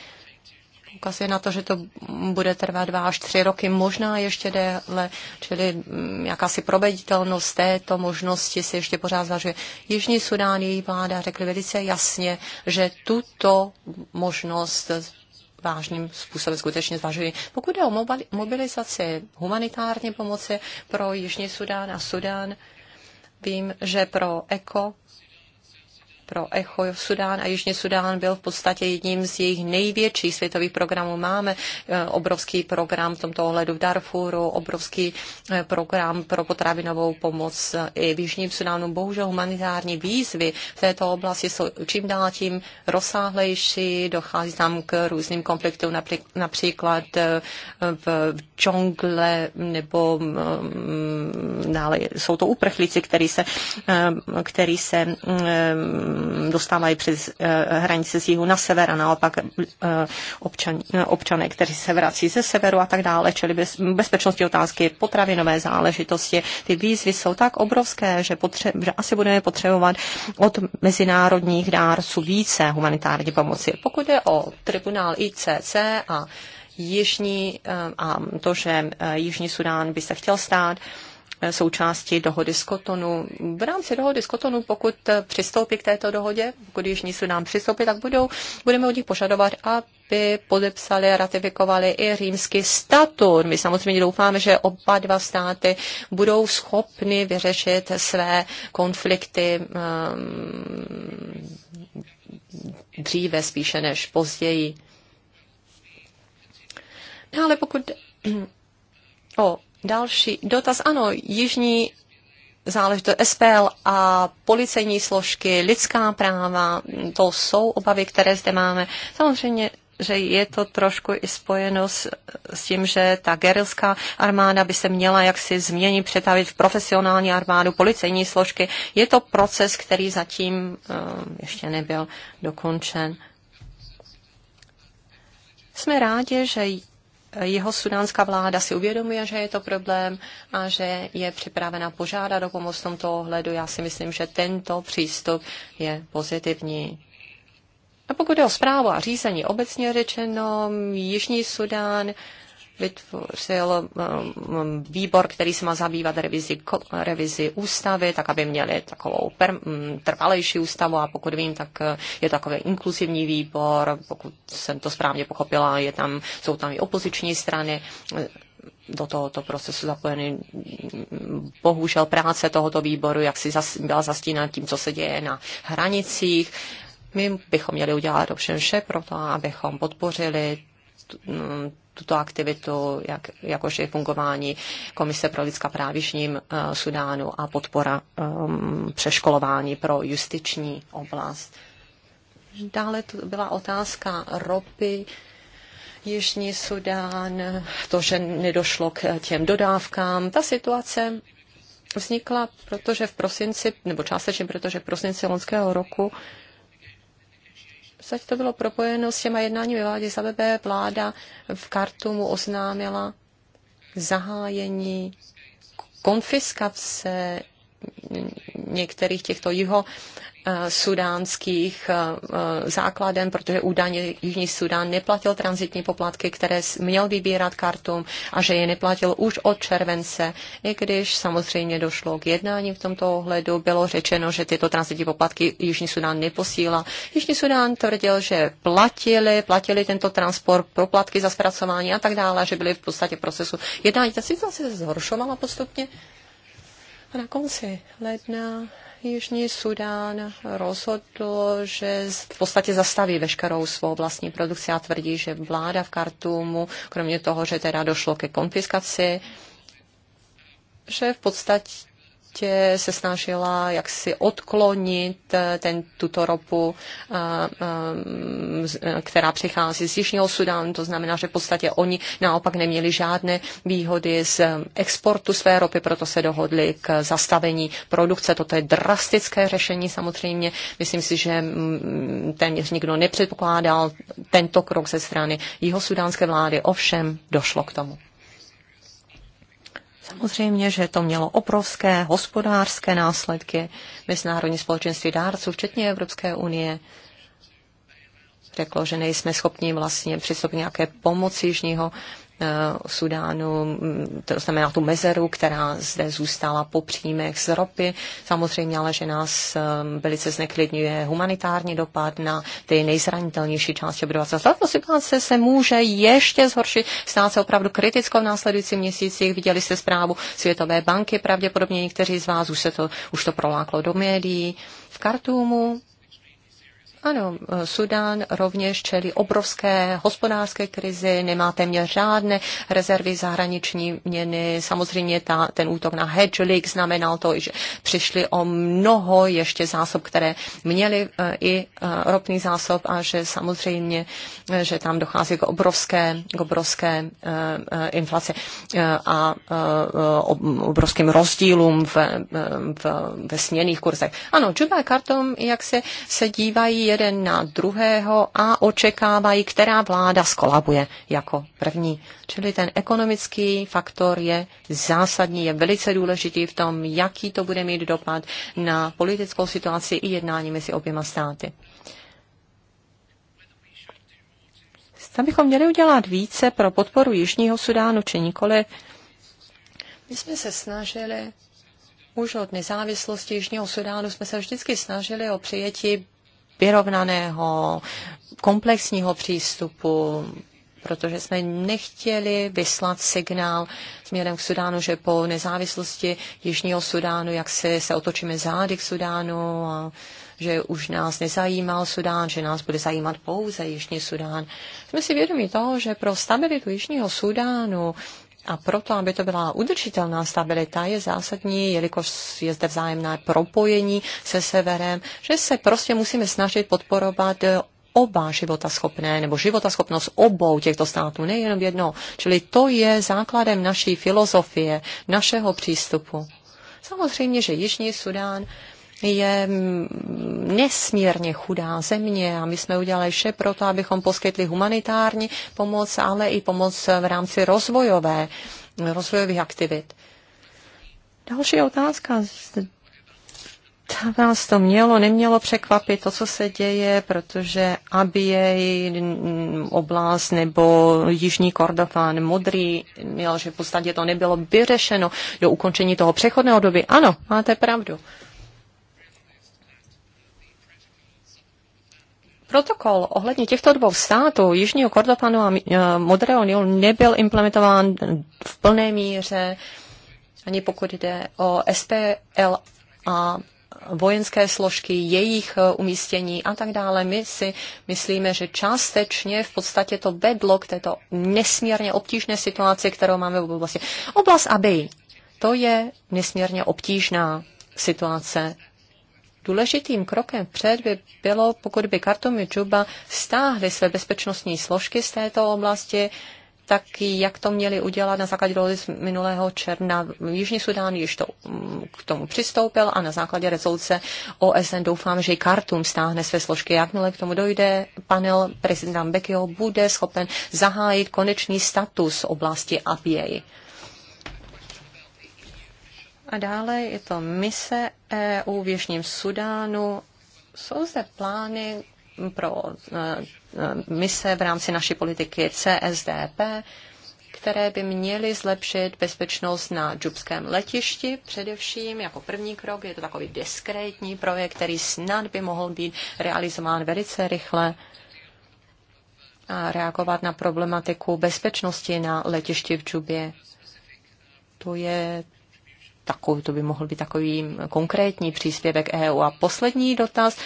Speaker 3: ukazuje na to, že to bude trvat dva až tři roky, možná ještě déle, čili mm, jakási proveditelnost této možnosti se ještě pořád zvažuje. Jižní Sudán, její vláda řekli velice jasně, že tuto možnost vážným způsobem skutečně zvažují. Pokud jde o mobilizaci humanitární pomoci pro Jižní Sudán a Sudán, vím, že pro ECO pro ECHO v Sudán a Jižní Sudán byl v podstatě jedním z jejich největších světových programů. Máme eh, obrovský program v tomto ohledu v Darfuru, obrovský eh, program pro potravinovou pomoc eh, i v Jižním Sudánu. Bohužel humanitární výzvy v této oblasti jsou čím dál tím rozsáhlejší, dochází tam k různým konfliktům, například v džungle nebo mm, dále jsou to uprchlíci, který se, který se mm, dostávají přes eh, hranice z jihu na sever a naopak eh, občan, eh, občané, kteří se vrací ze severu a tak dále, čili bez, bezpečnostní otázky, potravinové záležitosti. Ty výzvy jsou tak obrovské, že, potře- že asi budeme potřebovat od mezinárodních dárců více humanitární pomoci. Pokud je o tribunál ICC a Jižní a to, že Jižní Sudán by se chtěl stát Eh, součástí dohody z Kotonu. V rámci dohody z Kotonu, pokud eh, přistoupí k této dohodě, pokud Jižní Sudán přistoupí, tak budou, budeme od nich požadovat, aby podepsali, ratifikovali i římský statut. My samozřejmě doufáme, že oba dva státy budou schopny vyřešit své konflikty ehm, dříve spíše než později. No, ale pokud o Další dotaz, ano, jižní záležitost SPL a policejní složky, lidská práva, to jsou obavy, které zde máme. Samozřejmě že je to trošku i spojeno s, s tím, že ta gerilská armáda by se měla jaksi změnit, přetavit v profesionální armádu, policejní složky. Je to proces, který zatím uh, ještě nebyl dokončen. Jsme rádi, že jeho sudánská vláda si uvědomuje, že je to problém a že je připravena požádat o pomoc v tomto ohledu. Já si myslím, že tento přístup je pozitivní. A pokud je o zprávu a řízení obecně řečeno, Jižní Sudán vytvořil um, výbor, který se má zabývat revizi, revizi ústavy, tak aby měli takovou per, mm, trvalejší ústavu a pokud vím, tak eh, je takový inkluzivní výbor, pokud jsem to správně pochopila, je tam, jsou tam i opoziční strany, do tohoto procesu zapojeny. Mm, bohužel práce tohoto výboru, jak si zas, byla zastíná tím, co se děje na hranicích, my bychom měli udělat ovšem vše pro to, abychom podpořili mm, tuto aktivitu, jak, jakož je fungování Komise pro lidská právě v uh, Sudánu a podpora um, přeškolování pro justiční oblast. Dále tu byla otázka ropy. Jižní Sudán, to, že nedošlo k těm dodávkám. Ta situace vznikla, protože v prosinci, nebo částečně protože v prosinci loňského roku podstatě to bylo propojeno s těma jednáními vlády. Za BB vláda v Kartumu oznámila zahájení konfiskace některých těchto jiho eh, sudánských eh, eh, základen, protože údajně Jižní Sudán neplatil transitní poplatky, které měl vybírat kartům a že je neplatil už od července. I když samozřejmě došlo k jednání v tomto ohledu, bylo řečeno, že tyto transitní poplatky Jižní Sudán neposílá. Jižní Sudán tvrdil, že platili, platili tento transport, poplatky za zpracování a tak dále, že byli v podstatě procesu jednání. Ta situace se zhoršovala postupně. Na konci ledna Jižní Sudán rozhodl, že v podstatě zastaví veškerou svou vlastní produkci a tvrdí, že vláda v Kartumu, kromě toho, že teda došlo ke konfiskaci, že v podstatě prostě se snažila jaksi odklonit eh, ten, tuto ropu, eh, eh, která přichází z Jižního Sudánu. To znamená, že v podstatě oni naopak neměli žádné výhody z exportu své ropy, proto se dohodli k zastavení produkce. Toto je drastické řešení samozřejmě. Myslím si, že mm, téměř nikdo nepředpokládal tento krok ze strany jihosudánské vlády. Ovšem došlo k tomu. Samozřejmě, že to mělo obrovské hospodářské následky. Mezinárodní společenství dárců, včetně Evropské unie, řeklo, že nejsme schopni vlastně přistoupit nějaké pomoci Jižního Eh, Sudánu, mm, to znamená tu mezeru, která zde zůstala po příjmech z ropy. Samozřejmě ale, že nás eh, velice zneklidňuje humanitární dopad na ty nejzranitelnější části obyvatelstva. Tato situace se může ještě zhoršit, stát se opravdu kritickou v následujících měsících. Viděli jste zprávu Světové banky, pravděpodobně někteří z vás už, se to, už to proláklo do médií. V Kartumu ano, eh, Sudán rovněž čelí obrovské hospodářské krizi, nemá téměř žádné rezervy zahraniční měny. Samozřejmě ta, ten útok na Hedgelik znamenal to, že přišli o mnoho ještě zásob, které měli eh, i eh, ropný zásob a že samozřejmě, že tam dochází k obrovské, k obrovské inflaci a obrovským rozdílům v, v, ve směných kurzech. Ano, Juba Kartom, jak se, se dívají, je jeden na druhého a očekávají, která vláda skolabuje jako první. Čili ten ekonomický faktor je zásadní, je velice důležitý v tom, jaký to bude mít dopad na politickou situaci i jednání mezi oběma státy. Zda bychom měli udělat více pro podporu Jižního Sudánu či nikoli. My jsme se snažili už od nezávislosti Jižního Sudánu jsme se vždycky snažili o přijetí vyrovnaného, komplexního přístupu, protože jsme nechtěli vyslat signál směrem k Sudánu, že po nezávislosti Jižního Sudánu, jak se, se otočíme zády k Sudánu a že už nás nezajímal Sudán, že nás bude zajímat pouze Jižní Sudán. Jsme si vědomi toho, že pro stabilitu Jižního Sudánu a proto, aby to byla udržitelná stabilita, je zásadní, jelikož je zde vzájemné propojení se severem, že se prostě musíme snažit podporovat eh, oba životaschopné nebo životaschopnost obou těchto států, nejenom jedno. Čili to je základem naší filozofie, našeho přístupu. Samozřejmě, že Jižní Sudán je mm, nesmírně chudá země a my jsme udělali vše pro to, abychom poskytli humanitární pomoc, ale i pomoc v rámci rozvojové, rozvojových aktivit. Další otázka. Ta vás to mělo, nemělo překvapit to, co se děje, protože Abijej oblast nebo Jižní Kordofán, Modrý, měl, že v podstatě to nebylo vyřešeno do ukončení toho přechodného doby. Ano, máte pravdu. Protokol ohledně těchto dvou států, Jižního Kordofanu a eh, Modrého Nilu, nebyl implementován v plné míře, ani pokud jde o SPL a vojenské složky, jejich eh, umístění a tak dále. My si myslíme, že částečně v podstatě to vedlo k této nesmírně obtížné situaci, kterou máme v oblasti. Oblast Abiy, to je nesmírně obtížná situace Důležitým krokem před by bylo, pokud by Kartum Juba stáhly své bezpečnostní složky z této oblasti, tak jak to měli udělat na základě dohody z minulého června. Jižní Sudán již to, k tomu přistoupil a na základě rezoluce OSN doufám, že i Kartum stáhne své složky. Jakmile k tomu dojde, panel prezidenta Bekio bude schopen zahájit konečný status oblasti Abieji. A dále je to mise EU v Jižním Sudánu. Jsou zde plány pro eh, eh, mise v rámci naší politiky CSDP, které by měly zlepšit bezpečnost na džubském letišti. Především jako první krok je to takový diskrétní projekt, který snad by mohl být realizován velice rychle a reagovat na problematiku bezpečnosti na letišti v Džubě. To je takový, to by mohl být takový konkrétní příspěvek EU. A poslední dotaz,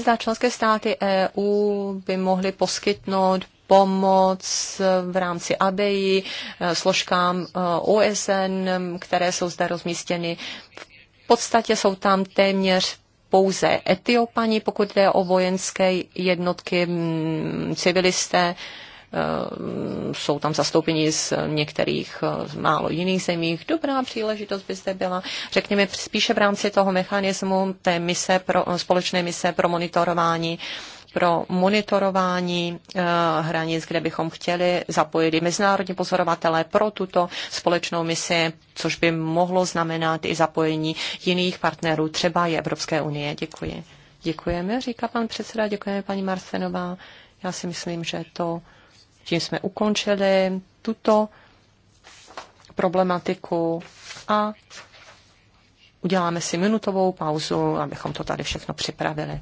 Speaker 3: zda členské státy EU by mohly poskytnout pomoc v rámci ABI eh, složkám eh, OSN, které jsou zde rozmístěny. V podstatě jsou tam téměř pouze Etiopani, pokud jde o vojenské jednotky, mm, civilisté Ehm, jsou tam zastoupení z některých eh, z málo jiných zemích. Dobrá příležitost by zde byla, řekněme, spíše v rámci toho mechanismu té mise pro, eh, společné mise pro monitorování pro monitorování eh, hranic, kde bychom chtěli zapojit i mezinárodní pozorovatele pro tuto společnou misi, což by mohlo znamenat i zapojení jiných partnerů, třeba i Evropské unie. Děkuji. Děkujeme, říká pan předseda, děkujeme paní Marcenová. Já si myslím, že to tím jsme ukončili tuto problematiku a uděláme si minutovou pauzu, abychom to tady všechno připravili.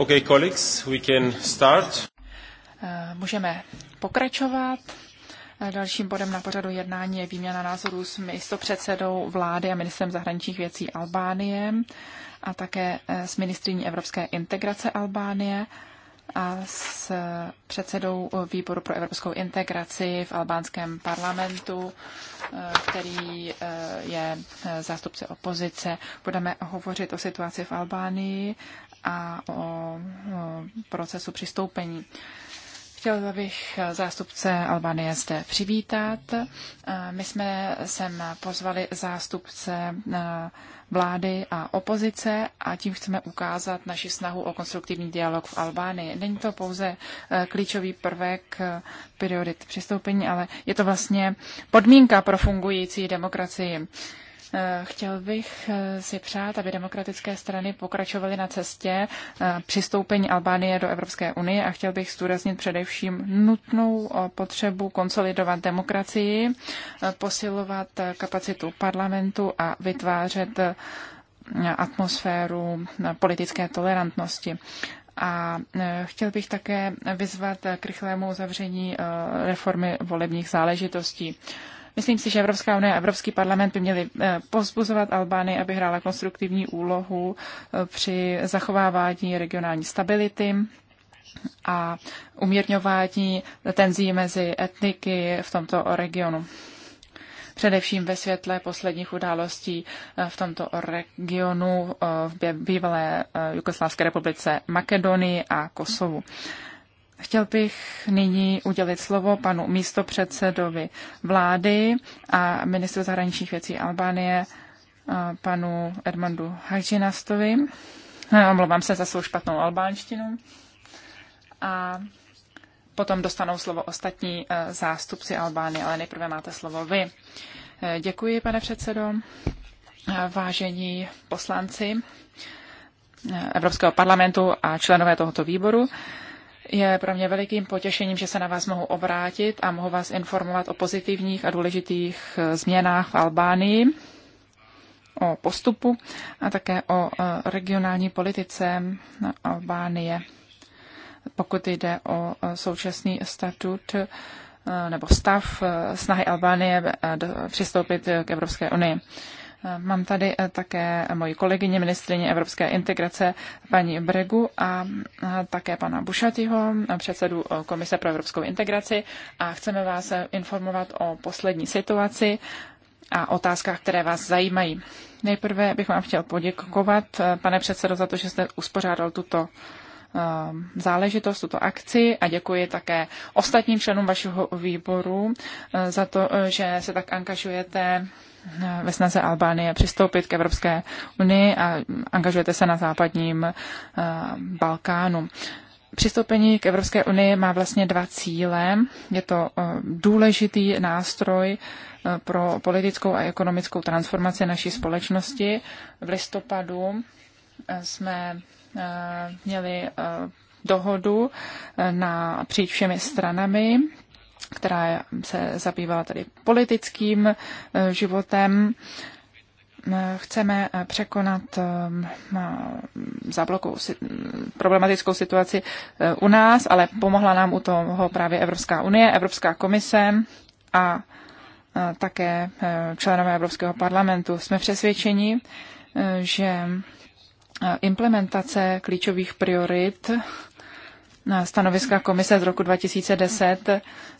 Speaker 1: Okay, colleagues, we
Speaker 2: can start. Eh, můžeme pokračovat. Eh, dalším bodem na pořadu jednání je výměna názorů s místopředsedou vlády a ministrem zahraničních věcí Albánie a také eh, s ministriní evropské integrace Albánie a s předsedou výboru pro evropskou integraci v albánském parlamentu, který je zástupce opozice. Budeme hovořit o situaci v Albánii a o procesu přistoupení. Chtěl bych zástupce Albanie zde přivítat. My jsme sem pozvali zástupce vlády a opozice a tím chceme ukázat naši snahu o konstruktivní dialog v Albánii. Není to pouze klíčový prvek priorit přistoupení, ale je to vlastně podmínka pro fungující demokracii. Eh, chtěl bych eh, si přát, aby demokratické strany pokračovaly na cestě eh, přistoupení Albánie do Evropské unie a chtěl bych zdůraznit především nutnou potřebu konsolidovat demokracii, posilovat kapacitu parlamentu a vytvářet atmosféru politické tolerantnosti. A chtěl bych také vyzvat k rychlému uzavření reformy volebních záležitostí. Myslím si, že Evropská unie a Evropský parlament by měli eh, pozbuzovat Albány, aby hrála konstruktivní úlohu eh, při zachovávání regionální stability a umírňování tenzí mezi etniky v tomto regionu především ve světle posledních událostí eh, v tomto regionu v bývalé Jugoslávské republice Makedonii a Kosovu. Chtěl bych nyní udělit slovo panu místopředsedovi vlády a ministru zahraničních věcí Albánie, panu Edmandu Hajžinastovi. Omlouvám se za svou špatnou albánštinu. A potom dostanou slovo ostatní zástupci Albánie, ale nejprve máte slovo vy. E, děkuji, pane předsedo. E, vážení poslanci e, Evropského parlamentu a členové tohoto výboru, je pro mě velikým potěšením, že se na vás mohu obrátit a mohu vás informovat o pozitivních a důležitých eh, změnách v Albánii, o postupu a také o eh, regionální politice Albánie. Pokud jde o eh, současný statut nebo stav snahy Albánie přistoupit k Evropské unii. Mám tady eh, také moji kolegyně ministrině Evropské integrace paní Bregu a také pana Bušatiho, předsedu eh, Komise pro evropskou integraci a chceme vás eh, informovat o poslední situaci a otázkách, které vás zajímají. Nejprve bych vám chtěl poděkovat, pane předsedo, za to, že jste uspořádal tuto záležitost, tuto akci a děkuji také ostatním členům vašeho výboru za to, že se tak angažujete ve snaze Albánie přistoupit k Evropské unii a angažujete se na západním eh, Balkánu. Přistoupení k Evropské unii má vlastně dva cíle. Je to eh, důležitý nástroj eh, pro politickou a ekonomickou transformaci naší společnosti. V listopadu jsme měli dohodu na všemi stranami která se zabývá tady politickým eh, životem. Eh, chceme eh, překonat zablokou problematickou situaci u nás, ale pomohla nám u toho právě Evropská unie, Evropská komise a také členové Evropského parlamentu. Jsme přesvědčeni, že implementace klíčových priorit stanoviska komise z roku 2010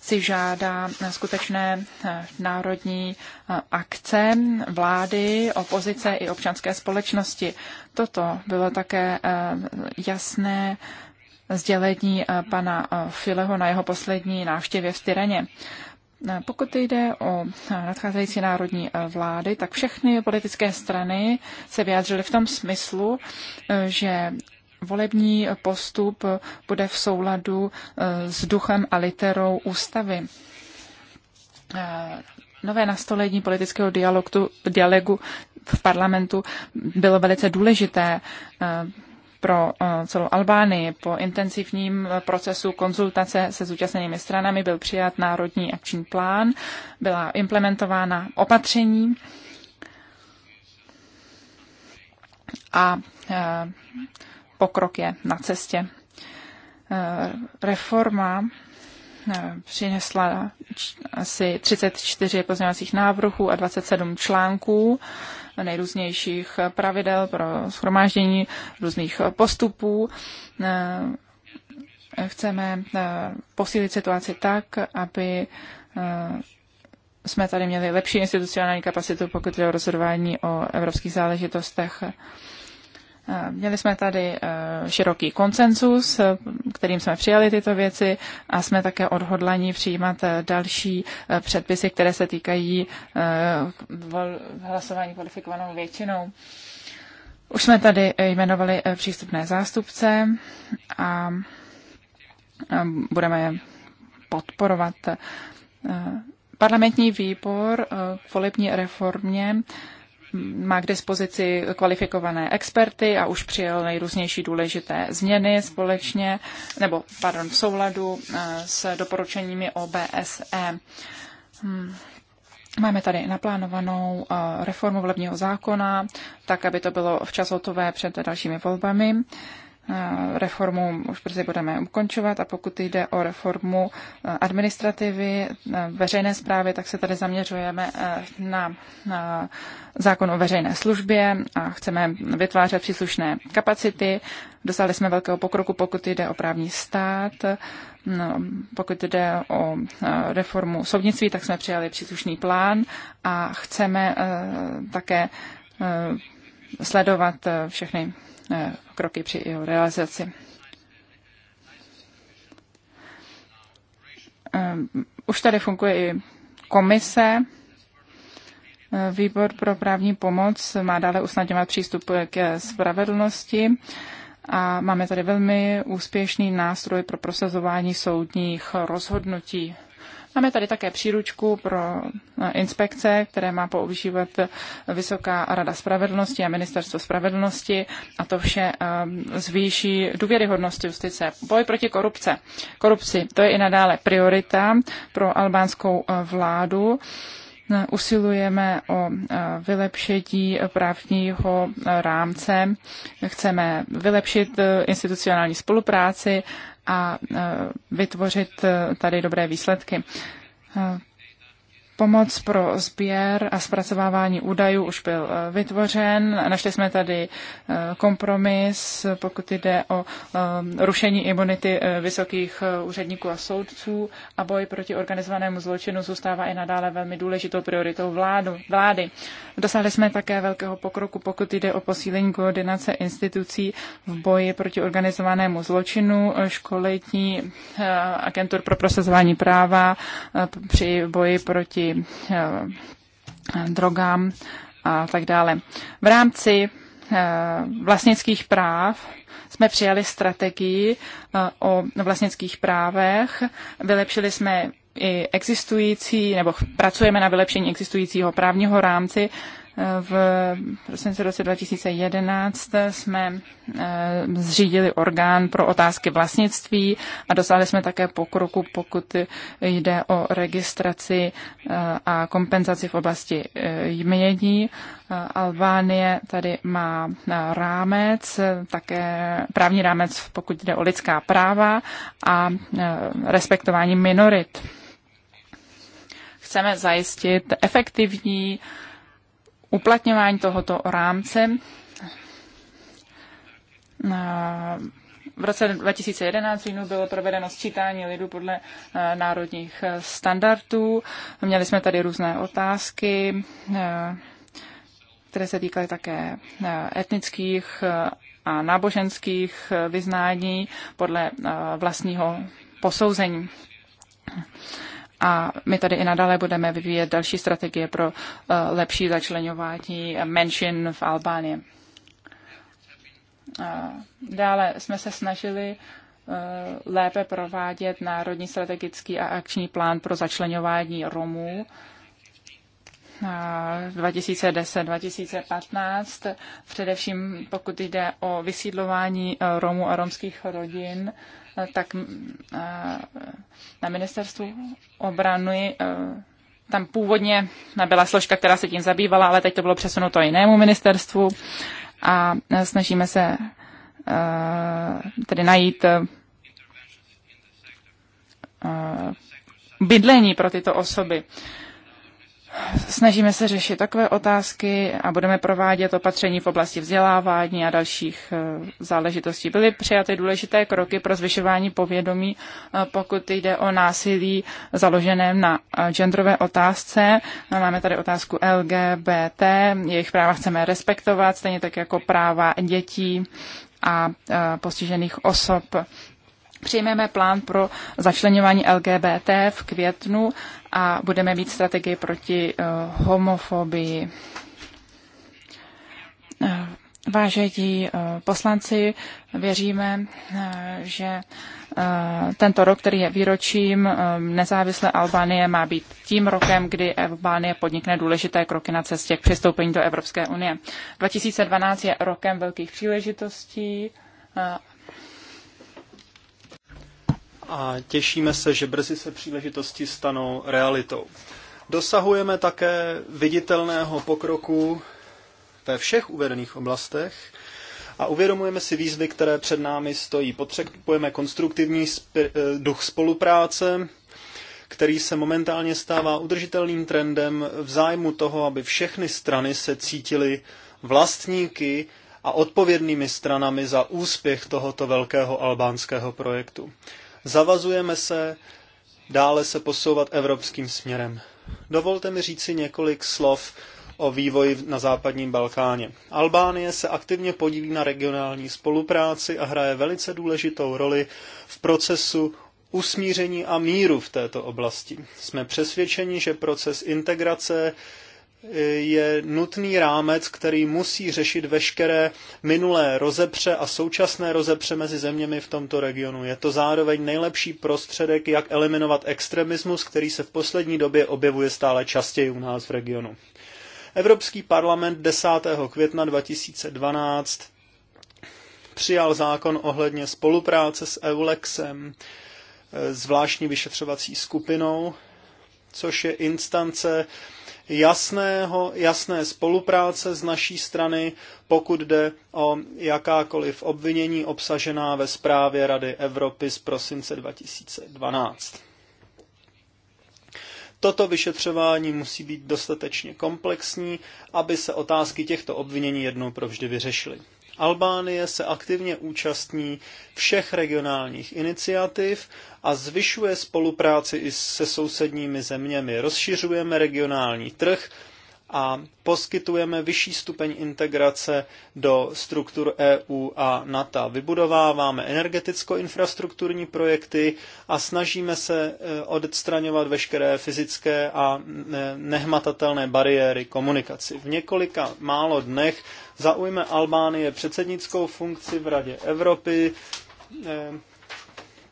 Speaker 2: si žádá skutečné eh, národní eh, akce vlády, opozice i občanské společnosti. Toto bylo také eh, jasné sdělení pana Fileho na jeho poslední návštěvě v Tyreně. Pokud jde o nadcházející národní vlády, tak všechny politické strany se vyjádřily v tom smyslu, že volební postup bude v souladu eh, s duchem a literou ústavy. Eh, nové nastolení politického dialogu, dialogu v parlamentu bylo velice důležité eh, pro celou Albánii. Po intenzivním procesu konzultace se zúčastněnými stranami byl přijat národní akční plán, byla implementována opatření a pokrok je na cestě. E, reforma e, přinesla asi 34 pozměňovacích návrhů a 27 článků nejrůznějších pravidel pro schromáždění různých postupů. E, chceme posílit situaci tak, aby jsme tady měli lepší institucionální kapacitu, pokud je o rozhodování o evropských záležitostech. Eh, měli jsme tady eh, široký konsensus, eh, kterým jsme přijali tyto věci a jsme také odhodlani přijímat další předpisy, které se týkají hlasování kvalifikovanou většinou. Už jsme tady jmenovali přístupné zástupce a budeme je podporovat. Parlamentní výbor k volební reformě má k dispozici kvalifikované experty a už přijel nejrůznější důležité změny společně, nebo pardon, v souladu eh, s doporučeními OBSE. Hmm. Máme tady naplánovanou eh, reformu volebního zákona, tak aby to bylo včas hotové před dalšími volbami. Eh, reformu už brzy budeme ukončovat a pokud jde o reformu eh, administrativy eh, veřejné zprávy, tak se tady zaměřujeme na, na zákon o veřejné službě a chceme vytvářet příslušné kapacity. Dosáhli jsme velkého pokroku, pokud jde o právní stát. No, pokud jde o reformu soudnictví, tak jsme přijali příslušný plán a chceme také sledovat všechny kroky při jeho realizaci. Ehm, už tady funguje i komise. Ehm, výbor pro právní pomoc má dále usnadňovat přístup ke spravedlnosti a máme tady velmi úspěšný nástroj pro prosazování soudních rozhodnutí. Máme tady také příručku pro eh, inspekce, které má používat eh, Vysoká rada spravedlnosti a Ministerstvo spravedlnosti a to vše eh, zvýší důvěryhodnost justice. Boj proti korupce. korupci, to je i nadále priorita pro albánskou vládu usilujeme o vylepšení právního rámce, chceme vylepšit institucionální spolupráci a e, vytvořit e, tady dobré výsledky. E, pomoc pro sběr a zpracovávání údajů už byl eh, vytvořen. Našli jsme tady eh, kompromis, pokud jde o eh, rušení imunity vysokých úředníků a soudců a boj proti organizovanému zločinu zůstává i nadále velmi důležitou prioritou vládu, vlády. Dosáhli jsme také velkého pokroku, pokud jde o posílení koordinace institucí v boji proti organizovanému zločinu, školení agentur pro prosazování práva při boji proti Eh, drogám a tak dále. V rámci eh, vlastnických práv jsme přijali strategii eh, o vlastnických právech, vylepšili jsme i existující, nebo pracujeme na vylepšení existujícího právního rámci v prosinci roce 2011 jsme eh, zřídili orgán pro otázky vlastnictví a dosáhli jsme také pokroku, pokud jde o registraci eh, a kompenzaci v oblasti eh, jmění. Albánie tady má rámec, také právní rámec, pokud jde o lidská práva a respektování minorit. Chceme zajistit efektivní uh, uplatňování tohoto rámce. V roce 2011 bylo provedeno sčítání lidu podle eh, národních eh, standardů. Měli jsme tady různé otázky, eh, které se týkaly také etnických a náboženských vyznání podle vlastního posouzení a my tady i nadále budeme vyvíjet další strategie pro eh, lepší začlenování menšin v Albánii. Dále jsme se snažili eh, lépe provádět Národní strategický a akční plán pro začlenování Romů 2010-2015, především pokud jde o vysídlování eh, Romů a romských rodin tak eh, na ministerstvu obrany eh, tam původně byla složka, která se tím zabývala, ale teď to bylo přesunuto jinému ministerstvu a eh, snažíme se tedy najít bydlení pro tyto osoby. Snažíme se řešit takové otázky a budeme provádět opatření v oblasti vzdělávání a dalších eh, záležitostí. Byly přijaty důležité kroky pro zvyšování povědomí, eh, pokud jde o násilí založené na eh, genderové otázce. Máme tady otázku LGBT, jejich práva chceme respektovat, stejně tak jako práva dětí a postižených osob. Přijmeme plán pro začlenování LGBT v květnu a budeme mít strategii proti eh, homofobii. Eh, vážení eh, poslanci, věříme, že tento rok, který je výročím nezávislé Albánie, má být tím rokem, kdy Albánie podnikne důležité kroky na cestě k přistoupení do Evropské unie. 2012 je rokem velkých příležitostí
Speaker 1: a těšíme se, že brzy se příležitosti stanou realitou. Dosahujeme také viditelného pokroku ve všech uvedených oblastech a uvědomujeme si výzvy, které před námi stojí. Potřebujeme konstruktivní eh, duch spolupráce, který se momentálně stává udržitelným trendem v zájmu toho, aby všechny strany se cítily vlastníky a odpovědnými stranami za úspěch tohoto velkého albánského projektu. Zavazujeme se dále se posouvat evropským směrem. Dovolte mi říci několik slov o vývoji na západním Balkáně. Albánie se aktivně podílí na regionální spolupráci a hraje velice důležitou roli v procesu usmíření a míru v této oblasti. Jsme přesvědčeni, že proces integrace je nutný rámec, který musí řešit veškeré minulé rozepře a současné rozepře mezi zeměmi v tomto regionu. Je to zároveň nejlepší prostředek, jak eliminovat extremismus, který se v poslední době objevuje stále častěji u nás v regionu. Evropský parlament 10. května 2012 přijal zákon ohledně spolupráce s EULEXem, e, zvláštní vyšetřovací skupinou, což je instance, jasného, jasné spolupráce z naší strany, pokud jde o jakákoliv obvinění obsažená ve zprávě Rady Evropy z prosince 2012. Toto vyšetřování musí být dostatečně komplexní, aby se otázky těchto obvinění jednou provždy vyřešily. Albánie se aktivně účastní všech regionálních iniciativ a zvyšuje spolupráci i se sousedními zeměmi. Rozšiřujeme regionální trh a poskytujeme vyšší stupeň integrace do struktur EU a NATO. Vybudováváme energeticko-infrastrukturní projekty a snažíme se eh, odstraňovat veškeré fyzické a eh, nehmatatelné bariéry komunikaci. V několika málo dnech zaujme Albánie předsednickou funkci v Radě Evropy, eh,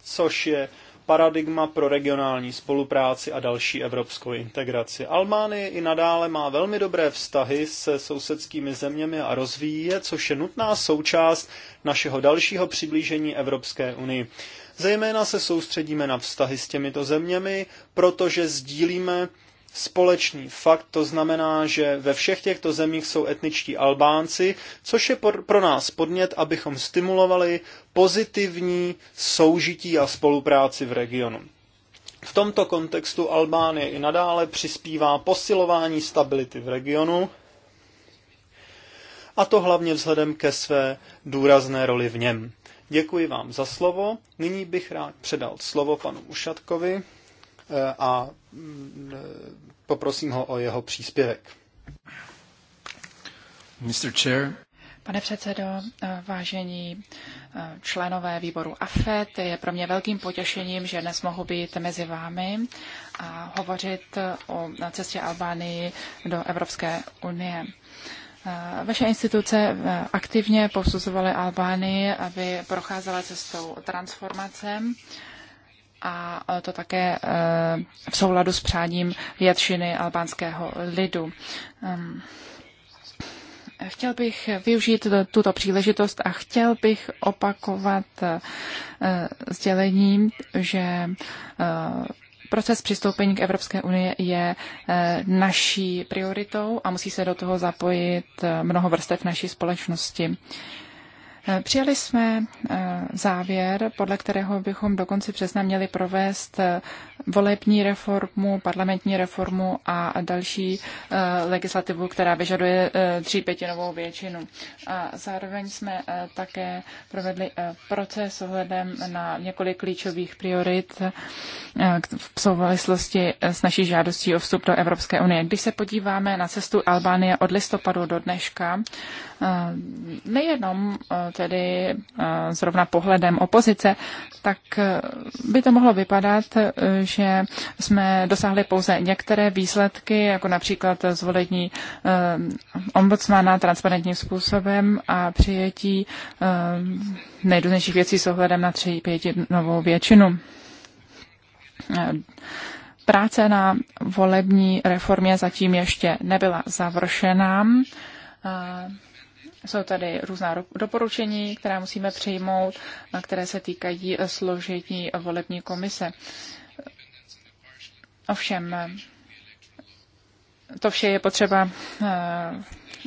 Speaker 1: což je paradigma pro regionální spolupráci a další evropskou integraci. Albánie i nadále má velmi dobré vztahy se sousedskými zeměmi a rozvíjí je, což je nutná součást našeho dalšího přiblížení Evropské unii. Zejména se soustředíme na vztahy s těmito zeměmi, protože sdílíme společný fakt, to znamená, že ve všech těchto zemích jsou etničtí Albánci, což je pro nás podnět, abychom stimulovali pozitivní soužití a spolupráci v regionu. V tomto kontextu Albánie i nadále přispívá posilování stability v regionu, a to hlavně vzhledem ke své důrazné roli v něm. Děkuji vám za slovo. Nyní bych rád předal slovo panu Ušatkovi. Eh, a mm, eh, poprosím ho o jeho příspěvek. Mr. Chair.
Speaker 2: Pane předsedo, eh, vážení členové výboru AFET, je pro mě velkým potěšením, že dnes mohu být mezi vámi a hovořit o cestě Albánii do Evropské unie. Vaše instituce aktivně posuzovaly Albánii, aby procházela cestou transformace a e, to také e, v souladu s přáním většiny albánského lidu. Chtěl bych využít tuto příležitost a chtěl bych opakovat e, sdělením, že Proces přistoupení k Evropské unii je naší prioritou a musí se do toho zapojit mnoho vrstev naší společnosti. Přijali jsme eh, závěr, podle kterého bychom do konce března měli provést eh, volební reformu, parlamentní reformu a další eh, legislativu, která vyžaduje třípětinovou většinu. A zároveň jsme také provedli proces ohledem na několik klíčových priorit v souvislosti s naší žádostí o vstup do Evropské unie. Když se podíváme na cestu Albánie od listopadu do dneška, Eh, nejenom eh, tedy eh, zrovna pohledem opozice, tak by to mohlo vypadat, že jsme dosáhli pouze některé výsledky, jako například zvolení ombudsmana transparentním způsobem a přijetí nejdůležitějších věcí s ohledem na tři novou většinu práce na volební reformě zatím ještě nebyla završená. Jsou tady různá doporučení, která musíme přijmout, které se týkají eh, složení eh, volební komise. Ovšem, eh, to vše je potřeba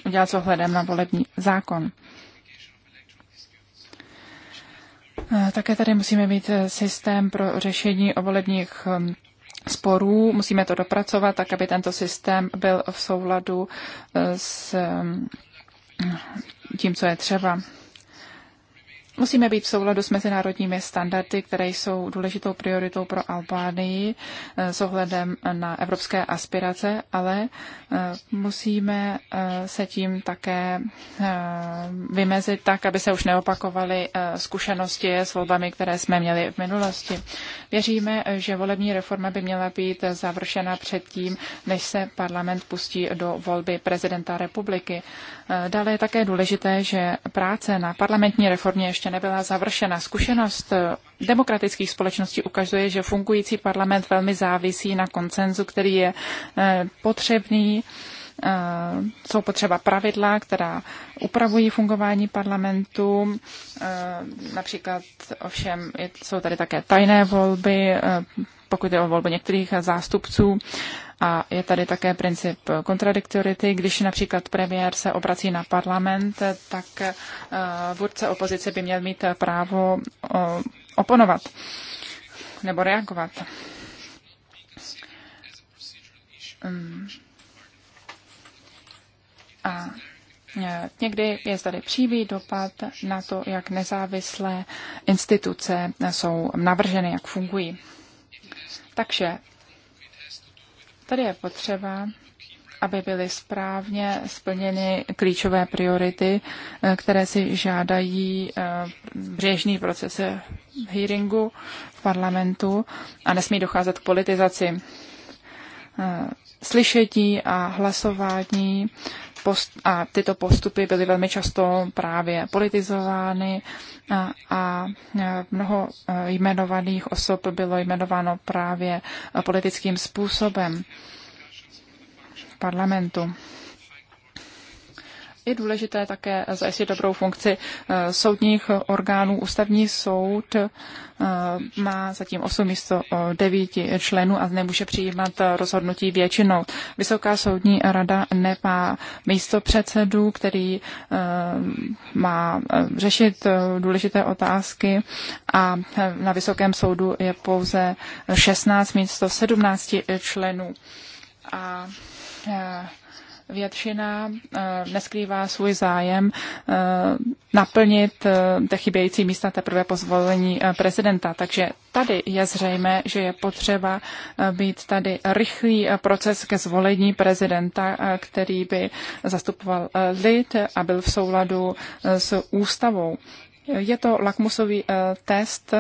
Speaker 2: udělat s ohledem na volební zákon. Také tady musíme mít systém pro řešení volebních hm, sporů. Musíme to dopracovat tak, aby tento systém byl v souladu s hm, tím, co je třeba. Musíme být v souladu s mezinárodními standardy, které jsou důležitou prioritou pro Albánii eh, s ohledem na evropské aspirace, ale eh, musíme eh, se tím také vymezit tak, aby se už neopakovaly zkušenosti s volbami, které jsme měli v minulosti. Věříme, že volební reforma by měla být završena předtím, než se parlament pustí do volby prezidenta republiky. Dále je také důležité, že práce na parlamentní reformě ještě nebyla završena. Zkušenost eh, demokratických společností ukazuje, že fungující parlament velmi závisí na koncenzu, který je eh, potřebný Eh, jsou potřeba pravidla, která upravují fungování parlamentu. Eh, například ovšem jsou tady také tajné volby, eh, pokud je o volbu některých zástupců. A je tady také princip kontradiktority. Když například premiér se obrací na parlament, tak vůdce opozice by měl mít právo oponovat nebo reagovat. Hmm. A e, Někdy je tady přímý dopad na to, jak nezávislé instituce jsou navrženy, jak fungují. Takže tady je potřeba, aby byly správně splněny klíčové priority, e, které si žádají e, běžný proces hearingu v parlamentu a nesmí docházet k politizaci slyšetí a hlasování post, a tyto postupy byly velmi často právě politizovány a, a e, mnoho e, jmenovaných osob bylo jmenováno právě politickým způsobem parlamentu je důležité také zajistit dobrou funkci eh, soudních orgánů. Ústavní soud eh, má zatím 8 místo 9 eh, členů a nemůže přijímat rozhodnutí většinou. Vysoká soudní rada nemá místo předsedu, který má řešit důležité otázky a na Vysokém soudu je pouze 16 místo 17 členů. A většina eh, neskrývá svůj zájem eh, naplnit eh, te chybějící místa teprve po zvolení prezidenta. Takže tady je zřejmé, že je potřeba být tady rychlý proces ke zvolení prezidenta, který by zastupoval lid a byl v souladu s ústavou. Je to lakmusový test,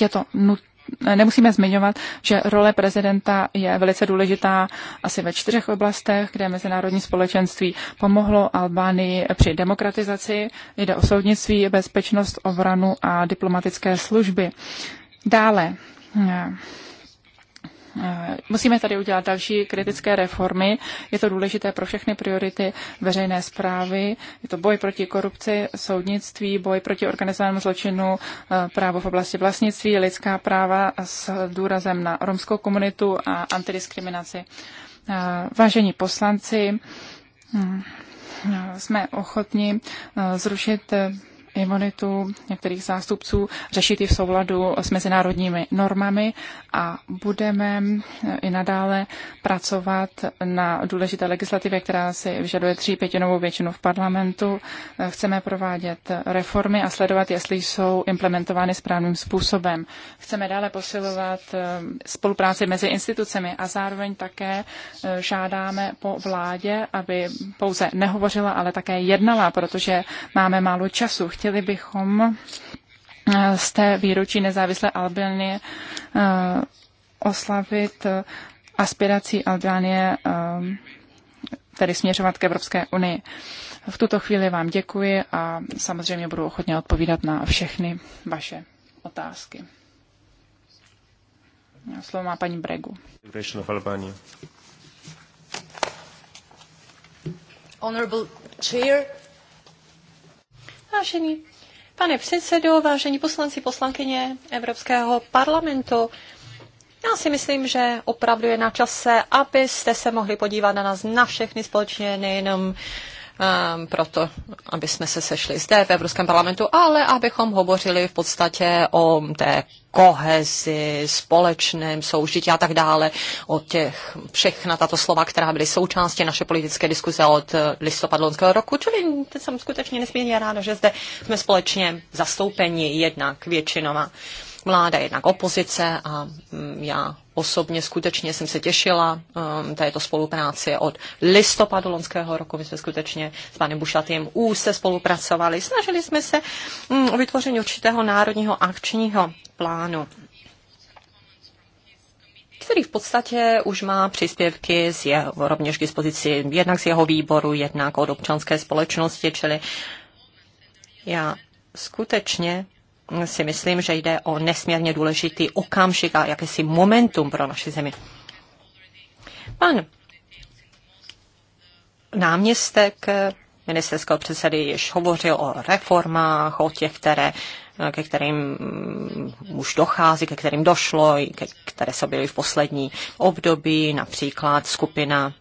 Speaker 2: je to nutné nemusíme zmiňovat, že role prezidenta je velice důležitá asi ve čtyřech oblastech, kde mezinárodní společenství pomohlo Albánii při demokratizaci. Jde o soudnictví, bezpečnost, obranu a diplomatické služby. Dále, Eh, musíme tady udělat další kritické reformy. Je to důležité pro všechny priority veřejné zprávy. Je to boj proti korupci, soudnictví, boj proti organizovanému zločinu, eh, právo v oblasti vlastnictví, lidská práva s důrazem na romskou komunitu a antidiskriminaci. Eh, vážení poslanci, hm, jsme ochotni zrušit imunitu některých zástupců, řešit ji v souladu s mezinárodními normami a budeme eh, i nadále pracovat na důležité legislativě, která si vyžaduje pětinovou většinu v parlamentu. Eh, chceme provádět reformy a sledovat, jestli jsou implementovány správným způsobem. Chceme dále posilovat eh, spolupráci mezi institucemi a zároveň také žádáme po vládě, aby pouze nehovořila, ale také jednala, protože máme málo času. Chtěli chtěli bychom eh, z té výročí nezávislé Albánie eh, oslavit eh, aspirací Albánie, tedy směřovat k Evropské unii. V tuto chvíli vám děkuji a samozřejmě budu ochotně odpovídat na všechny vaše otázky. Slovo má paní Bregu. Honorable Chair,
Speaker 3: Vážení pane předsedo, vážení poslanci, poslankyně Evropského parlamentu, já si myslím, že opravdu je na čase, abyste se mohli podívat na nás na všechny společně, nejenom Ehm, proto, aby jsme se sešli zde v Evropském parlamentu, ale abychom hovořili v podstatě o té kohezi, společném soužití a tak dále, o těch všechna tato slova, která byly součástí naše politické diskuze od eh, listopadu loňského roku, čili jsem skutečně nesmírně ráda, že zde jsme společně zastoupeni jednak většinou vláda, jednak opozice a mm, já osobně skutečně jsem se těšila um, této spolupráci od listopadu lonského roku. My jsme skutečně s panem Bušatým úzce spolupracovali. Snažili jsme se um, o vytvoření určitého národního akčního plánu který v podstatě už má příspěvky z jeho, rovněž k dispozici jednak z jeho výboru, jednak od občanské společnosti, čili já skutečně si myslím, že jde o nesmírně důležitý okamžik a jakési momentum pro naši zemi. Pan náměstek ministerského předsedy již hovořil o reformách, o těch, které, ke kterým mm, už dochází, ke kterým došlo, ke které se byly v poslední období, například skupina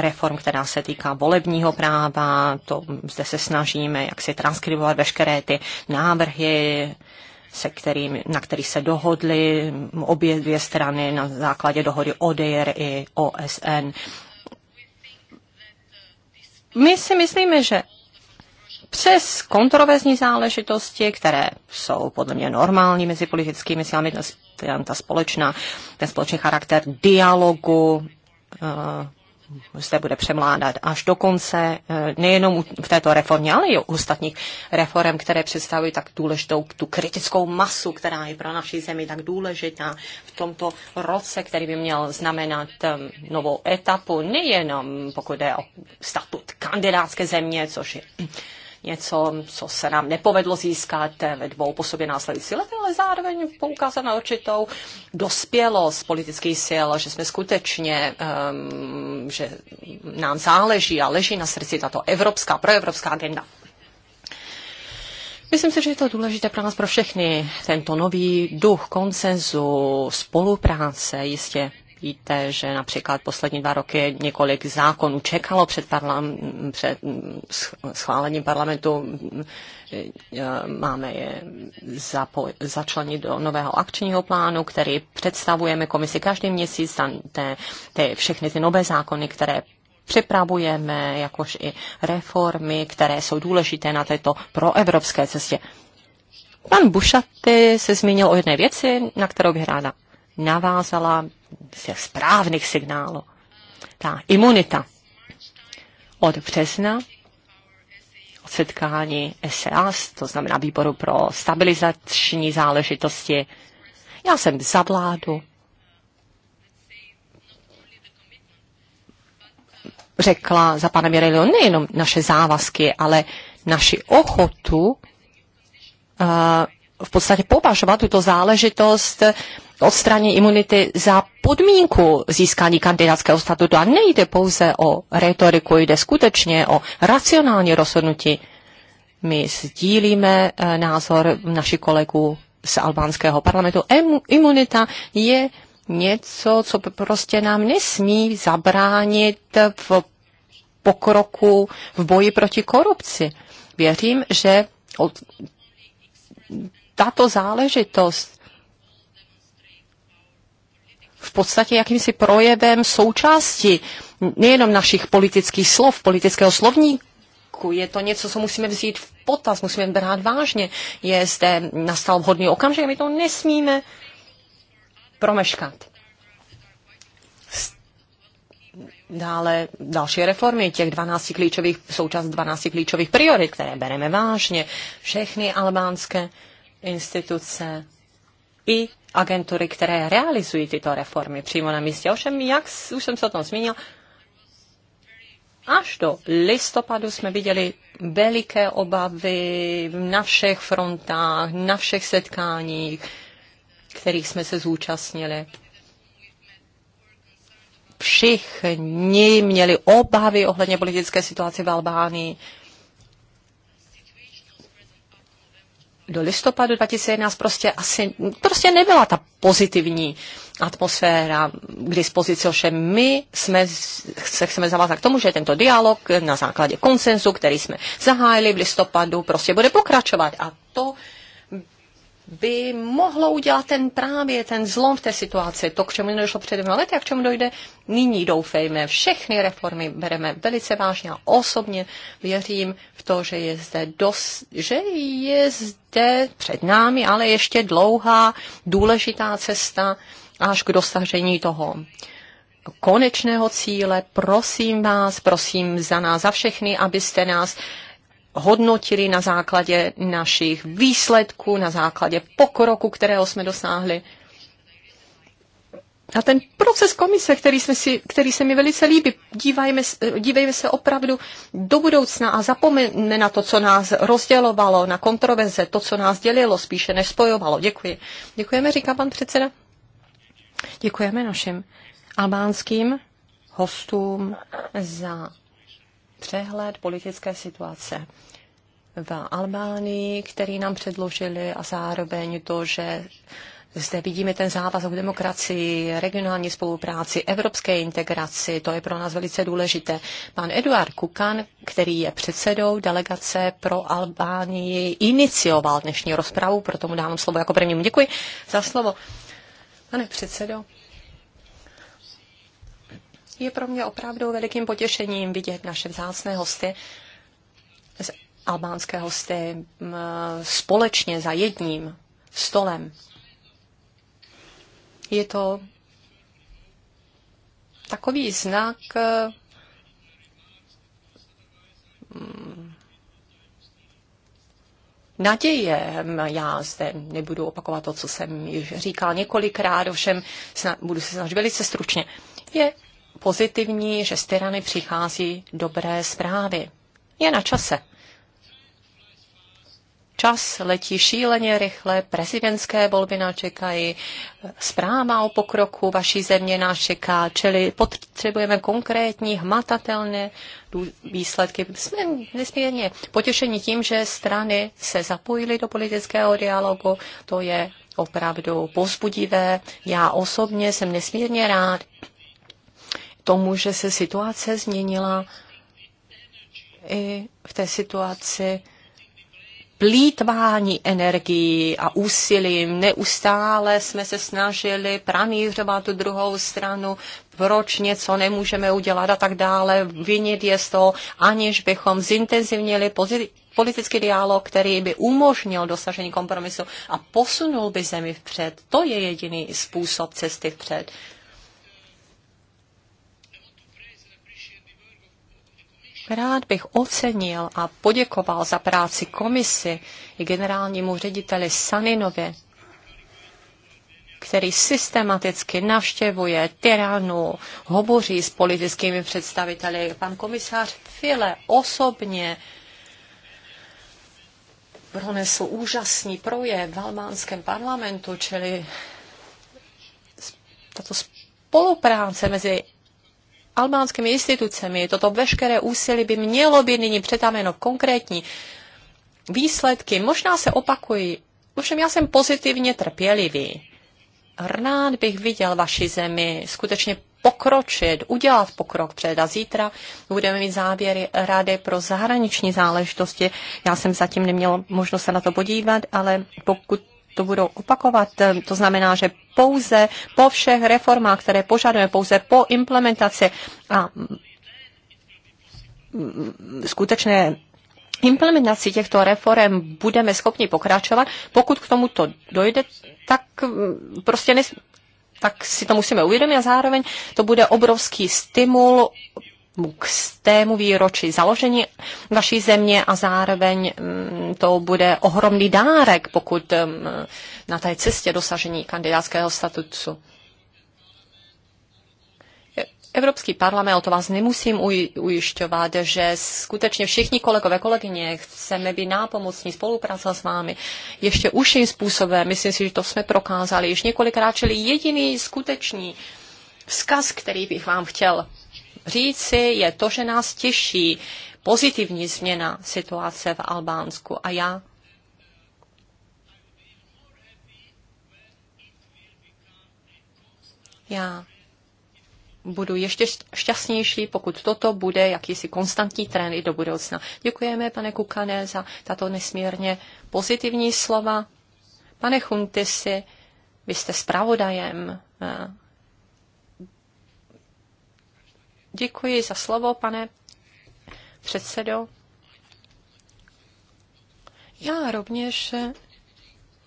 Speaker 3: reform, která se týká volebního práva. To zde se snažíme, jak si transkribovat veškeré ty návrhy, se kterým, na který se dohodly obě dvě strany na základě dohody ODR i OSN. My si myslíme, že přes kontroverzní záležitosti, které jsou podle mě normální mezi politickými silami, ta společná, ten společný charakter dialogu, eh, se bude přemládat až do konce, eh, nejenom v této reformě, ale i u ostatních reform, které představují tak důležitou tu kritickou masu, která je pro naši zemi tak důležitá v tomto roce, který by měl znamenat eh, novou etapu, nejenom pokud je o statut kandidátské země, což je něco, co se nám nepovedlo získat ve dvou po sobě následující lety, ale zároveň poukázat na určitou dospělost politických sil, že jsme skutečně, um, že nám záleží a leží na srdci tato evropská, proevropská agenda. Myslím si, že je to důležité pro nás, pro všechny. Tento nový duch konsenzu, spolupráce jistě Víte, že například poslední dva roky několik zákonů čekalo před, parlam, před schválením parlamentu. Máme je zapo- začlenit do nového akčního plánu, který představujeme komisi každý měsíc. Te, te, všechny ty nové zákony, které připravujeme, jakož i reformy, které jsou důležité na této proevropské cestě. Pan Bušaty se zmínil o jedné věci, na kterou bych ráda navázala ze správných signálů. Ta imunita od března od setkání SAS, to znamená výboru pro stabilizační záležitosti. Já jsem za vládu. Řekla za pana Mirelio nejenom naše závazky, ale naši ochotu uh, v podstatě považovat tuto záležitost eh, odstranění imunity za podmínku získání kandidátského statutu. A nejde pouze o retoriku, jde skutečně o racionální rozhodnutí. My sdílíme eh, názor našich kolegů z albánského parlamentu. Imunita je něco, co prostě nám nesmí zabránit v pokroku v boji proti korupci. Věřím, že tato záležitost v podstatě jakýmsi projevem součásti nejenom našich politických slov, politického slovníku, je to něco, co musíme vzít v potaz, musíme brát vážně. Je zde nastal vhodný okamžik, my to nesmíme promeškat. Dále další reformy, těch 12 klíčových, součást 12 klíčových priorit, které bereme vážně, všechny albánské instituce i agentury, které realizují tyto reformy přímo na místě. Ovšem, jak už jsem se o tom zmínil, až do listopadu jsme viděli veliké obavy na všech frontách, na všech setkáních, kterých jsme se zúčastnili. Všichni měli obavy ohledně politické situace v Albánii. do listopadu 2011 prostě asi, prostě nebyla ta pozitivní atmosféra k dispozici, ovšem my jsme, se chceme zavázat k tomu, že tento dialog na základě konsenzu, který jsme zahájili v listopadu, prostě bude pokračovat a to by mohlo udělat ten právě ten zlom v té situaci, to, k čemu nedošlo před dvěma lety a k čemu dojde nyní, doufejme. Všechny reformy bereme velice vážně a osobně věřím v to, že je zde, dos, že je zde před námi, ale ještě dlouhá, důležitá cesta až k dosažení toho konečného cíle. Prosím vás, prosím za nás, za všechny, abyste nás hodnotili na základě našich výsledků, na základě pokroku, kterého jsme dosáhli. A ten proces komise, který, jsme si, který se mi velice líbí, dívejme, dívejme se opravdu do budoucna a zapomeňme na to, co nás rozdělovalo, na kontroverze, to, co nás dělilo, spíše než spojovalo. Děkuji. Děkujeme, říká pan předseda. Děkujeme našim albánským hostům za přehled politické situace v Albánii, který nám předložili a zároveň to, že zde vidíme ten závazek demokracii, regionální spolupráci, evropské integraci, to je pro nás velice důležité. Pan Eduard Kukan, který je předsedou delegace pro Albánii, inicioval dnešní rozpravu, proto mu dávám slovo jako prvnímu. Děkuji za slovo. Pane předsedo, je pro mě opravdu velikým potěšením vidět naše vzácné hosty albánské hosty společně za jedním stolem. Je to takový znak naděje. Já zde nebudu opakovat to, co jsem již říkal několikrát, ovšem snad, budu se snažit velice stručně. Je pozitivní, že z tyrany přichází dobré zprávy. Je na čase. Čas letí šíleně rychle, prezidentské volby nás čekají, zpráva o pokroku vaší země nás čeká, čili potřebujeme konkrétní, hmatatelné výsledky. Jsme nesmírně potěšeni tím, že strany se zapojily do politického dialogu, to je opravdu pozbudivé. Já osobně jsem nesmírně rád tomu, že se situace změnila i v té situaci, plítvání energií a úsilím. Neustále jsme se snažili pranířovat tu druhou stranu, proč něco nemůžeme udělat a tak dále, vinit je z toho, aniž bychom zintenzivnili politický dialog, který by umožnil dosažení kompromisu a posunul by zemi vpřed. To je jediný způsob cesty vpřed. Rád bych ocenil a poděkoval za práci komisi i generálnímu řediteli Saninovi, který systematicky navštěvuje tyranu, hovoří s politickými představiteli. Pan komisář File osobně pronesl úžasný projev v albánském parlamentu, čili tato spolupráce mezi albánskými institucemi. Toto veškeré úsilí by mělo být nyní přetameno konkrétní výsledky. Možná se opakují, ovšem já jsem pozitivně trpělivý. Rád bych viděl vaši zemi skutečně pokročit, udělat pokrok před a zítra budeme mít závěry Rady pro zahraniční záležitosti. Já jsem zatím neměl možnost se na to podívat, ale pokud to budou opakovat. To znamená, že pouze po všech reformách, které požadujeme, pouze po implementaci a mm, mm, skutečné implementaci těchto reform budeme schopni pokračovat. Pokud k tomuto dojde, tak mm, prostě nes, tak si to musíme uvědomit a zároveň to bude obrovský stimul k tému výročí založení vaší země a zároveň mm, to bude ohromný dárek, pokud mm, na té cestě dosažení kandidátského statutu. Evropský parlament, o to vás nemusím ujišťovat, že skutečně všichni kolegové, kolegyně, chceme být nápomocní, spolupracovat s vámi ještě užším způsobem. Myslím si, že to jsme prokázali již několikrát, čili jediný skutečný vzkaz, který bych vám chtěl říci, je to, že nás těší pozitivní změna situace v Albánsku. A já já budu ještě šťastnější, pokud toto bude jakýsi konstantní trend i do budoucna. Děkujeme, pane Kukané, za tato nesmírně pozitivní slova. Pane Chuntisi, vy jste zpravodajem eh, Děkuji za slovo, pane předsedo. Já rovněž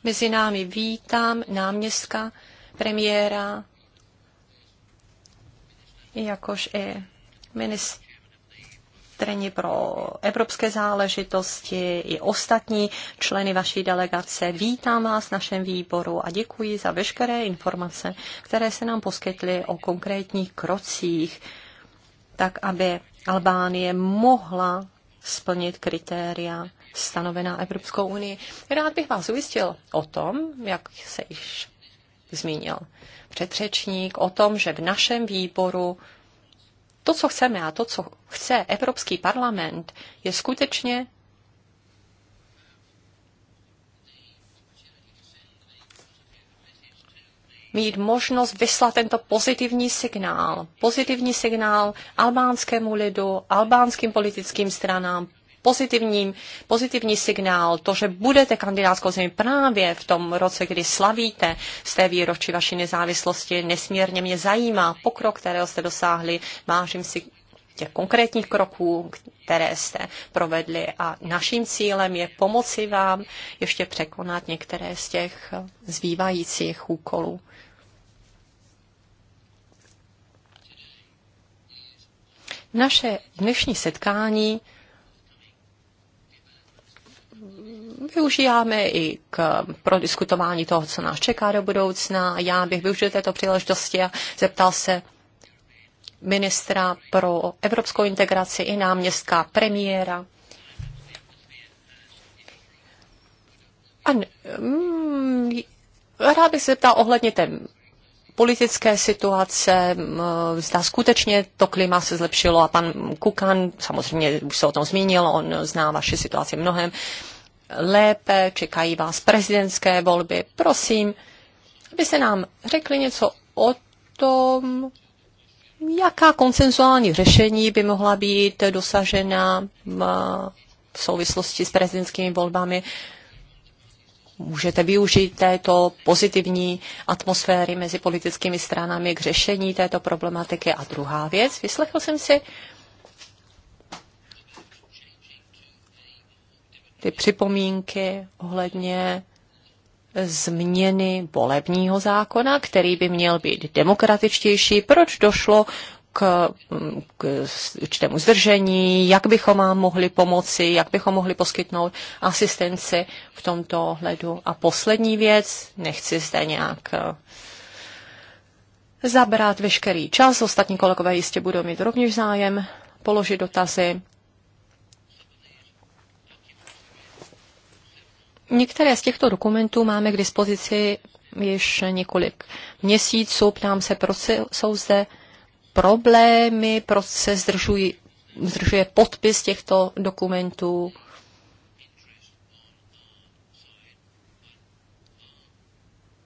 Speaker 3: mezi námi vítám náměstka premiéra, jakož i ministrně pro evropské záležitosti i ostatní členy vaší delegace. Vítám vás v našem výboru a děkuji za veškeré informace, které se nám poskytly o konkrétních krocích, tak aby Albánie mohla splnit kritéria stanovená Evropskou unii. Rád bych vás ujistil o tom, jak se již zmínil předřečník, o tom, že v našem výboru to, co chceme a to, co chce Evropský parlament, je skutečně mít možnost vyslat tento pozitivní signál. Pozitivní signál albánskému lidu, albánským politickým stranám, pozitivním, pozitivní signál, to, že budete kandidátskou zemí právě v tom roce, kdy slavíte z té výročí vaší nezávislosti, nesmírně mě zajímá pokrok, kterého jste dosáhli, vážím si těch konkrétních kroků, které jste provedli a naším cílem je pomoci vám ještě překonat některé z těch zbývajících úkolů. Naše dnešní setkání využíváme i k prodiskutování toho, co nás čeká do budoucna. Já bych využil této příležitosti a zeptal se ministra pro evropskou integraci i náměstka premiéra. A mm, rád bych se zeptal ohledně té politické situace, zda skutečně to klima se zlepšilo a pan Kukan, samozřejmě už se o tom zmínil, on zná vaše situaci mnohem lépe, čekají vás prezidentské volby. Prosím, abyste nám řekli něco o tom, jaká koncenzuální řešení by mohla být dosažena v souvislosti s prezidentskými volbami můžete využít této pozitivní atmosféry mezi politickými stranami k řešení této problematiky. A druhá věc, vyslechl jsem si ty připomínky ohledně změny volebního zákona, který by měl být demokratičtější. Proč došlo k, k určitému zdržení, jak bychom vám mohli pomoci, jak bychom mohli poskytnout asistenci v tomto ohledu. A poslední věc, nechci zde nějak eh, zabrat veškerý čas, ostatní kolegové jistě budou mít rovněž zájem položit dotazy. Některé z těchto dokumentů máme k dispozici již několik měsíců. Ptám se, proč jsou zde problémy, proč se zdržují, zdržuje podpis těchto dokumentů.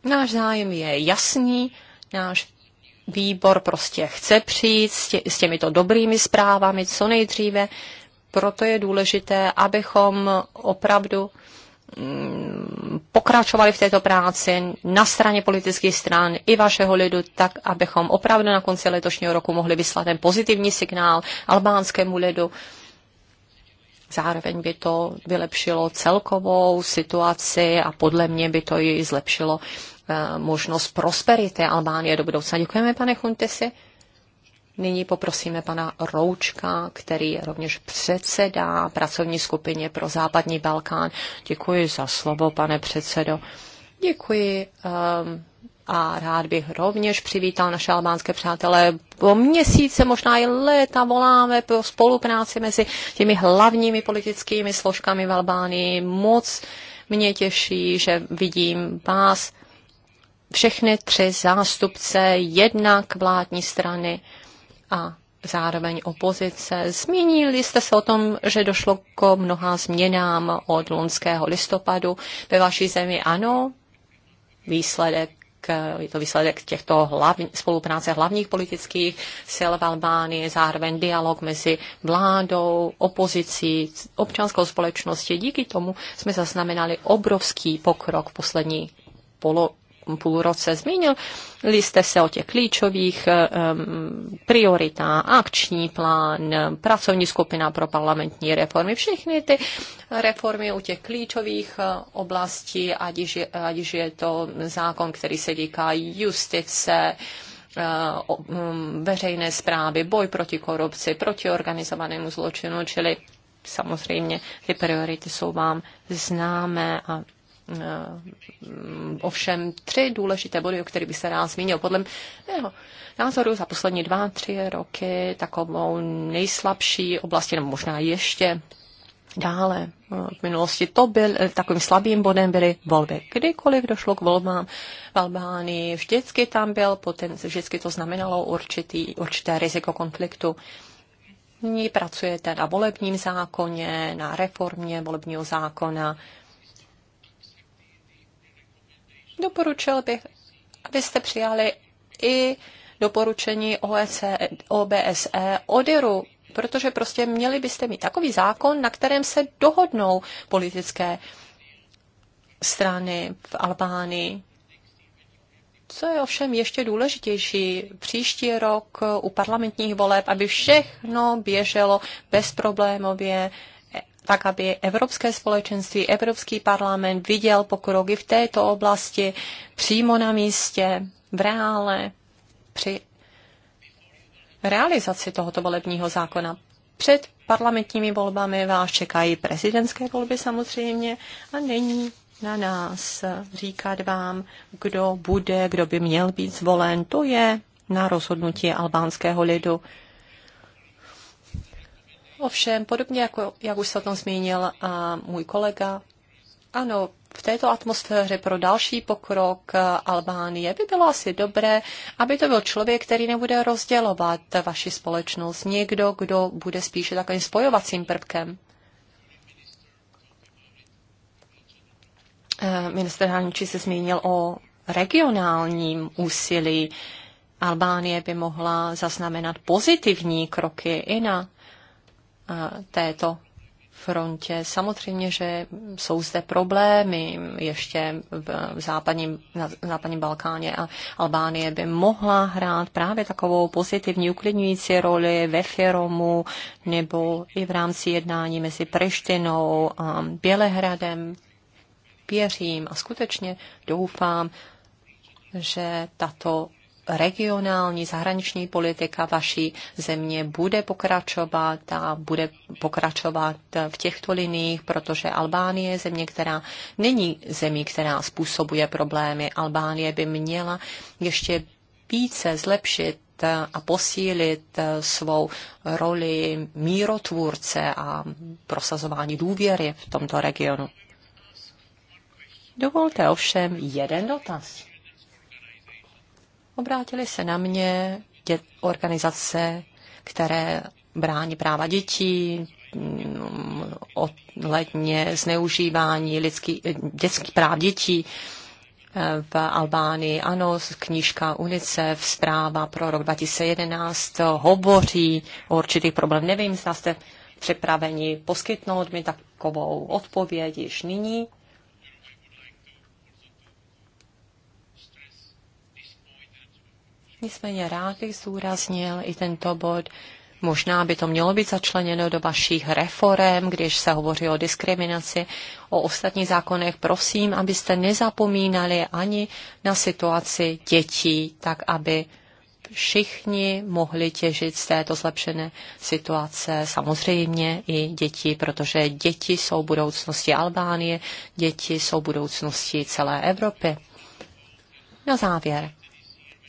Speaker 3: Náš zájem je jasný, náš výbor prostě chce přijít s, tě, s těmito dobrými zprávami co nejdříve, proto je důležité, abychom opravdu Mm, pokračovali v této práci na straně politických stran i vašeho lidu, tak abychom opravdu na konci letošního roku mohli vyslat ten pozitivní signál albánskému lidu. Zároveň by to vylepšilo celkovou situaci a podle mě by to i zlepšilo eh, možnost prosperity Albánie do budoucna. Děkujeme, pane Chuntesi. Nyní poprosíme pana Roučka, který rovněž předsedá pracovní skupině pro západní Balkán. Děkuji za slovo, pane předsedo. Děkuji. Um, a rád bych rovněž přivítal naše albánské přátelé. Po měsíce, možná i léta voláme po spolupráci mezi těmi hlavními politickými složkami v Albánii. Moc mě těší, že vidím vás, všechny tři zástupce, jednak vládní strany, a zároveň opozice. Zmínili jste se o tom, že došlo k mnoha změnám od lonského listopadu ve vaší zemi. Ano, výsledek je to výsledek těchto hlavní, spolupráce hlavních politických sil v Albánii, zároveň dialog mezi vládou, opozicí, občanskou společností. Díky tomu jsme zaznamenali obrovský pokrok v poslední polo, půl roce. Zmínil jste se o těch klíčových um, eh, prioritách, akční plán, pracovní skupina pro parlamentní reformy, všechny ty reformy u těch klíčových eh, oblastí, ať již je, ať již je to zákon, který se týká justice, eh, mm, veřejné zprávy, boj proti korupci, proti organizovanému zločinu, čili samozřejmě ty priority jsou vám známé a Eh, ovšem tři důležité body, o kterých by se rád zmínil. Podle mého názoru za poslední dva, tři roky takovou nejslabší oblasti, nebo možná ještě dále eh, v minulosti to byl, eh, takovým slabým bodem byly volby. Kdykoliv došlo k volbám v Albánii, vždycky tam byl poten, vždycky to znamenalo určitý, určité riziko konfliktu. Nyní pracujete na volebním zákoně, na reformě volebního zákona. Doporučil bych, abyste přijali i doporučení OSE, OBSE, Oderu, protože prostě měli byste mít takový zákon, na kterém se dohodnou politické strany v Albánii. Co je ovšem ještě důležitější, příští rok u parlamentních voleb, aby všechno běželo bezproblémově, tak aby Evropské společenství, Evropský parlament viděl pokroky v této oblasti přímo na místě, v reále, při realizaci tohoto volebního zákona. Před parlamentními volbami vás čekají prezidentské volby samozřejmě a není na nás říkat vám, kdo bude, kdo by měl být zvolen. To je na rozhodnutí albánského lidu. Ovšem, podobně jako, jak už se o tom zmínil a můj kolega, ano, v této atmosféře pro další pokrok Albánie by bylo asi dobré, aby to byl člověk, který nebude rozdělovat vaši společnost, někdo, kdo bude spíše takovým spojovacím prvkem. Eh, Minister Hanči se zmínil o regionálním úsilí. Albánie by mohla zaznamenat pozitivní kroky i na této frontě. Samozřejmě, že jsou zde problémy ještě v západním, na západním Balkáně a Albánie by mohla hrát právě takovou pozitivní uklidňující roli ve Firomu nebo i v rámci jednání mezi Preštinou a Bělehradem. Věřím a skutečně doufám, že tato regionální zahraniční politika vaší země bude pokračovat a bude pokračovat v těchto liních, protože Albánie je země, která není zemí, která způsobuje problémy. Albánie by měla ještě více zlepšit a posílit svou roli mírotvůrce a prosazování důvěry v tomto regionu. Dovolte ovšem jeden dotaz. Obrátili se na mě organizace, které brání práva dětí, mm, ohledně zneužívání lidský, dětských práv dětí v Albánii. Ano, knížka UNICEF, zpráva pro rok 2011 hovoří o určitých problémech. Nevím, zda jste připraveni poskytnout mi takovou odpověď již nyní. Nicméně rád bych zúraznil i tento bod. Možná by to mělo být začleněno do vašich reform, když se hovoří o diskriminaci, o ostatních zákonech. Prosím, abyste nezapomínali ani na situaci dětí, tak aby všichni mohli těžit z této zlepšené situace, samozřejmě i děti, protože děti jsou budoucnosti Albánie, děti jsou budoucnosti celé Evropy. Na závěr,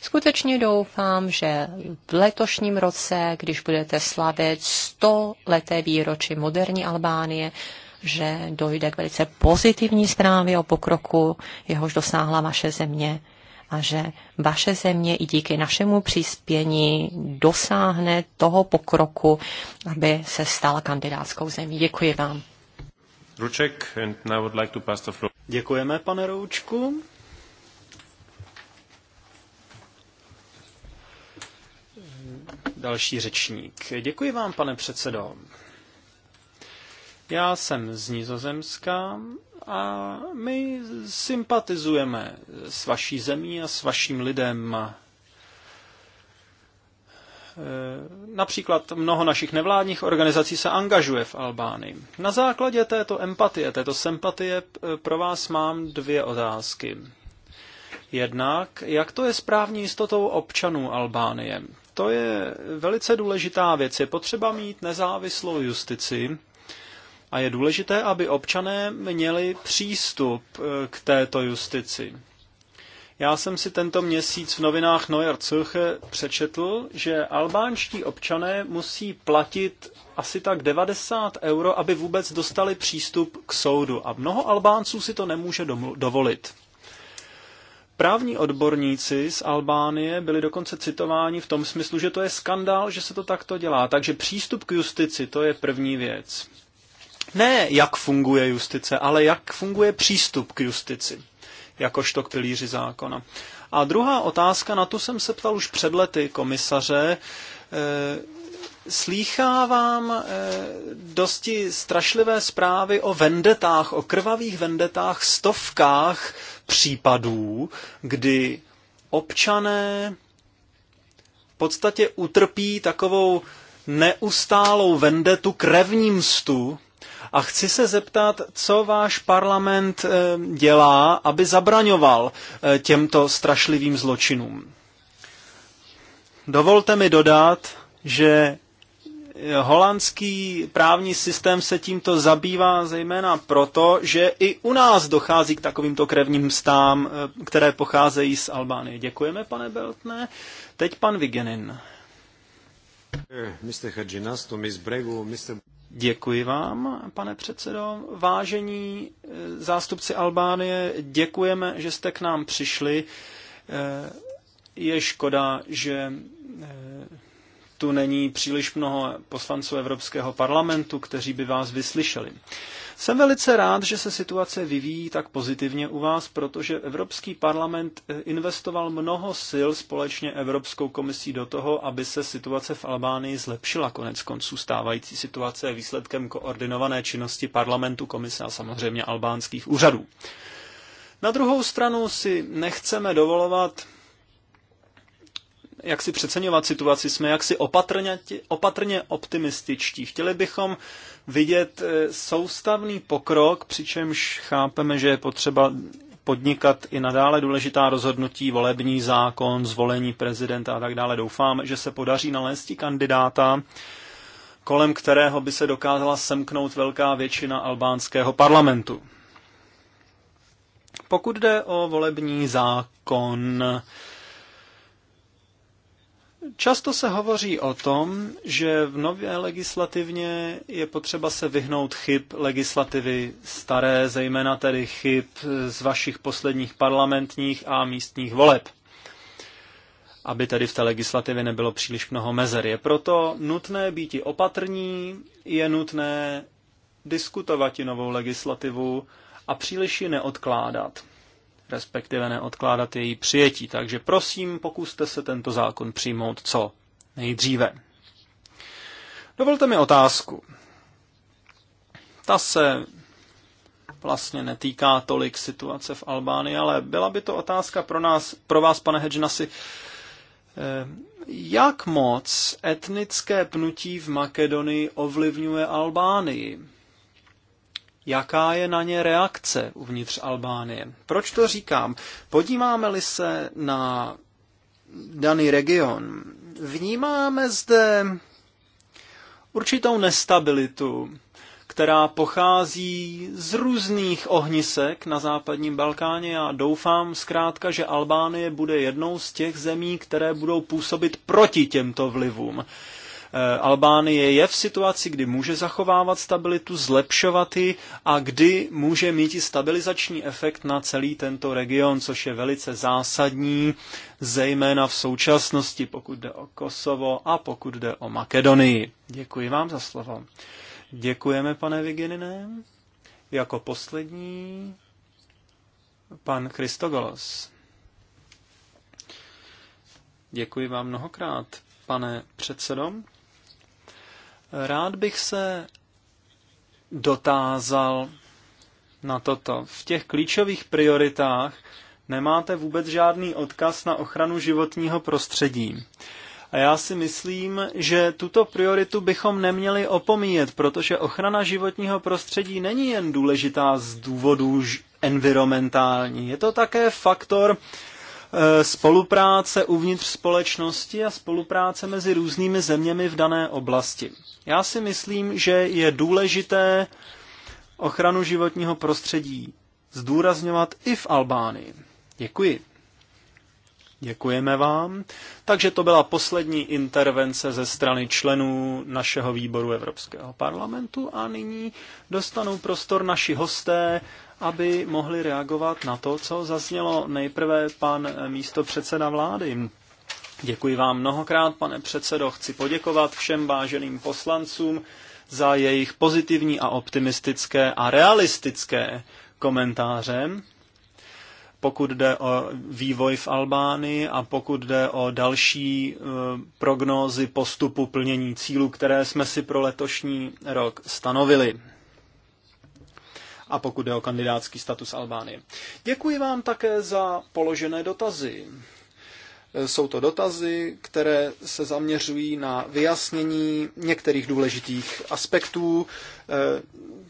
Speaker 3: Skutečně doufám, že v letošním roce, když budete slavit 100 leté výročí moderní Albánie, že dojde k velice pozitivní zprávě o pokroku, jehož dosáhla vaše země a že vaše země i díky našemu příspění dosáhne toho pokroku, aby se stala kandidátskou zemí. Děkuji vám.
Speaker 1: Ruček, and now I would like to pass the floor. Děkujeme, pane Roučku. Další řečník. Děkuji vám, pane předsedo. Já jsem z Nizozemska a my sympatizujeme s vaší zemí a s vaším lidem. Eh, například mnoho našich nevládních organizací se angažuje v Albánii. Na základě této empatie, této sympatie eh, pro vás mám dvě otázky. Jednak, jak to je správní jistotou občanů Albánie? To je velice důležitá věc. Je potřeba mít nezávislou justici a je důležité, aby občané měli přístup eh, k této justici. Já jsem si tento měsíc v novinách Neuer Zürche přečetl, že albánští občané musí platit asi tak 90 euro, aby vůbec dostali přístup k soudu. A mnoho Albánců si to nemůže dovolit. Právní odborníci z Albánie byli dokonce citováni v tom smyslu, že to je skandál, že se to takto dělá. Takže přístup k justici, to je první věc. Ne jak funguje justice, ale jak funguje přístup k justici, jakožto k pilíři zákona. A druhá otázka, na tu jsem se ptal už před lety komisaře, eh, slýchávám eh, dosti strašlivé zprávy o vendetách, o krvavých vendetách, stovkách případů, kdy občané v podstatě utrpí takovou neustálou vendetu krevní mstu a chci se zeptat, co váš parlament eh, dělá, aby zabraňoval eh, těmto strašlivým zločinům. Dovolte mi dodat, že Holandský právní systém se tímto zabývá zejména proto, že i u nás dochází k takovýmto krevním mstám, eh, které pocházejí z Albánie. Děkujeme, pane Beltne. Teď pan Vigenin. Děkuji vám, pane předsedo. Vážení eh, zástupci Albánie, děkujeme, že jste k nám přišli. Eh, Je škoda, že tu není příliš mnoho poslanců Evropského parlamentu, kteří by vás vyslyšeli. Jsem velice rád, že se situace vyvíjí tak pozitivně u vás, protože Evropský parlament eh, investoval mnoho sil společně Evropskou komisí do toho, aby se situace v Albánii zlepšila. Konec konců stávající situace je výsledkem koordinované činnosti parlamentu, komise a samozřejmě albánských úřadů. Na druhou stranu si nechceme dovolovat jak si přeceňovat situaci, jsme jaksi opatrně, opatrně optimističtí. Chtěli bychom vidět eh, soustavný pokrok, přičemž chápeme, že je potřeba podnikat i nadále důležitá rozhodnutí, volební zákon, zvolení prezidenta a tak dále. Doufám, že se podaří nalézt kandidáta, kolem kterého by se dokázala semknout velká většina albánského parlamentu. Pokud jde o volební zákon, Často se hovoří o tom, že v nové legislativně je potřeba se vyhnout chyb legislativy staré, zejména tedy chyb z vašich posledních parlamentních a místních voleb. Aby tedy v té legislativě nebylo příliš mnoho mezer. Je proto nutné být i opatrní, je nutné diskutovat i novou legislativu a příliš ji neodkládat respektive neodkládat její přijetí. Takže prosím, pokuste se tento zákon přijmout co nejdříve. Dovolte mi otázku. Ta se vlastně netýká tolik situace v Albánii, ale byla by to otázka pro, nás, pro vás, pane Hedžnasi, eh, jak moc etnické pnutí v Makedonii ovlivňuje Albánii? jaká je na ně reakce uvnitř Albánie. Proč to říkám? podíváme li se na daný region, vnímáme zde určitou nestabilitu, která pochází z různých ohnisek na západním Balkáně a doufám zkrátka, že Albánie bude jednou z těch zemí, které budou působit proti těmto vlivům. Eh, Albánie je v situaci, kdy může zachovávat stabilitu, zlepšovat ji a kdy může mít i stabilizační efekt na celý tento region, což je velice zásadní, zejména v současnosti, pokud jde o Kosovo a pokud jde o Makedonii. Děkuji vám za slovo. Děkujeme, pane Vigininé. Jako poslední pan Kristogolos. Děkuji vám mnohokrát, pane předsedom. Rád bych se dotázal na toto. V těch klíčových prioritách nemáte vůbec žádný odkaz na ochranu životního prostředí. A já si myslím, že tuto prioritu bychom neměli opomíjet, protože ochrana životního prostředí není jen důležitá z důvodů environmentální. Je to také faktor Eh, spolupráce uvnitř společnosti a spolupráce mezi různými zeměmi v dané oblasti. Já si myslím, že je důležité ochranu životního prostředí zdůrazňovat i v Albánii. Děkuji. Děkujeme vám. Takže to byla poslední intervence ze strany členů našeho výboru Evropského parlamentu a nyní dostanou prostor naši hosté aby mohli reagovat na to, co zaznělo nejprve pan místo předseda vlády. Děkuji vám mnohokrát, pane předsedo. Chci poděkovat všem váženým poslancům za jejich pozitivní a optimistické a realistické komentáře, pokud jde o vývoj v Albánii a pokud jde o další e, prognózy postupu plnění cílů, které jsme si pro letošní rok stanovili a pokud jde o kandidátský status Albánie. Děkuji vám také za položené dotazy. Jsou to dotazy, které se zaměřují na vyjasnění některých důležitých aspektů eh,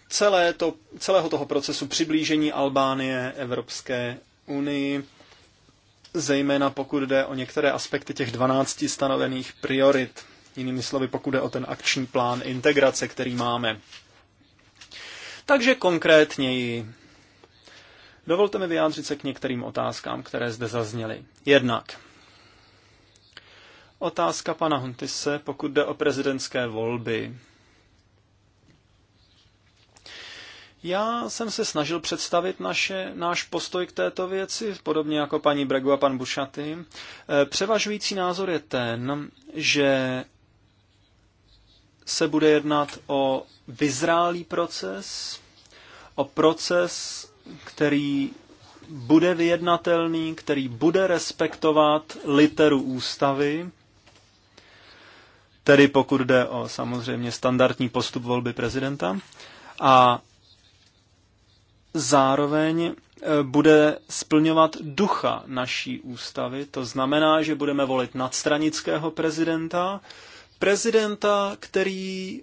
Speaker 1: celé to, celého toho procesu přiblížení Albánie Evropské unii, zejména pokud jde o některé aspekty těch 12 stanovených priorit. Jinými slovy, pokud jde o ten akční plán integrace, který máme. Takže konkrétněji. Dovolte mi vyjádřit se k některým otázkám, které zde zazněly. Jednak. Otázka pana Huntise, pokud jde o prezidentské volby. Já jsem se snažil představit naše, náš postoj k této věci, podobně jako paní Bregu a pan Bušaty. Eh, převažující názor je ten, že se bude jednat o vyzrálý proces, o proces, který bude vyjednatelný, který bude respektovat literu ústavy, tedy pokud jde o samozřejmě standardní postup volby prezidenta, a zároveň e, bude splňovat ducha naší ústavy. To znamená, že budeme volit nadstranického prezidenta, prezidenta, který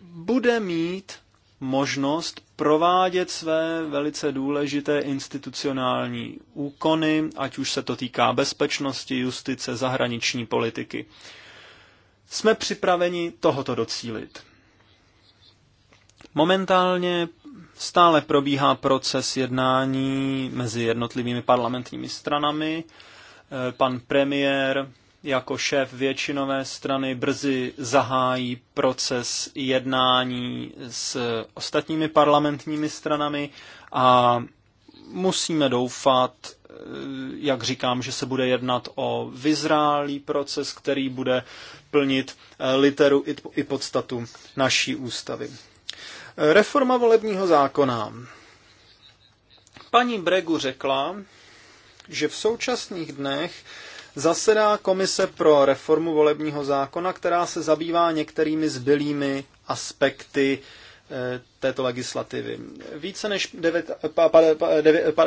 Speaker 1: bude mít možnost provádět své velice důležité institucionální úkony, ať už se to týká bezpečnosti, justice, zahraniční politiky. Jsme připraveni tohoto docílit. Momentálně stále probíhá proces jednání mezi jednotlivými parlamentními stranami. Pan premiér jako šéf většinové strany brzy zahájí proces jednání s ostatními parlamentními stranami a musíme doufat, eh, jak říkám, že se bude jednat o vyzrálý proces, který bude plnit eh, literu i podstatu naší ústavy. Reforma volebního zákona. Paní Bregu řekla, že v současných dnech zasedá Komise pro reformu volebního zákona, která se zabývá některými zbylými aspekty eh, této legislativy. Více než, 9, eh, pa, pa, pa, 9, eh, pa,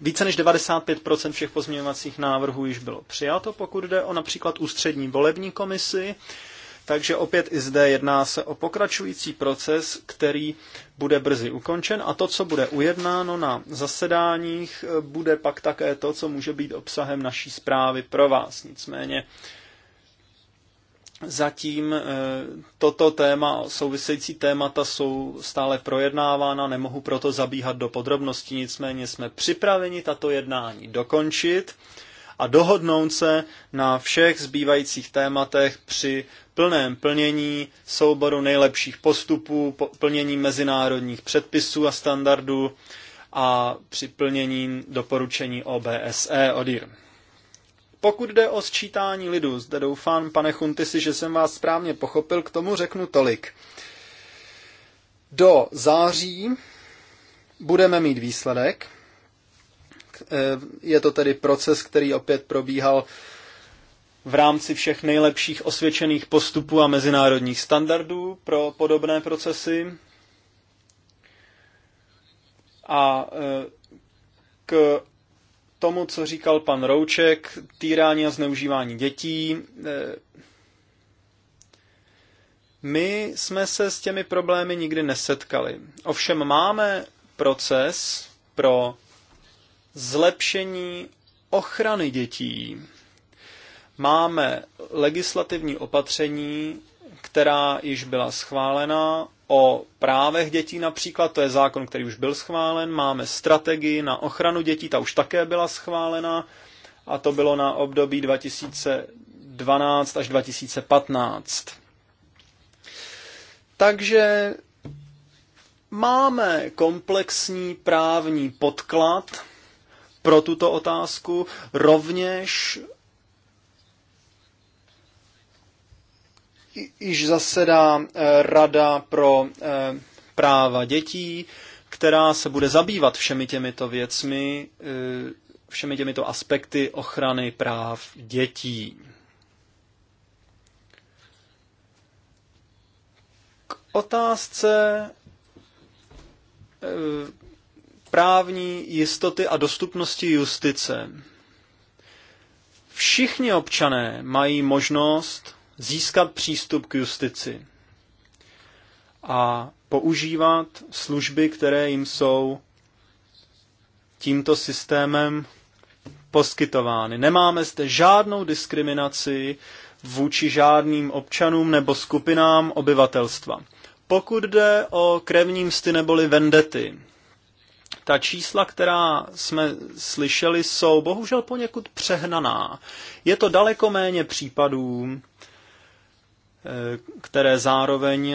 Speaker 1: více než 95% všech pozměňovacích návrhů již bylo přijato, pokud jde o například ústřední volební komisi, takže opět i zde jedná se o pokračující proces, který bude brzy ukončen a to, co bude ujednáno na zasedáních, eh, bude pak také to, co může být obsahem naší zprávy pro vás. Nicméně zatím eh, toto téma, související témata jsou stále projednávána, nemohu proto zabíhat do podrobností, nicméně jsme připraveni tato jednání dokončit a dohodnout se na všech zbývajících tématech při plném plnění souboru nejlepších postupů, plnění mezinárodních předpisů a standardů a při plnění doporučení OBSE ODIR. Pokud jde o sčítání lidu, zde doufám, pane Chuntisi, že jsem vás správně pochopil, k tomu řeknu tolik. Do září budeme mít výsledek Eh, je to tedy proces, který opět probíhal v rámci všech nejlepších osvědčených postupů a mezinárodních standardů pro podobné procesy. A eh, k tomu, co říkal pan Rouček, týrání a zneužívání dětí. Eh, my jsme se s těmi problémy nikdy nesetkali. Ovšem máme proces pro zlepšení ochrany dětí. Máme legislativní opatření, která již byla schválena o právech dětí například, to je zákon, který už byl schválen, máme strategii na ochranu dětí, ta už také byla schválena a to bylo na období 2012 až 2015. Takže máme komplexní právní podklad, pro tuto otázku. Rovněž již zasedá eh, Rada pro eh, práva dětí, která se bude zabývat všemi těmito věcmi, eh, všemi těmito aspekty ochrany práv dětí. K otázce právní jistoty a dostupnosti justice. Všichni občané mají možnost získat přístup k justici a používat služby, které jim jsou tímto systémem poskytovány. Nemáme zde žádnou diskriminaci vůči žádným občanům nebo skupinám obyvatelstva. Pokud jde o krevní msty neboli vendety, ta čísla, která jsme slyšeli, jsou bohužel poněkud přehnaná. Je to daleko méně případů, eh, které zároveň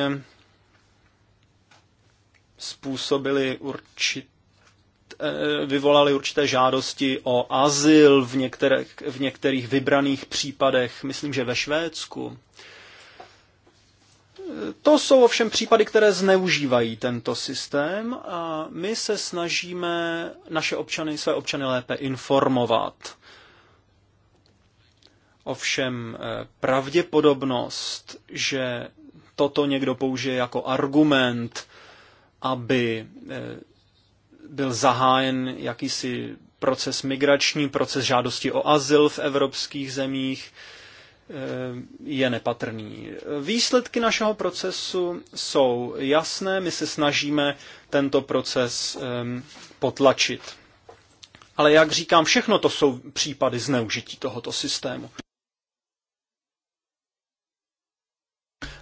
Speaker 1: způsobily určitě eh, vyvolali určité žádosti o azyl v některých, v některých vybraných případech, myslím, že ve Švédsku, to jsou ovšem případy, které zneužívají tento systém a my se snažíme naše občany, své občany lépe informovat. Ovšem eh, pravděpodobnost, že toto někdo použije jako argument, aby eh, byl zahájen jakýsi proces migrační, proces žádosti o azyl v evropských zemích, Eh, je nepatrný. Výsledky našeho procesu jsou jasné, my se snažíme tento proces potlačit. Ale jak říkám, všechno to jsou případy zneužití tohoto systému.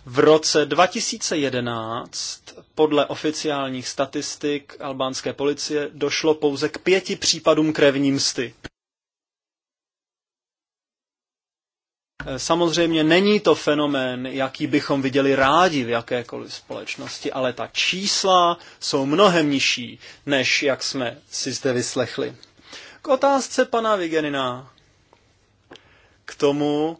Speaker 1: V roce 2011 podle oficiálních statistik albánské policie došlo pouze k pěti případům krevní msty. Eh, samozřejmě není to fenomén, jaký bychom viděli rádi v jakékoliv společnosti, ale ta čísla jsou mnohem nižší, než jak jsme si zde vyslechli. K otázce pana Vigenina. K tomu,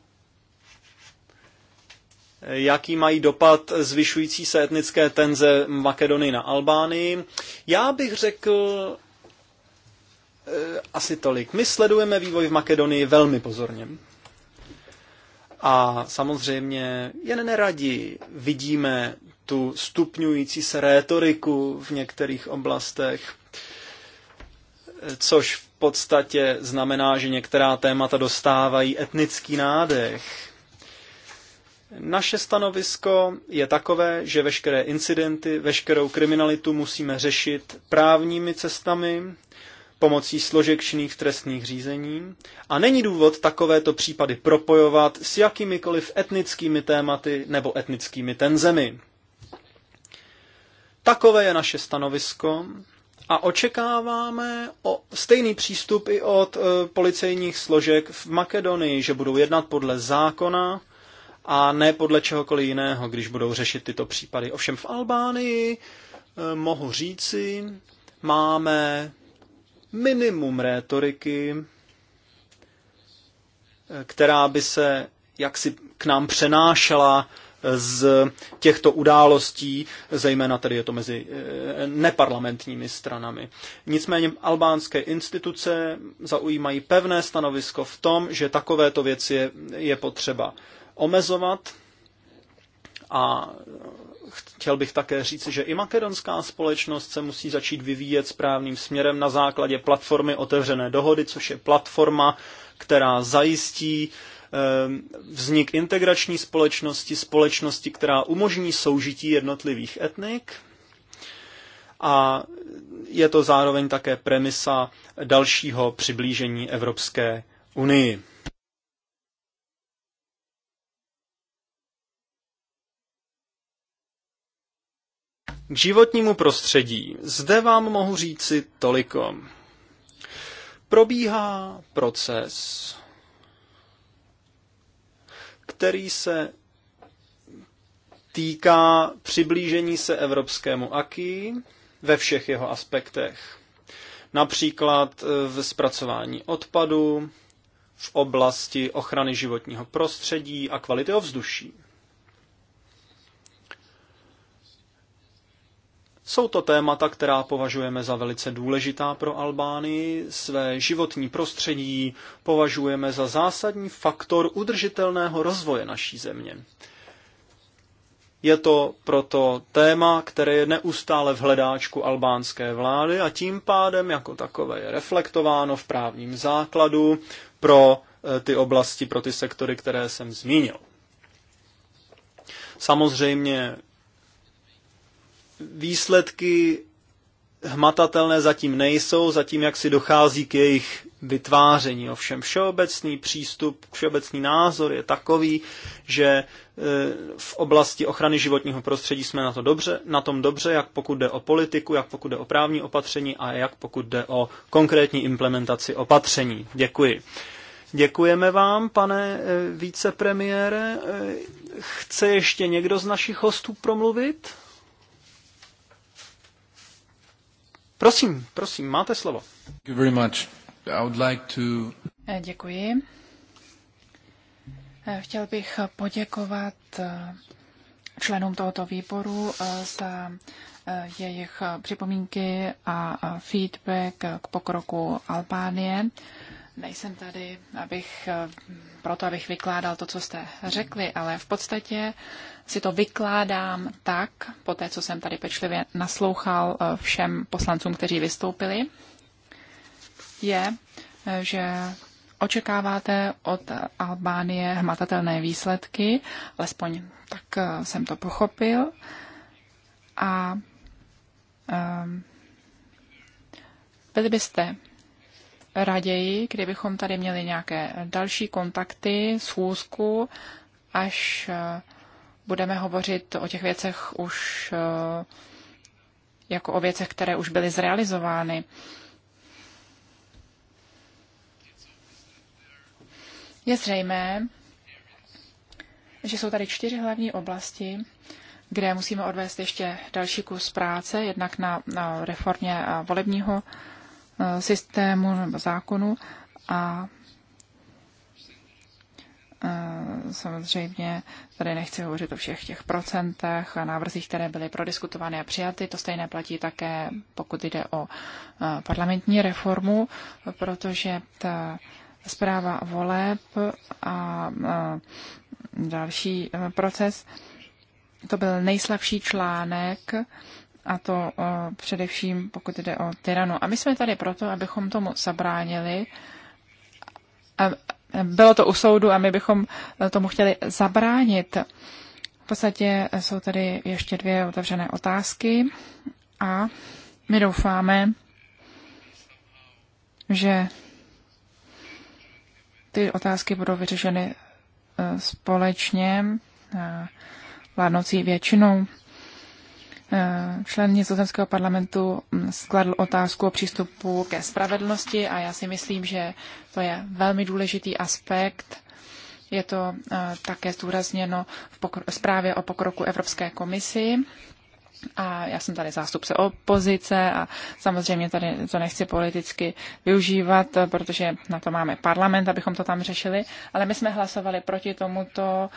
Speaker 1: eh, jaký mají dopad zvyšující se etnické tenze Makedonii na Albánii. Já bych řekl eh, asi tolik. My sledujeme vývoj v Makedonii velmi pozorně. A samozřejmě jen neradi vidíme tu stupňující se rétoriku v některých oblastech, což v podstatě znamená, že některá témata dostávají etnický nádech. Naše stanovisko je takové, že veškeré incidenty, veškerou kriminalitu musíme řešit právními cestami, pomocí složek činných trestných řízení a není důvod takovéto případy propojovat s jakýmikoliv etnickými tématy nebo etnickými tenzemi. Takové je naše stanovisko a očekáváme o stejný přístup i od e, policejních složek v Makedonii, že budou jednat podle zákona a ne podle čehokoliv jiného, když budou řešit tyto případy. Ovšem v Albánii e, mohu říci, máme minimum rétoriky, která by se jaksi k nám přenášela z těchto událostí, zejména tedy je to mezi eh, neparlamentními stranami. Nicméně albánské instituce zaujímají pevné stanovisko v tom, že takovéto věci je, je potřeba omezovat a chtěl bych také říci, že i makedonská společnost se musí začít vyvíjet správným směrem na základě platformy otevřené dohody, což je platforma, která zajistí ehm, vznik integrační společnosti, společnosti, která umožní soužití jednotlivých etnik. A je to zároveň také premisa dalšího přiblížení Evropské unii. K životnímu prostředí. Zde vám mohu říci toliko. Probíhá proces, který se týká přiblížení se evropskému aky ve všech jeho aspektech. Například eh, v zpracování odpadu, v oblasti ochrany životního prostředí a kvality ovzduší. Jsou to témata, která považujeme za velice důležitá pro Albánii. Své životní prostředí považujeme za zásadní faktor udržitelného rozvoje naší země. Je to proto téma, které je neustále v hledáčku albánské vlády a tím pádem jako takové je reflektováno v právním základu pro eh, ty oblasti, pro ty sektory, které jsem zmínil. Samozřejmě Výsledky hmatatelné zatím nejsou, zatím jak si dochází k jejich vytváření. Ovšem všeobecný přístup, všeobecný názor je takový, že e, v oblasti ochrany životního prostředí jsme na, to dobře, na tom dobře, jak pokud jde o politiku, jak pokud jde o právní opatření a jak pokud jde o konkrétní implementaci opatření. Děkuji. Děkujeme vám, pane e, vicepremiére. E, chce ještě někdo z našich
Speaker 2: hostů promluvit?
Speaker 1: Prosím, prosím, máte slovo. Thank you very much. I would like to...
Speaker 2: Eh, děkuji. Eh, chtěl bych poděkovat eh, členům tohoto výboru za jejich připomínky a feedback k pokroku Albánie nejsem tady, abych, eh, proto abych vykládal to, co jste řekli, ale v podstatě si to vykládám tak, po té, co jsem tady pečlivě naslouchal eh, všem poslancům, kteří vystoupili, je, eh, že očekáváte od Albánie hmatatelné výsledky, alespoň tak jsem to pochopil. A um, byli byste raději, kdybychom tady měli nějaké další kontakty, schůzku, až eh, budeme hovořit o těch věcech už eh, jako o věcech, které už byly zrealizovány. Je zřejmé, že jsou tady čtyři hlavní oblasti, kde musíme odvést ještě další kus práce, jednak na, na reformě volebního Eh, systému nebo zákonu a eh, Samozřejmě tady nechci hovořit o všech těch procentech a návrzích, které byly prodiskutovány a přijaty. To stejné platí také, pokud jde o eh, parlamentní reformu, protože ta zpráva voleb a další proces, to byl nejslabší článek a to eh, především pokud jde o tyranu. A my jsme tady proto, abychom tomu zabránili. A bylo to u soudu a my bychom eh, tomu chtěli zabránit. V podstatě jsou tady ještě dvě otevřené otázky a my doufáme, že ty otázky budou vyřešeny eh, společně vládnoucí většinou. Eh, člen nizozemského parlamentu mm, skladl otázku o přístupu ke spravedlnosti a já si myslím, že to je velmi důležitý aspekt. Je to eh, také zdůrazněno v zprávě o pokroku Evropské komisi. A já jsem tady zástupce opozice a samozřejmě tady to nechci politicky využívat, eh, protože na to máme parlament, abychom to tam řešili. Ale my jsme hlasovali proti tomuto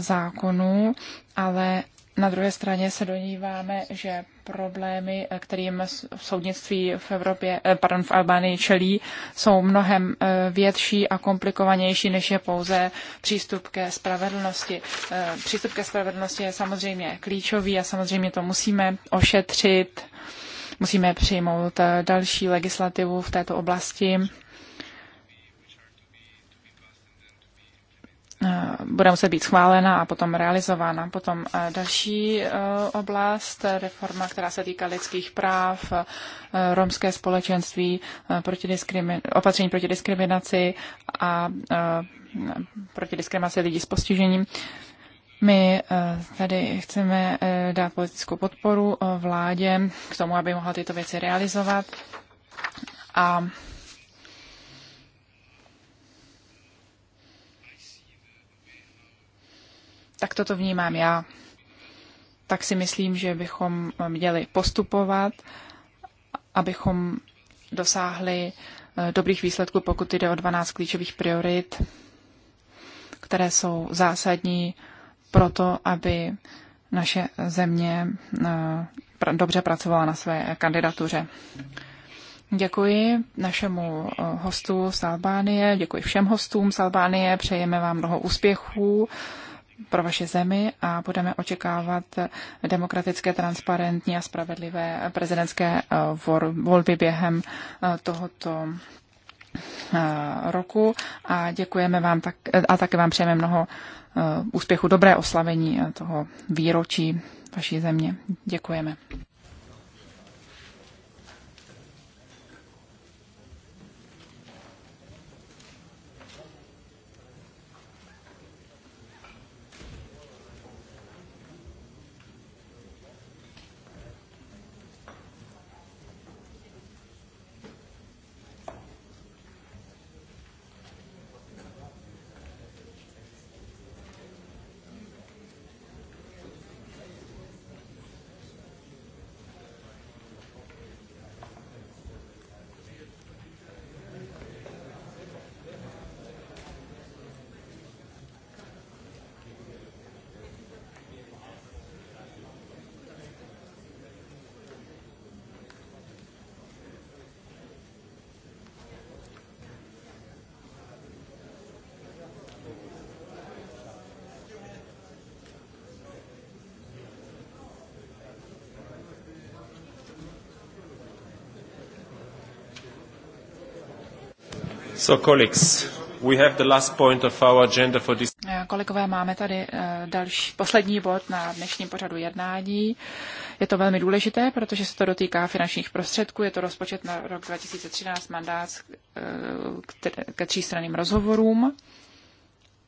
Speaker 2: zákonu, ale na druhé straně se doníváme, že problémy, eh, kterým soudnictví v Evropě, eh, pardon, v Albánii čelí, jsou mnohem eh, větší a komplikovanější, než je pouze přístup ke spravedlnosti. Přístup ke spravedlnosti je samozřejmě klíčový a samozřejmě to musíme ošetřit. Musíme přijmout další legislativu v této oblasti Eh, bude muset být schválena a potom realizována. Potom eh, další eh, oblast, reforma, která se týká lidských práv, romské společenství, proti diskrimi- opatření proti diskriminaci a proti diskriminaci lidí s postižením. My tady chceme dát politickou podporu vládě k tomu, aby mohla tyto věci realizovat. A tak toto vnímám já. Tak si myslím, že bychom eh, měli postupovat, abychom dosáhli eh, dobrých výsledků, pokud jde o 12 klíčových priorit, které jsou zásadní pro to, aby naše země eh, dobře pracovala na své kandidatuře. Děkuji našemu hostu z Albánie, děkuji všem hostům z Albánie, přejeme vám mnoho úspěchů pro vaše zemi a budeme očekávat demokratické, transparentní a spravedlivé prezidentské eh, volby během eh, tohoto eh, roku a děkujeme vám tak, a také vám přejeme mnoho úspěchu, dobré oslavení toho výročí vaší země. Děkujeme.
Speaker 1: So colleagues, we have the last
Speaker 2: point of our agenda for this. Eh, kolegové, máme tady eh, další, poslední bod na dnešním pořadu jednání. Je to velmi důležité, protože se to dotýká finančních prostředků. Je to rozpočet na rok 2013, mandát eh, ke třístranným rozhovorům.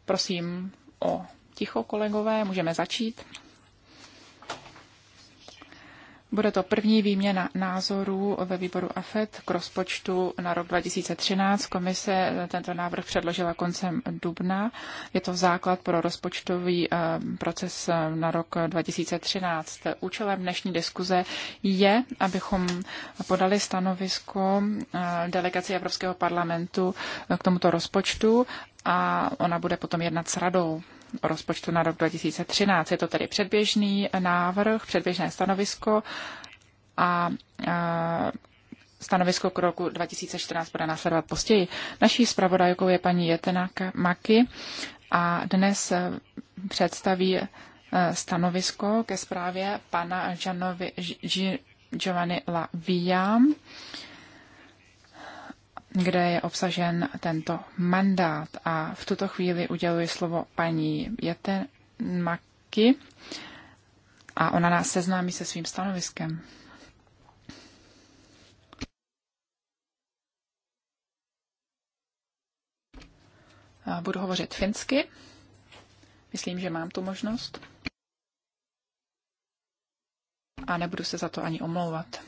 Speaker 2: Prosím o ticho, kolegové, můžeme začít. Bude to první výměna názorů ve výboru AFET k rozpočtu na rok 2013. Komise tento návrh předložila koncem dubna. Je to základ pro rozpočtový eh, proces eh, na rok 2013. Účelem dnešní diskuze je, abychom podali stanovisko eh, delegaci Evropského parlamentu k tomuto rozpočtu a ona bude potom jednat s radou rozpočtu na rok 2013. Je to tedy předběžný návrh, předběžné stanovisko a Stanovisko k roku 2014 bude následovat později. Naší zpravodajkou je paní Jetena Maki a dnes představí e, stanovisko ke zprávě pana Giovanni La kde je obsažen tento mandát. A v tuto chvíli uděluji slovo paní Jete Maki a ona nás seznámí se svým stanoviskem. Budu hovořit finsky. Myslím, že mám tu možnost. A nebudu se za to ani omlouvat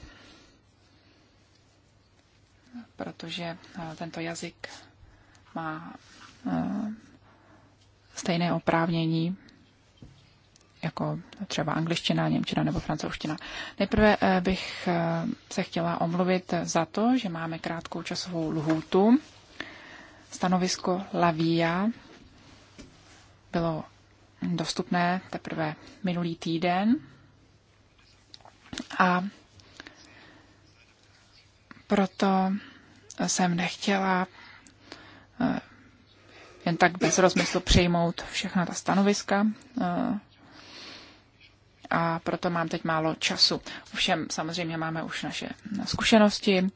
Speaker 2: protože eh, tento jazyk má eh, stejné oprávnění jako třeba angličtina, němčina nebo francouzština. Nejprve eh, bych se chtěla omluvit za to, že máme krátkou časovou lhůtu. Stanovisko Lavia bylo dostupné teprve minulý týden a proto jsem nechtěla eh, jen tak bez rozmyslu přijmout všechna ta stanoviska eh, a proto mám teď málo času. Ovšem samozřejmě máme už naše zkušenosti,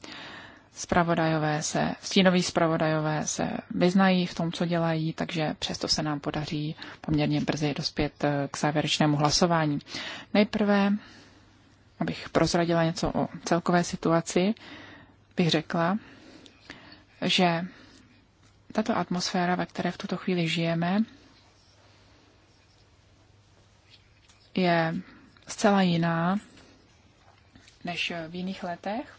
Speaker 2: spravodajové se, stínoví spravodajové se vyznají v tom, co dělají, takže přesto se nám podaří poměrně brzy dospět eh, k závěrečnému hlasování. Nejprve, abych prozradila něco o celkové situaci, bych řekla, že tato atmosféra, ve které v tuto chvíli žijeme, je zcela jiná než v jiných letech.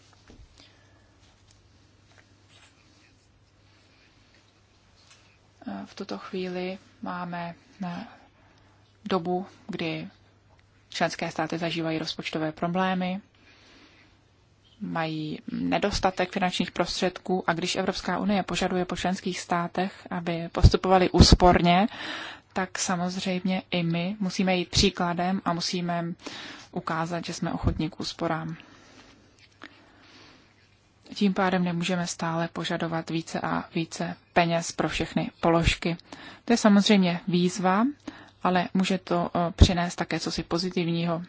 Speaker 2: V tuto chvíli máme dobu, kdy členské státy zažívají rozpočtové problémy, mají nedostatek finančních prostředků a když Evropská unie požaduje po členských státech, aby postupovali úsporně, tak samozřejmě i my musíme jít příkladem a musíme ukázat, že jsme ochotní k úsporám. Tím pádem nemůžeme stále požadovat více a více peněz pro všechny položky. To je samozřejmě výzva, ale může to eh, přinést také cosi pozitivního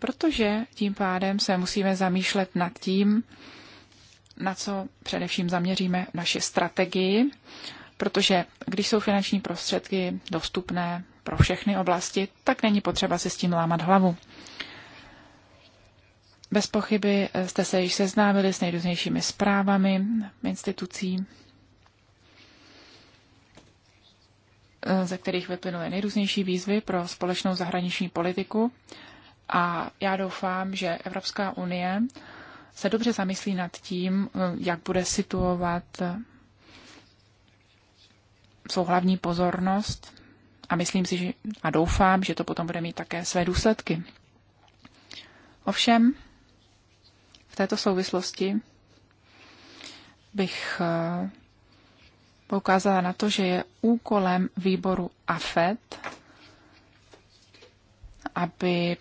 Speaker 2: protože tím pádem se musíme zamýšlet nad tím, na co především zaměříme naši strategii, protože když jsou finanční prostředky dostupné pro všechny oblasti, tak není potřeba si s tím lámat hlavu. Bez pochyby jste se již seznámili s nejrůznějšími zprávami institucí, ze kterých vyplynuly nejrůznější výzvy pro společnou zahraniční politiku a já doufám, že Evropská unie se dobře zamyslí nad tím, jak bude situovat svou hlavní pozornost a myslím si že, a doufám, že to potom bude mít také své důsledky. Ovšem, v této souvislosti bych eh, poukázala na to, že je úkolem výboru AFET aby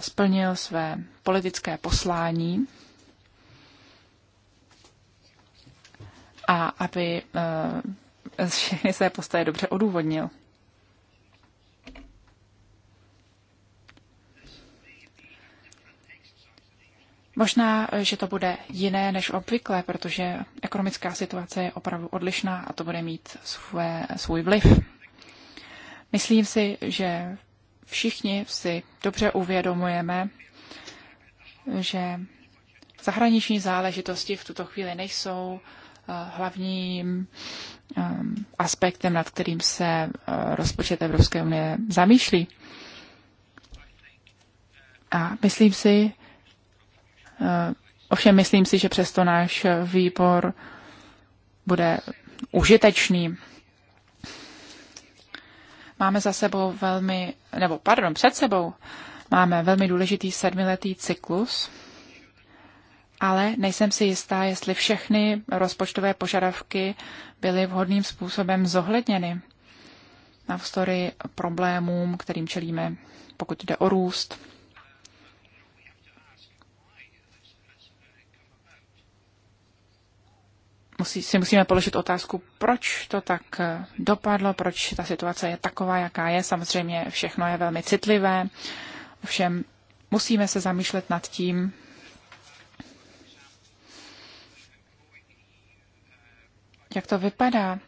Speaker 2: splnil své politické poslání a aby e, všechny své postoje dobře odůvodnil. Možná, že to bude jiné než obvykle, protože ekonomická situace je opravdu odlišná a to bude mít svůj vliv. Myslím si, že všichni si dobře uvědomujeme, že zahraniční záležitosti v tuto chvíli nejsou eh, hlavním eh, aspektem, nad kterým se eh, rozpočet Evropské unie zamýšlí. A myslím si, ovšem myslím si, že přesto náš výbor bude užitečný máme za sebou velmi, nebo pardon, před sebou máme velmi důležitý sedmiletý cyklus, ale nejsem si jistá, jestli všechny rozpočtové požadavky byly vhodným způsobem zohledněny na problémům, kterým čelíme, pokud jde o růst. musí, si musíme položit otázku, proč to tak eh, dopadlo, proč ta situace je taková, jaká je. Samozřejmě všechno je velmi citlivé, ovšem musíme se zamýšlet nad tím, jak to vypadá.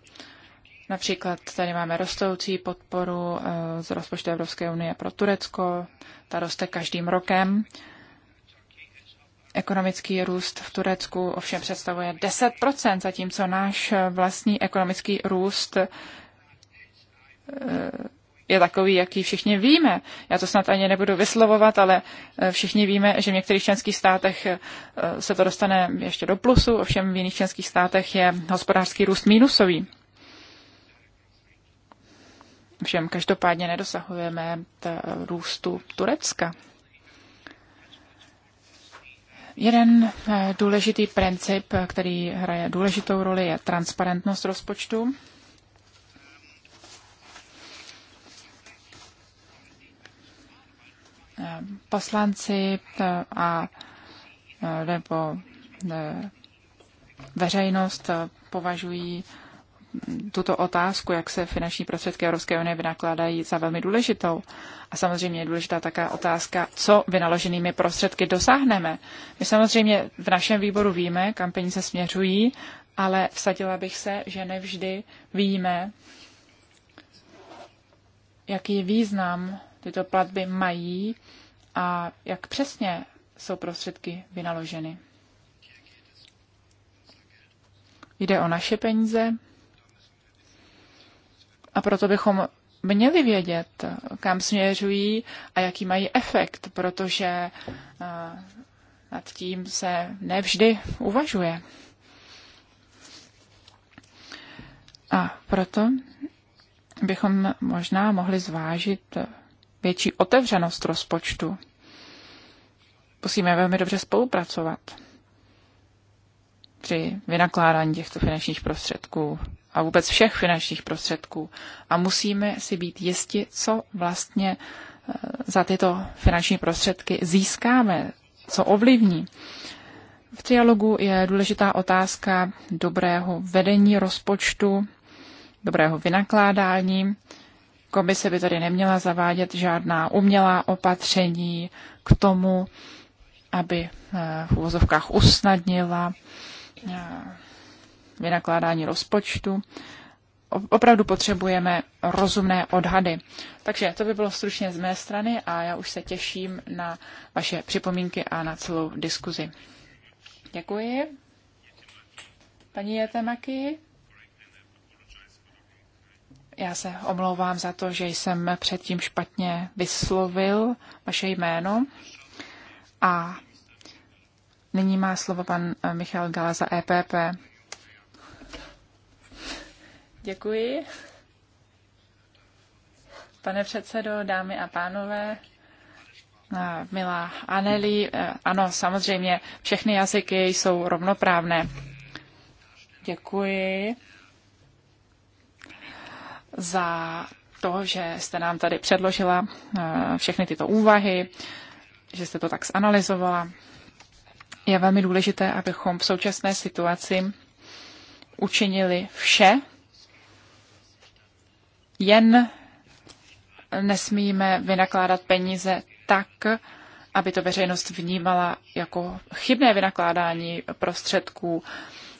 Speaker 2: Například tady máme rostoucí podporu eh, z rozpočtu Evropské unie pro Turecko, ta roste každým rokem Ekonomický růst v Turecku ovšem představuje 10%, zatímco náš vlastní ekonomický růst eh, je takový, jaký všichni víme. Já to snad ani nebudu vyslovovat, ale eh, všichni víme, že v některých členských státech eh, se to dostane ještě do plusu, ovšem v jiných členských státech je hospodářský růst mínusový. Všem každopádně nedosahujeme růstu Turecka. Jeden eh, důležitý princip, který hraje důležitou roli, je transparentnost rozpočtu. Eh, poslanci eh, a nebo veřejnost považují tuto otázku, jak se finanční prostředky Evropské unie vynakládají, za velmi důležitou. A samozřejmě je důležitá taká otázka, co vynaloženými prostředky dosáhneme. My samozřejmě v našem výboru víme, kam peníze směřují, ale vsadila bych se, že nevždy víme, jaký význam tyto platby mají a jak přesně jsou prostředky vynaloženy. Jde o naše peníze, a proto bychom měli vědět, kam směřují a jaký mají efekt, protože eh, nad tím se nevždy uvažuje. A proto bychom možná mohli zvážit větší otevřenost rozpočtu. Musíme velmi dobře spolupracovat při vynakládání těchto finančních prostředků a vůbec všech finančních prostředků. A musíme si být jisti, co vlastně eh, za tyto finanční prostředky získáme, co ovlivní. V trialogu je důležitá otázka dobrého vedení rozpočtu, dobrého vynakládání. Komise by tady neměla zavádět žádná umělá opatření k tomu, aby eh, v úvozovkách usnadnila eh, vynakládání rozpočtu. Opravdu potřebujeme rozumné odhady. Takže to by bylo stručně z mé strany a já už se těším na vaše připomínky a na celou diskuzi. Děkuji. Paní Jetemaky, já se omlouvám za to, že jsem předtím špatně vyslovil vaše jméno. A nyní má slovo pan Michal Gala za EPP. Děkuji. Pane předsedo, dámy a pánové, milá Anelí, e, ano, samozřejmě, všechny jazyky jsou rovnoprávné. Děkuji za to, že jste nám tady předložila e, všechny tyto úvahy, že jste to tak zanalizovala. Je velmi důležité, abychom v současné situaci učinili vše, jen nesmíme vynakládat peníze tak, aby to veřejnost vnímala jako chybné vynakládání prostředků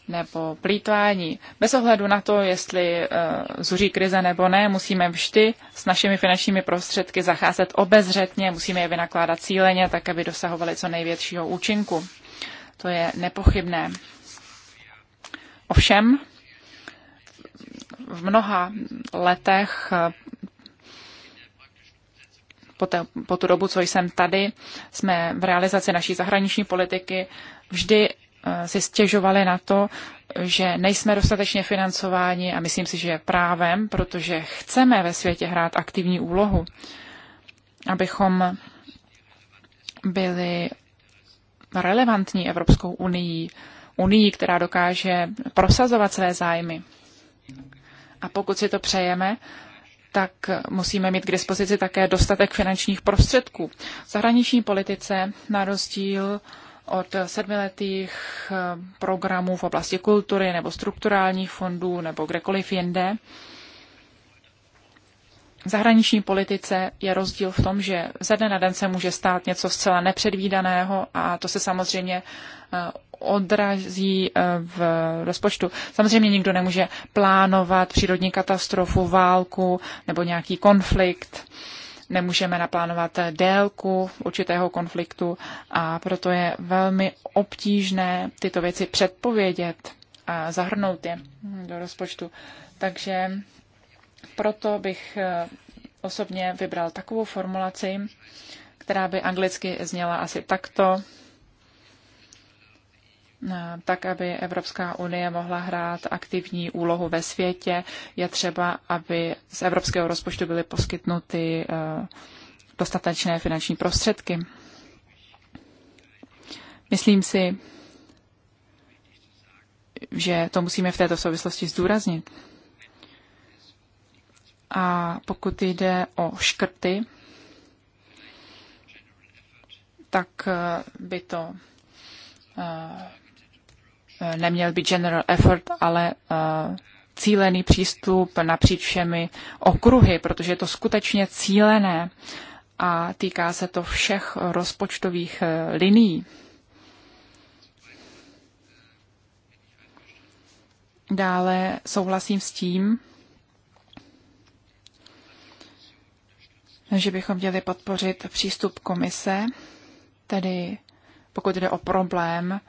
Speaker 2: nebo plítvání. Bez ohledu na to, jestli uh, zuří krize nebo ne, musíme vždy s našimi finančními prostředky zacházet obezřetně, musíme je vynakládat cíleně, tak aby dosahovaly co největšího účinku. To je nepochybné. Ovšem, v mnoha letech eh, po, te, po tu dobu, co jsem tady, jsme v realizaci naší zahraniční politiky vždy eh, si stěžovali na to, že nejsme dostatečně financováni a myslím si, že je právem, protože chceme ve světě hrát aktivní úlohu, abychom byli relevantní Evropskou unii, unii, která dokáže prosazovat své zájmy. A pokud si to přejeme, tak musíme mít k dispozici také dostatek finančních prostředků. V zahraniční politice, na rozdíl od sedmiletých eh, programů v oblasti kultury nebo strukturálních fondů nebo kdekoliv jinde, zahraniční politice je rozdíl v tom, že ze dne na den se může stát něco zcela nepředvídaného a to se samozřejmě eh, odrazí eh, v rozpočtu. Samozřejmě nikdo nemůže plánovat přírodní katastrofu, válku nebo nějaký konflikt. Nemůžeme naplánovat eh, délku určitého konfliktu a proto je velmi obtížné tyto věci předpovědět a zahrnout je do rozpočtu. Takže proto bych eh, osobně vybral takovou formulaci, která by anglicky zněla asi takto, eh, tak, aby Evropská unie mohla hrát aktivní úlohu ve světě, je třeba, aby z evropského rozpočtu byly poskytnuty eh, dostatečné finanční prostředky. Myslím si, že to musíme v této souvislosti zdůraznit. A pokud jde o škrty, tak eh, by to eh, neměl být general effort, ale eh, cílený přístup napříč všemi okruhy, protože je to skutečně cílené a týká se to všech rozpočtových linií. Dále souhlasím s tím, že bychom měli podpořit přístup komise, tedy pokud jde o problém,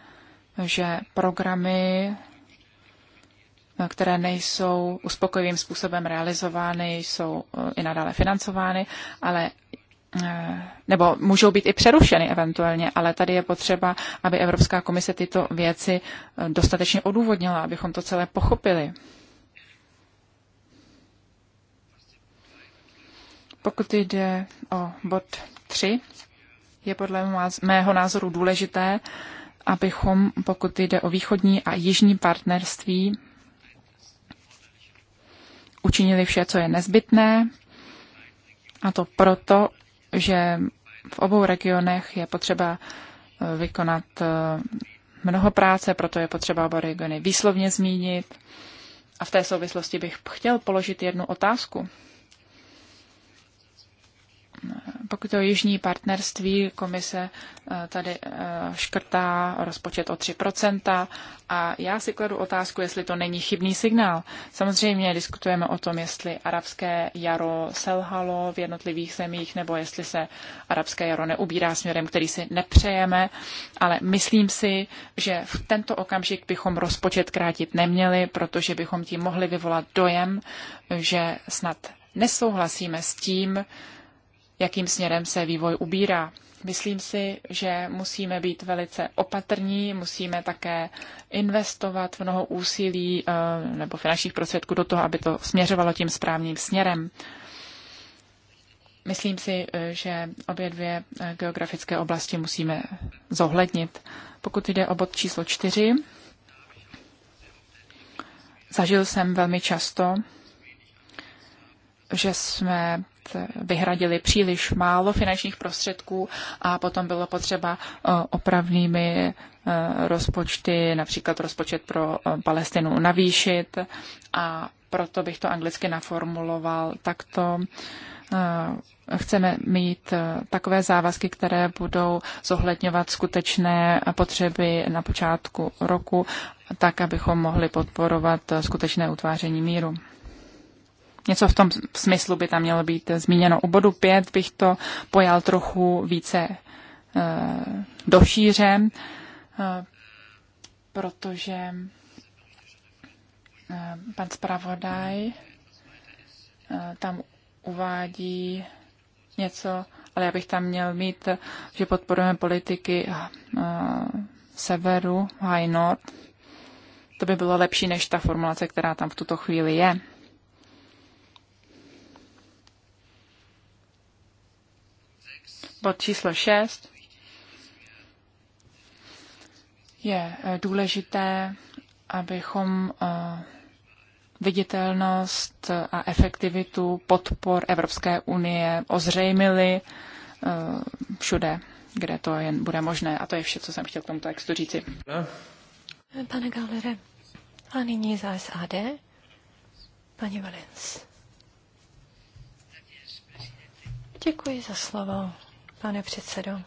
Speaker 2: že programy, které nejsou uspokojivým způsobem realizovány, jsou eh, i nadále financovány, ale eh, nebo můžou být i přerušeny eventuálně, ale tady je potřeba, aby Evropská komise tyto věci eh, dostatečně odůvodnila, abychom to celé pochopili. Pokud jde o bod 3, je podle mého názoru důležité, abychom, pokud jde o východní a jižní partnerství, učinili vše, co je nezbytné, a to proto, že v obou regionech je potřeba eh, vykonat eh, mnoho práce, proto je potřeba oba regiony výslovně zmínit. A v té souvislosti bych chtěl položit jednu otázku pokud je o jižní partnerství, komise eh, tady eh, škrtá rozpočet o 3% a já si kladu otázku, jestli to není chybný signál. Samozřejmě diskutujeme o tom, jestli arabské jaro selhalo v jednotlivých zemích nebo jestli se arabské jaro neubírá směrem, který si nepřejeme, ale myslím si, že v tento okamžik bychom rozpočet krátit neměli, protože bychom tím mohli vyvolat dojem, že snad nesouhlasíme s tím, jakým směrem se vývoj ubírá. Myslím si, že musíme být velice opatrní, musíme také investovat mnoho úsilí eh, nebo finančních prostředků do toho, aby to směřovalo tím správným směrem. Myslím si, eh, že obě dvě eh, geografické oblasti musíme zohlednit. Pokud jde o bod číslo čtyři, zažil jsem velmi často, že jsme vyhradili příliš málo finančních prostředků a potom bylo potřeba eh, opravnými eh, rozpočty, například rozpočet pro eh, Palestinu navýšit a proto bych to anglicky naformuloval takto chceme mít takové závazky, které budou zohledňovat skutečné potřeby na počátku roku, tak abychom mohli podporovat skutečné utváření míru. Něco v tom smyslu by tam mělo být zmíněno. U bodu 5 bych to pojal trochu více eh, do šíře, eh, protože eh, pan zpravodaj tam uvádí něco, ale já bych tam měl mít, že podporujeme politiky severu, high north. To by bylo lepší než ta formulace, která tam v tuto chvíli je. bod číslo 6, je eh, důležité, abychom eh, viditelnost a efektivitu podpor Evropské unie ozřejmili eh, všude, kde to jen bude možné. A to je vše, co jsem chtěl k tomu textu říci.
Speaker 3: Pane Gallere, a nyní za SAD, paní Valens. Děkuji za slovo, pane předsedo.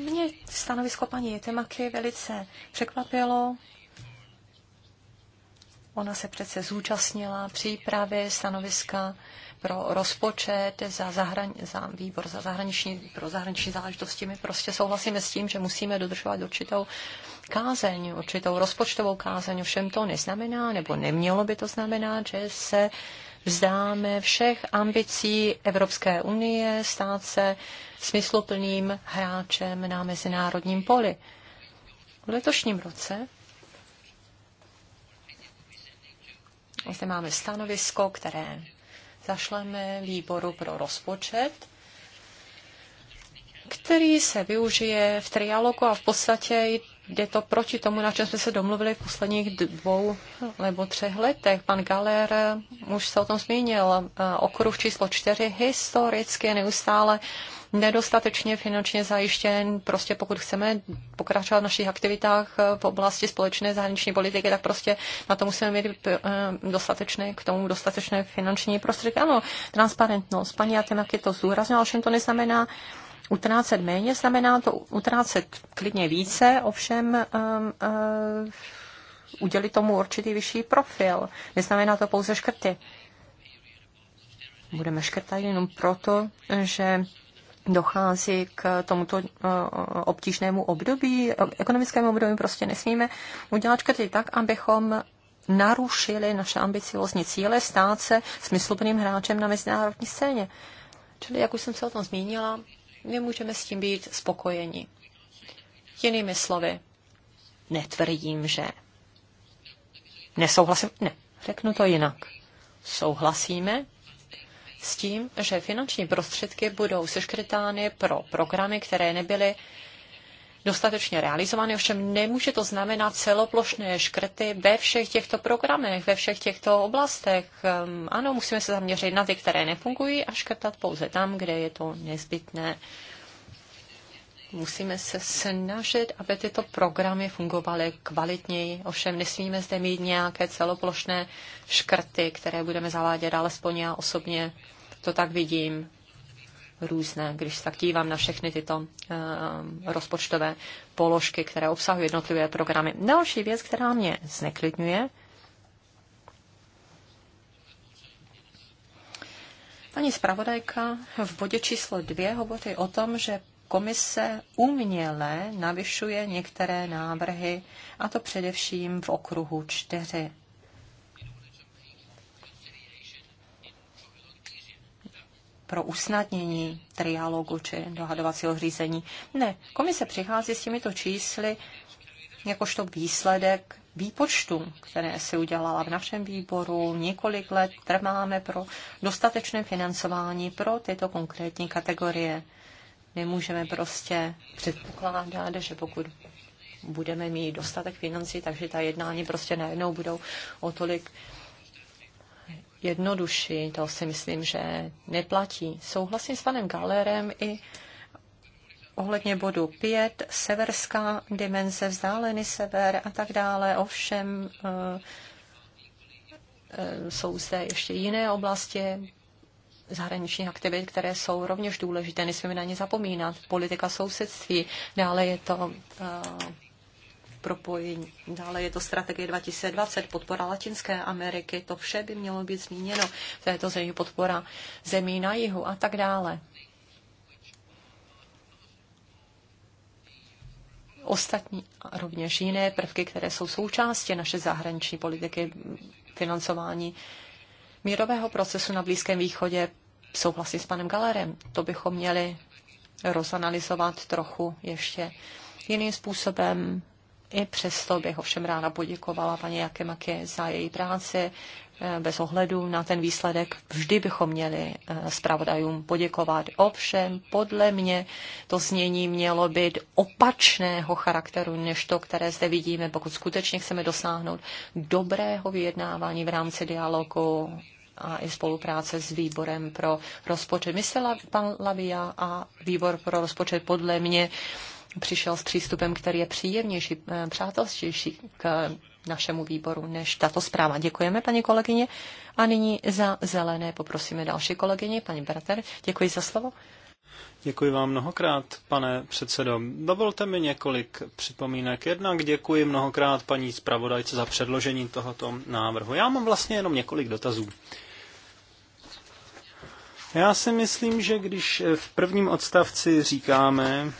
Speaker 3: Mě stanovisko paní Jitemaky velice překvapilo. Ona se přece zúčastnila přípravy stanoviska pro rozpočet za, zahrani- za výbor za zahraniční, pro zahraniční záležitosti. My prostě souhlasíme s tím, že musíme dodržovat určitou kázeň, určitou rozpočtovou kázeň. Všem to neznamená, nebo nemělo by to znamenat, že se vzdáme všech ambicí Evropské unie stát se smysluplným hráčem na mezinárodním poli. V letošním roce zde máme stanovisko, které zašleme výboru pro rozpočet který se využije v trialogu a v podstatě jde to proti tomu, na čem jsme se domluvili v posledních dvou nebo třech letech. Pan Galer už se o tom zmínil. Okruh číslo čtyři historicky neustále nedostatečně finančně zajištěn. Prostě pokud chceme pokračovat v našich aktivitách v oblasti společné zahraniční politiky, tak prostě na to musíme mít eh, dostatečné, k tomu dostatečné finanční prostředky. Ano, transparentnost. Paní Atenak je to ale všem to neznamená, utrácet méně, znamená to utrácet klidně více, ovšem um, uh, udělit tomu určitý vyšší profil. Neznamená to pouze škrty. Budeme škrtat jenom proto, že dochází k tomuto uh, obtížnému období, ekonomickému období, prostě nesmíme udělat škrty tak, abychom narušili naše ambiciozní cíle stát se smysluplným hráčem na mezinárodní scéně. Čili, jak už jsem se o tom zmínila, nemůžeme s tím být spokojeni. Jinými slovy, netvrdím, že nesouhlasím, ne, řeknu to jinak. Souhlasíme s tím, že finanční prostředky budou seškrytány pro programy, které nebyly dostatečně realizovány, ovšem nemůže to znamenat celoplošné škrty ve všech těchto programech, ve všech těchto oblastech. Ehm, ano, musíme se zaměřit na ty, které nefungují a škrtat pouze tam, kde je to nezbytné. Musíme se snažit, aby tyto programy fungovaly kvalitněji. Ovšem nesmíme zde mít nějaké celoplošné škrty, které budeme zavádět, alespoň já osobně to tak vidím různé, když se tak dívám na všechny tyto eh, rozpočtové položky, které obsahují jednotlivé programy. Další věc, která mě zneklidňuje, Paní zpravodajka v bodě číslo dvě hovoří o tom, že komise uměle navyšuje některé návrhy, a to především v okruhu čtyři. pro usnadnění trialogu či dohadovacího řízení. Ne, komise přichází s těmito čísly jakožto výsledek výpočtu, které si udělala v našem výboru. Několik let trváme pro dostatečné financování pro tyto konkrétní kategorie. Nemůžeme prostě předpokládat, že pokud budeme mít dostatek financí, takže ta jednání prostě najednou budou o tolik jednodušší. To si myslím, že neplatí. Souhlasím s panem Gallerem i ohledně bodu 5, severská dimenze, vzdálený sever a tak dále. Ovšem eh, eh, jsou zde ještě jiné oblasti zahraničních aktivit, které jsou rovněž důležité, nesmíme na ně zapomínat. Politika sousedství, dále je to eh, propojení. Dále je to strategie 2020, podpora Latinské Ameriky, to vše by mělo být zmíněno v této zemi, podpora zemí na jihu a tak dále. Ostatní a rovněž jiné prvky, které jsou součástí naše zahraniční politiky, financování mírového procesu na Blízkém východě, souhlasím s panem Galerem, to bychom měli rozanalizovat trochu ještě jiným způsobem, i přesto bych ovšem ráda poděkovala paní Jakemaky za její práci. Eh, Bez ohledu na ten výsledek vždy bychom měli eh, zpravodajům poděkovat. Ovšem, podle mě to znění mělo být opačného charakteru, než to, které zde vidíme, pokud skutečně chceme dosáhnout dobrého vyjednávání v rámci dialogu a i spolupráce s výborem pro rozpočet. Myslela pan Lavia a výbor pro rozpočet podle mě přišel s přístupem, který je příjemnější, eh, přátelštější k eh, našemu výboru než tato zpráva. Děkujeme, paní kolegyně. A nyní za zelené poprosíme další kolegyně, paní Brater. Děkuji za slovo.
Speaker 1: Děkuji vám mnohokrát, pane předsedo. Dovolte mi několik připomínek. Jednak děkuji mnohokrát paní zpravodajce za předložení tohoto návrhu. Já mám vlastně jenom několik dotazů. Já si myslím, že když v prvním odstavci říkáme,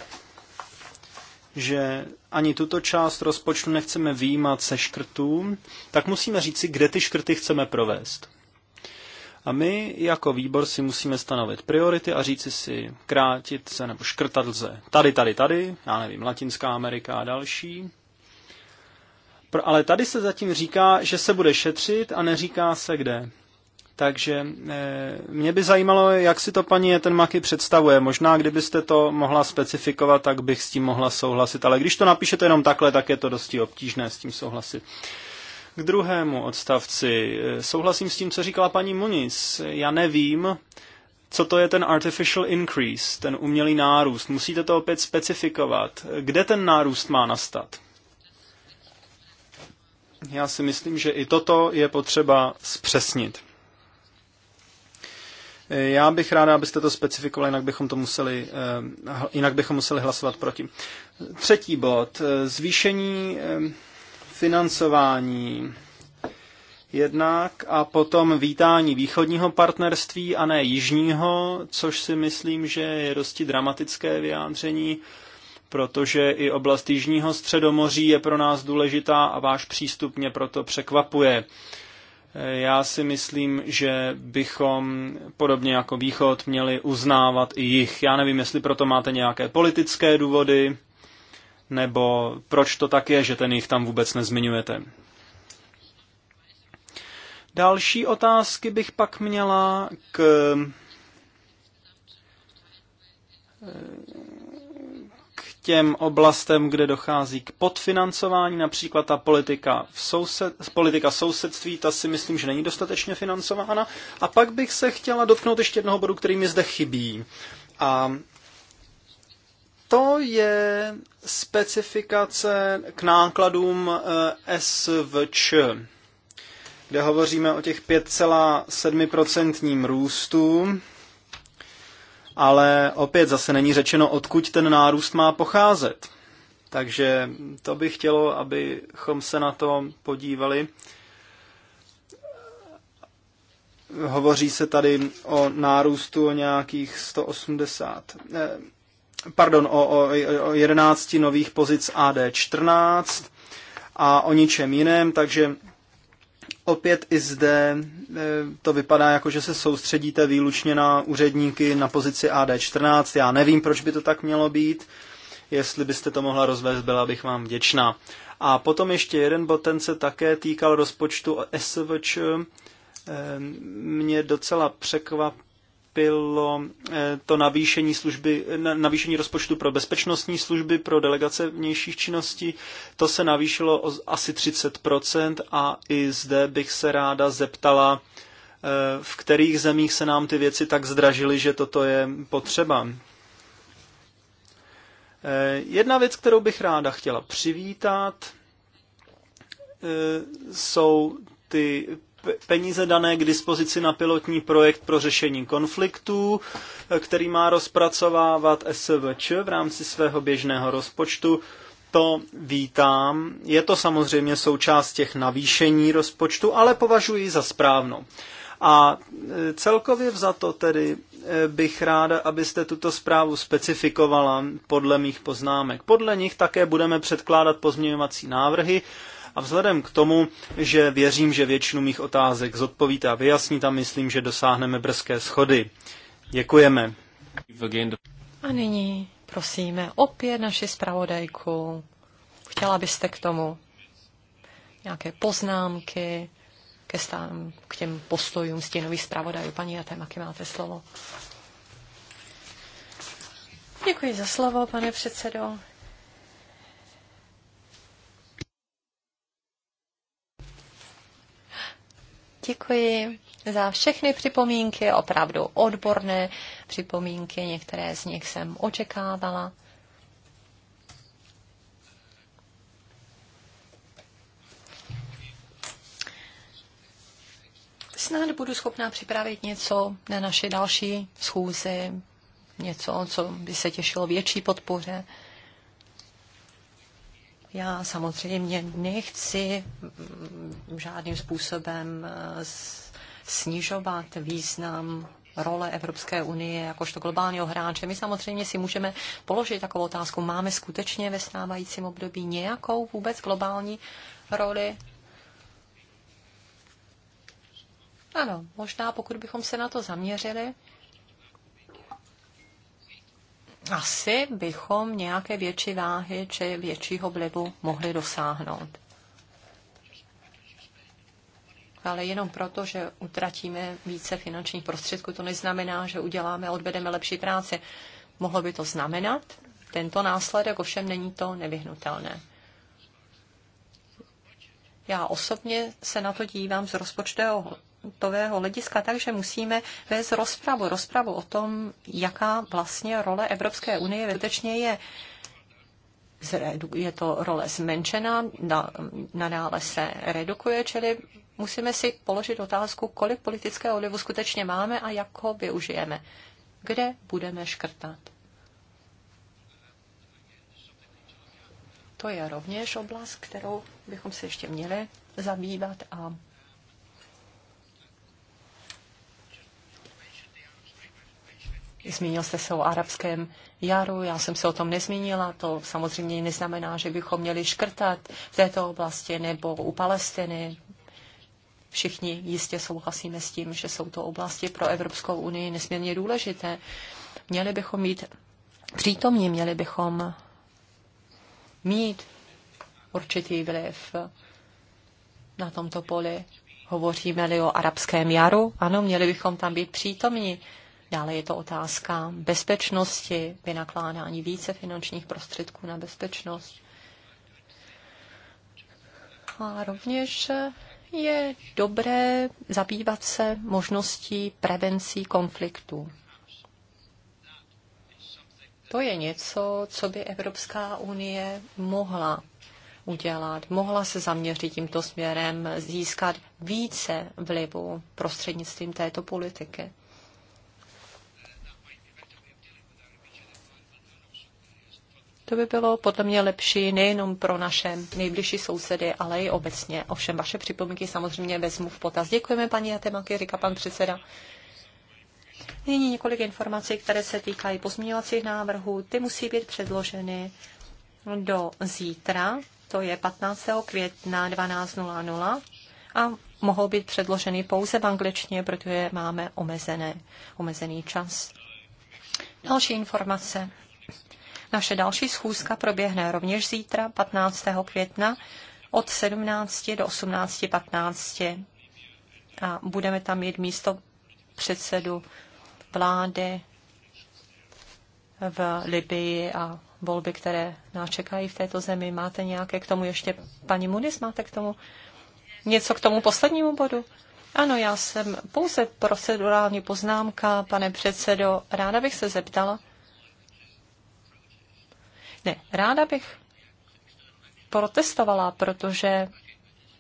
Speaker 1: že ani tuto část rozpočtu nechceme výjímat se škrtů, tak musíme říci, kde ty škrty chceme provést. A my jako výbor si musíme stanovit priority a říci si, krátit se nebo škrtat lze tady, tady, tady, já nevím, Latinská Amerika a další. Ale tady se zatím říká, že se bude šetřit a neříká se kde. Takže eh, mě by zajímalo, jak si to paní Jetenmaky představuje. Možná, kdybyste to mohla specifikovat, tak bych s tím mohla souhlasit. Ale když to napíšete jenom takhle, tak je to dosti obtížné s tím souhlasit. K druhému odstavci. Eh, souhlasím s tím, co říkala paní Muniz. Já nevím, co to je ten artificial increase, ten umělý nárůst. Musíte to opět specifikovat. Kde ten nárůst má nastat? Já si myslím, že i toto je potřeba zpřesnit. Já bych ráda, abyste to specifikovali, jinak bychom, to museli, eh, jinak bychom museli hlasovat proti. Třetí bod. Zvýšení eh, financování jednak a potom vítání východního partnerství a ne jižního, což si myslím, že je dosti dramatické vyjádření, protože i oblast jižního středomoří je pro nás důležitá a váš přístup mě proto překvapuje. Já si myslím, že bychom podobně jako Východ měli uznávat i jich. Já nevím, jestli proto máte nějaké politické důvody, nebo proč to tak je, že ten jich tam vůbec nezmiňujete. Další otázky bych pak měla k těm oblastem, kde dochází k podfinancování, například ta politika, v soused, politika sousedství, ta si myslím, že není dostatečně financována. A pak bych se chtěla dotknout ještě jednoho bodu, který mi zde chybí. A to je specifikace k nákladům eh, SVČ, kde hovoříme o těch 5,7% růstu ale opět zase není řečeno, odkud ten nárůst má pocházet. Takže to bych chtělo, abychom se na to podívali. Hovoří se tady o nárůstu o nějakých 180, eh, pardon, o, o, o 11 nových pozic AD14 a o ničem jiném, takže Opět i zde eh, to vypadá jako, že se soustředíte výlučně na úředníky na pozici AD14. Já nevím, proč by to tak mělo být. Jestli byste to mohla rozvést, byla bych vám vděčná. A potom ještě jeden bod, ten se také týkal rozpočtu SVČ. Eh, mě docela překvapilo, bylo eh, to navýšení, služby, navýšení rozpočtu pro bezpečnostní služby, pro delegace vnějších činností. To se navýšilo o asi 30% a i zde bych se ráda zeptala, eh, v kterých zemích se nám ty věci tak zdražily, že toto je potřeba. Eh, jedna věc, kterou bych ráda chtěla přivítat, jsou ty peníze dané k dispozici na pilotní projekt pro řešení konfliktů, který má rozpracovávat SVČ v rámci svého běžného rozpočtu. To vítám. Je to samozřejmě součást těch navýšení rozpočtu, ale považuji za správnou. A e, celkově to tedy e, bych ráda, abyste tuto zprávu specifikovala podle mých poznámek. Podle nich také budeme předkládat pozměňovací návrhy, a vzhledem k tomu, že věřím, že většinu mých otázek zodpovíte a vyjasníte, myslím, že dosáhneme brzké schody. Děkujeme.
Speaker 3: A nyní prosíme opět naši zpravodajku. Chtěla byste k tomu nějaké poznámky ke stám, k těm postojům stínových zpravodajů. Paní Jatemaky, máte slovo. Děkuji za slovo, pane předsedo. Děkuji za všechny připomínky, opravdu odborné připomínky, některé z nich jsem očekávala. Snad budu schopná připravit něco na naše další schůzi, něco, co by se těšilo větší podpoře. Já samozřejmě nechci mm, žádným způsobem eh, snižovat význam role Evropské unie jakožto globálního hráče. My samozřejmě si můžeme položit takovou otázku. Máme skutečně ve stávajícím období nějakou vůbec globální roli? Ano, možná pokud bychom se na to zaměřili, asi bychom nějaké větší váhy či většího vlivu mohli dosáhnout. Ale jenom proto, že utratíme více finančních prostředků, to neznamená, že uděláme, odvedeme lepší práci. Mohlo by to znamenat, tento následek ovšem není to nevyhnutelné. Já osobně se na to dívám z rozpočtového hodnotového hlediska takže musíme vést rozpravu, rozpravu o tom, jaká vlastně role Evropské unie skutečně je. Je to role zmenšená, nadále se redukuje, čili musíme si položit otázku, kolik politického olivu skutečně máme a jak ho využijeme. Kde budeme škrtat? To je rovněž oblast, kterou bychom se ještě měli zabývat a Zmínil jste se o arabském jaru, já jsem se o tom nezmínila, to samozřejmě neznamená, že bychom měli škrtat v této oblasti nebo u Palestiny. Všichni jistě souhlasíme s tím, že jsou to oblasti pro Evropskou unii nesmírně důležité. Měli bychom mít přítomní, měli bychom mít určitý vliv na tomto poli. Hovoříme-li o arabském jaru, ano, měli bychom tam být přítomní Dále je to otázka bezpečnosti, vynakládání více finančních prostředků na bezpečnost. A rovněž je dobré zabývat se možností prevencí konfliktu. To je něco, co by Evropská unie mohla udělat, mohla se zaměřit tímto směrem, získat více vlivu prostřednictvím této politiky. To by bylo podle mě lepší nejenom pro naše nejbližší sousedy, ale i obecně. Ovšem, vaše připomínky samozřejmě vezmu v potaz. Děkujeme, paní Jatemaky, říká pan předseda. Nyní několik informací, které se týkají pozměňovacích návrhů. Ty musí být předloženy do zítra, to je 15. května 12.00 a mohou být předloženy pouze v angličtině, protože máme omezené, omezený čas. Další informace. Naše další schůzka proběhne rovněž zítra, 15. května, od 17 do 18.15. A budeme tam mít místo předsedu vlády v Libii a volby, které nás čekají v této zemi. Máte nějaké k tomu ještě, paní Munis, máte k tomu něco k tomu poslednímu bodu? Ano, já jsem pouze procedurální poznámka, pane předsedo. Ráda bych se zeptala, ne, vlastně Ráda bych protestovala, protože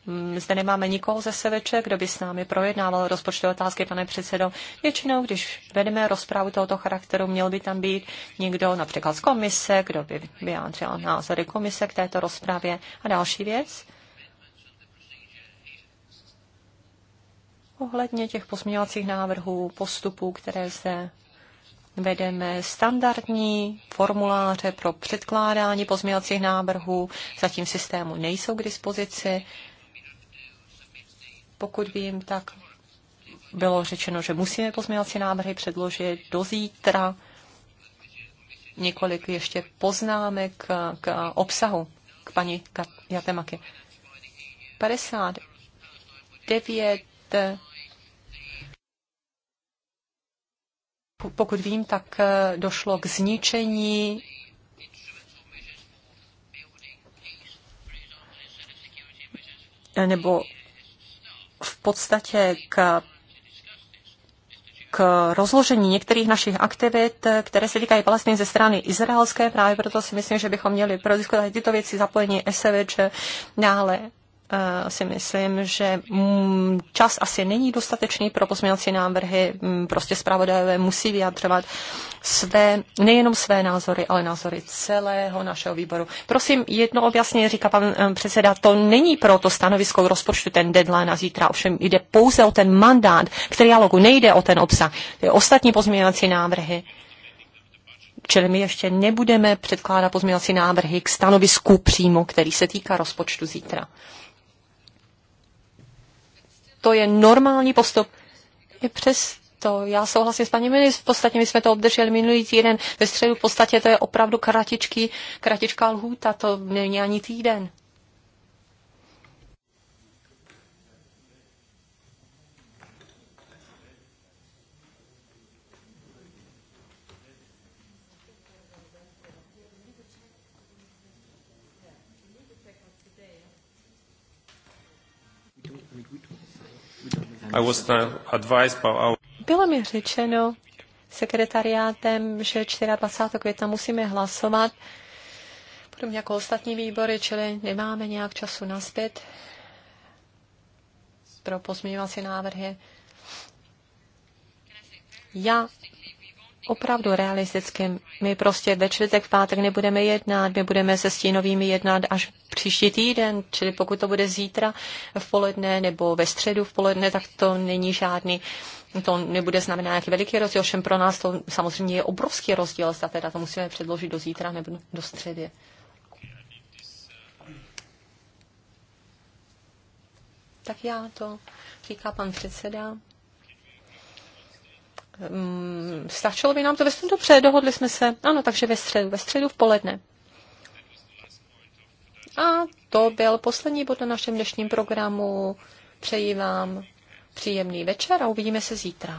Speaker 3: mm, zde nemáme nikoho ze Seveče, kdo by s námi projednával rozpočtové otázky, pane předsedo. Většinou, když vedeme rozprávu tohoto charakteru, měl by tam být někdo například z komise, kdo by vyjádřil názory komise k této rozprávě. A další věc. Ohledně těch pozměňovacích návrhů, postupů, které se vedeme standardní formuláře pro předkládání pozměňovacích návrhů. Zatím systému nejsou k dispozici. Pokud vím, tak bylo řečeno, že musíme pozměňovací návrhy předložit do zítra. Několik ještě poznámek k obsahu, k paní Jatemaky. 59 pokud vím, tak eh, došlo k zničení nebo v podstatě k, k rozložení některých našich aktivit, eh, které se týkají Palestiny ze strany izraelské. Právě proto si myslím, že bychom měli prodiskutovat tyto věci zapojení SVČ dále Eh, si myslím, že mm, čas asi není dostatečný pro pozměňovací návrhy. Mm, prostě zpravodajové musí vyjadřovat své, nejenom své názory, ale názory celého našeho výboru. Prosím, jedno objasně říká pan eh, předseda, to není pro to stanovisko rozpočtu ten deadline na zítra, ovšem jde pouze o ten mandát k trialogu, nejde o ten obsah. Ty ostatní pozměňovací návrhy čili my ještě nebudeme předkládat pozměňovací návrhy k stanovisku přímo, který se týká rozpočtu zítra to je normální postup. I přesto, já souhlasím s paní ministr, v podstatě my jsme to obdrželi minulý týden, ve středu v podstatě to je opravdu kratičký, kratičká lhůta, to není ani týden. Bylo mi řečeno sekretariátem, že 24. května musíme hlasovat, podobně jako ostatní výbory, čili nemáme nějak času naspět pro pozměňovací návrhy. Já opravdu realisticky. My prostě ve čtvrtek, v pátek nebudeme jednat, my budeme se stínovými jednat až příští týden, čili pokud to bude zítra v poledne nebo ve středu v poledne, tak to není žádný to nebude znamenat nějaký veliký rozdíl, ovšem pro nás to samozřejmě je obrovský rozdíl, zda teda to musíme předložit do zítra nebo do středy. Tak já to říká pan předseda. Mm, stačilo by nám to ve středu dobře, dohodli jsme se. Ano, takže ve středu, ve středu v poledne. A to byl poslední bod na našem dnešním programu. Přeji vám příjemný večer a uvidíme se zítra.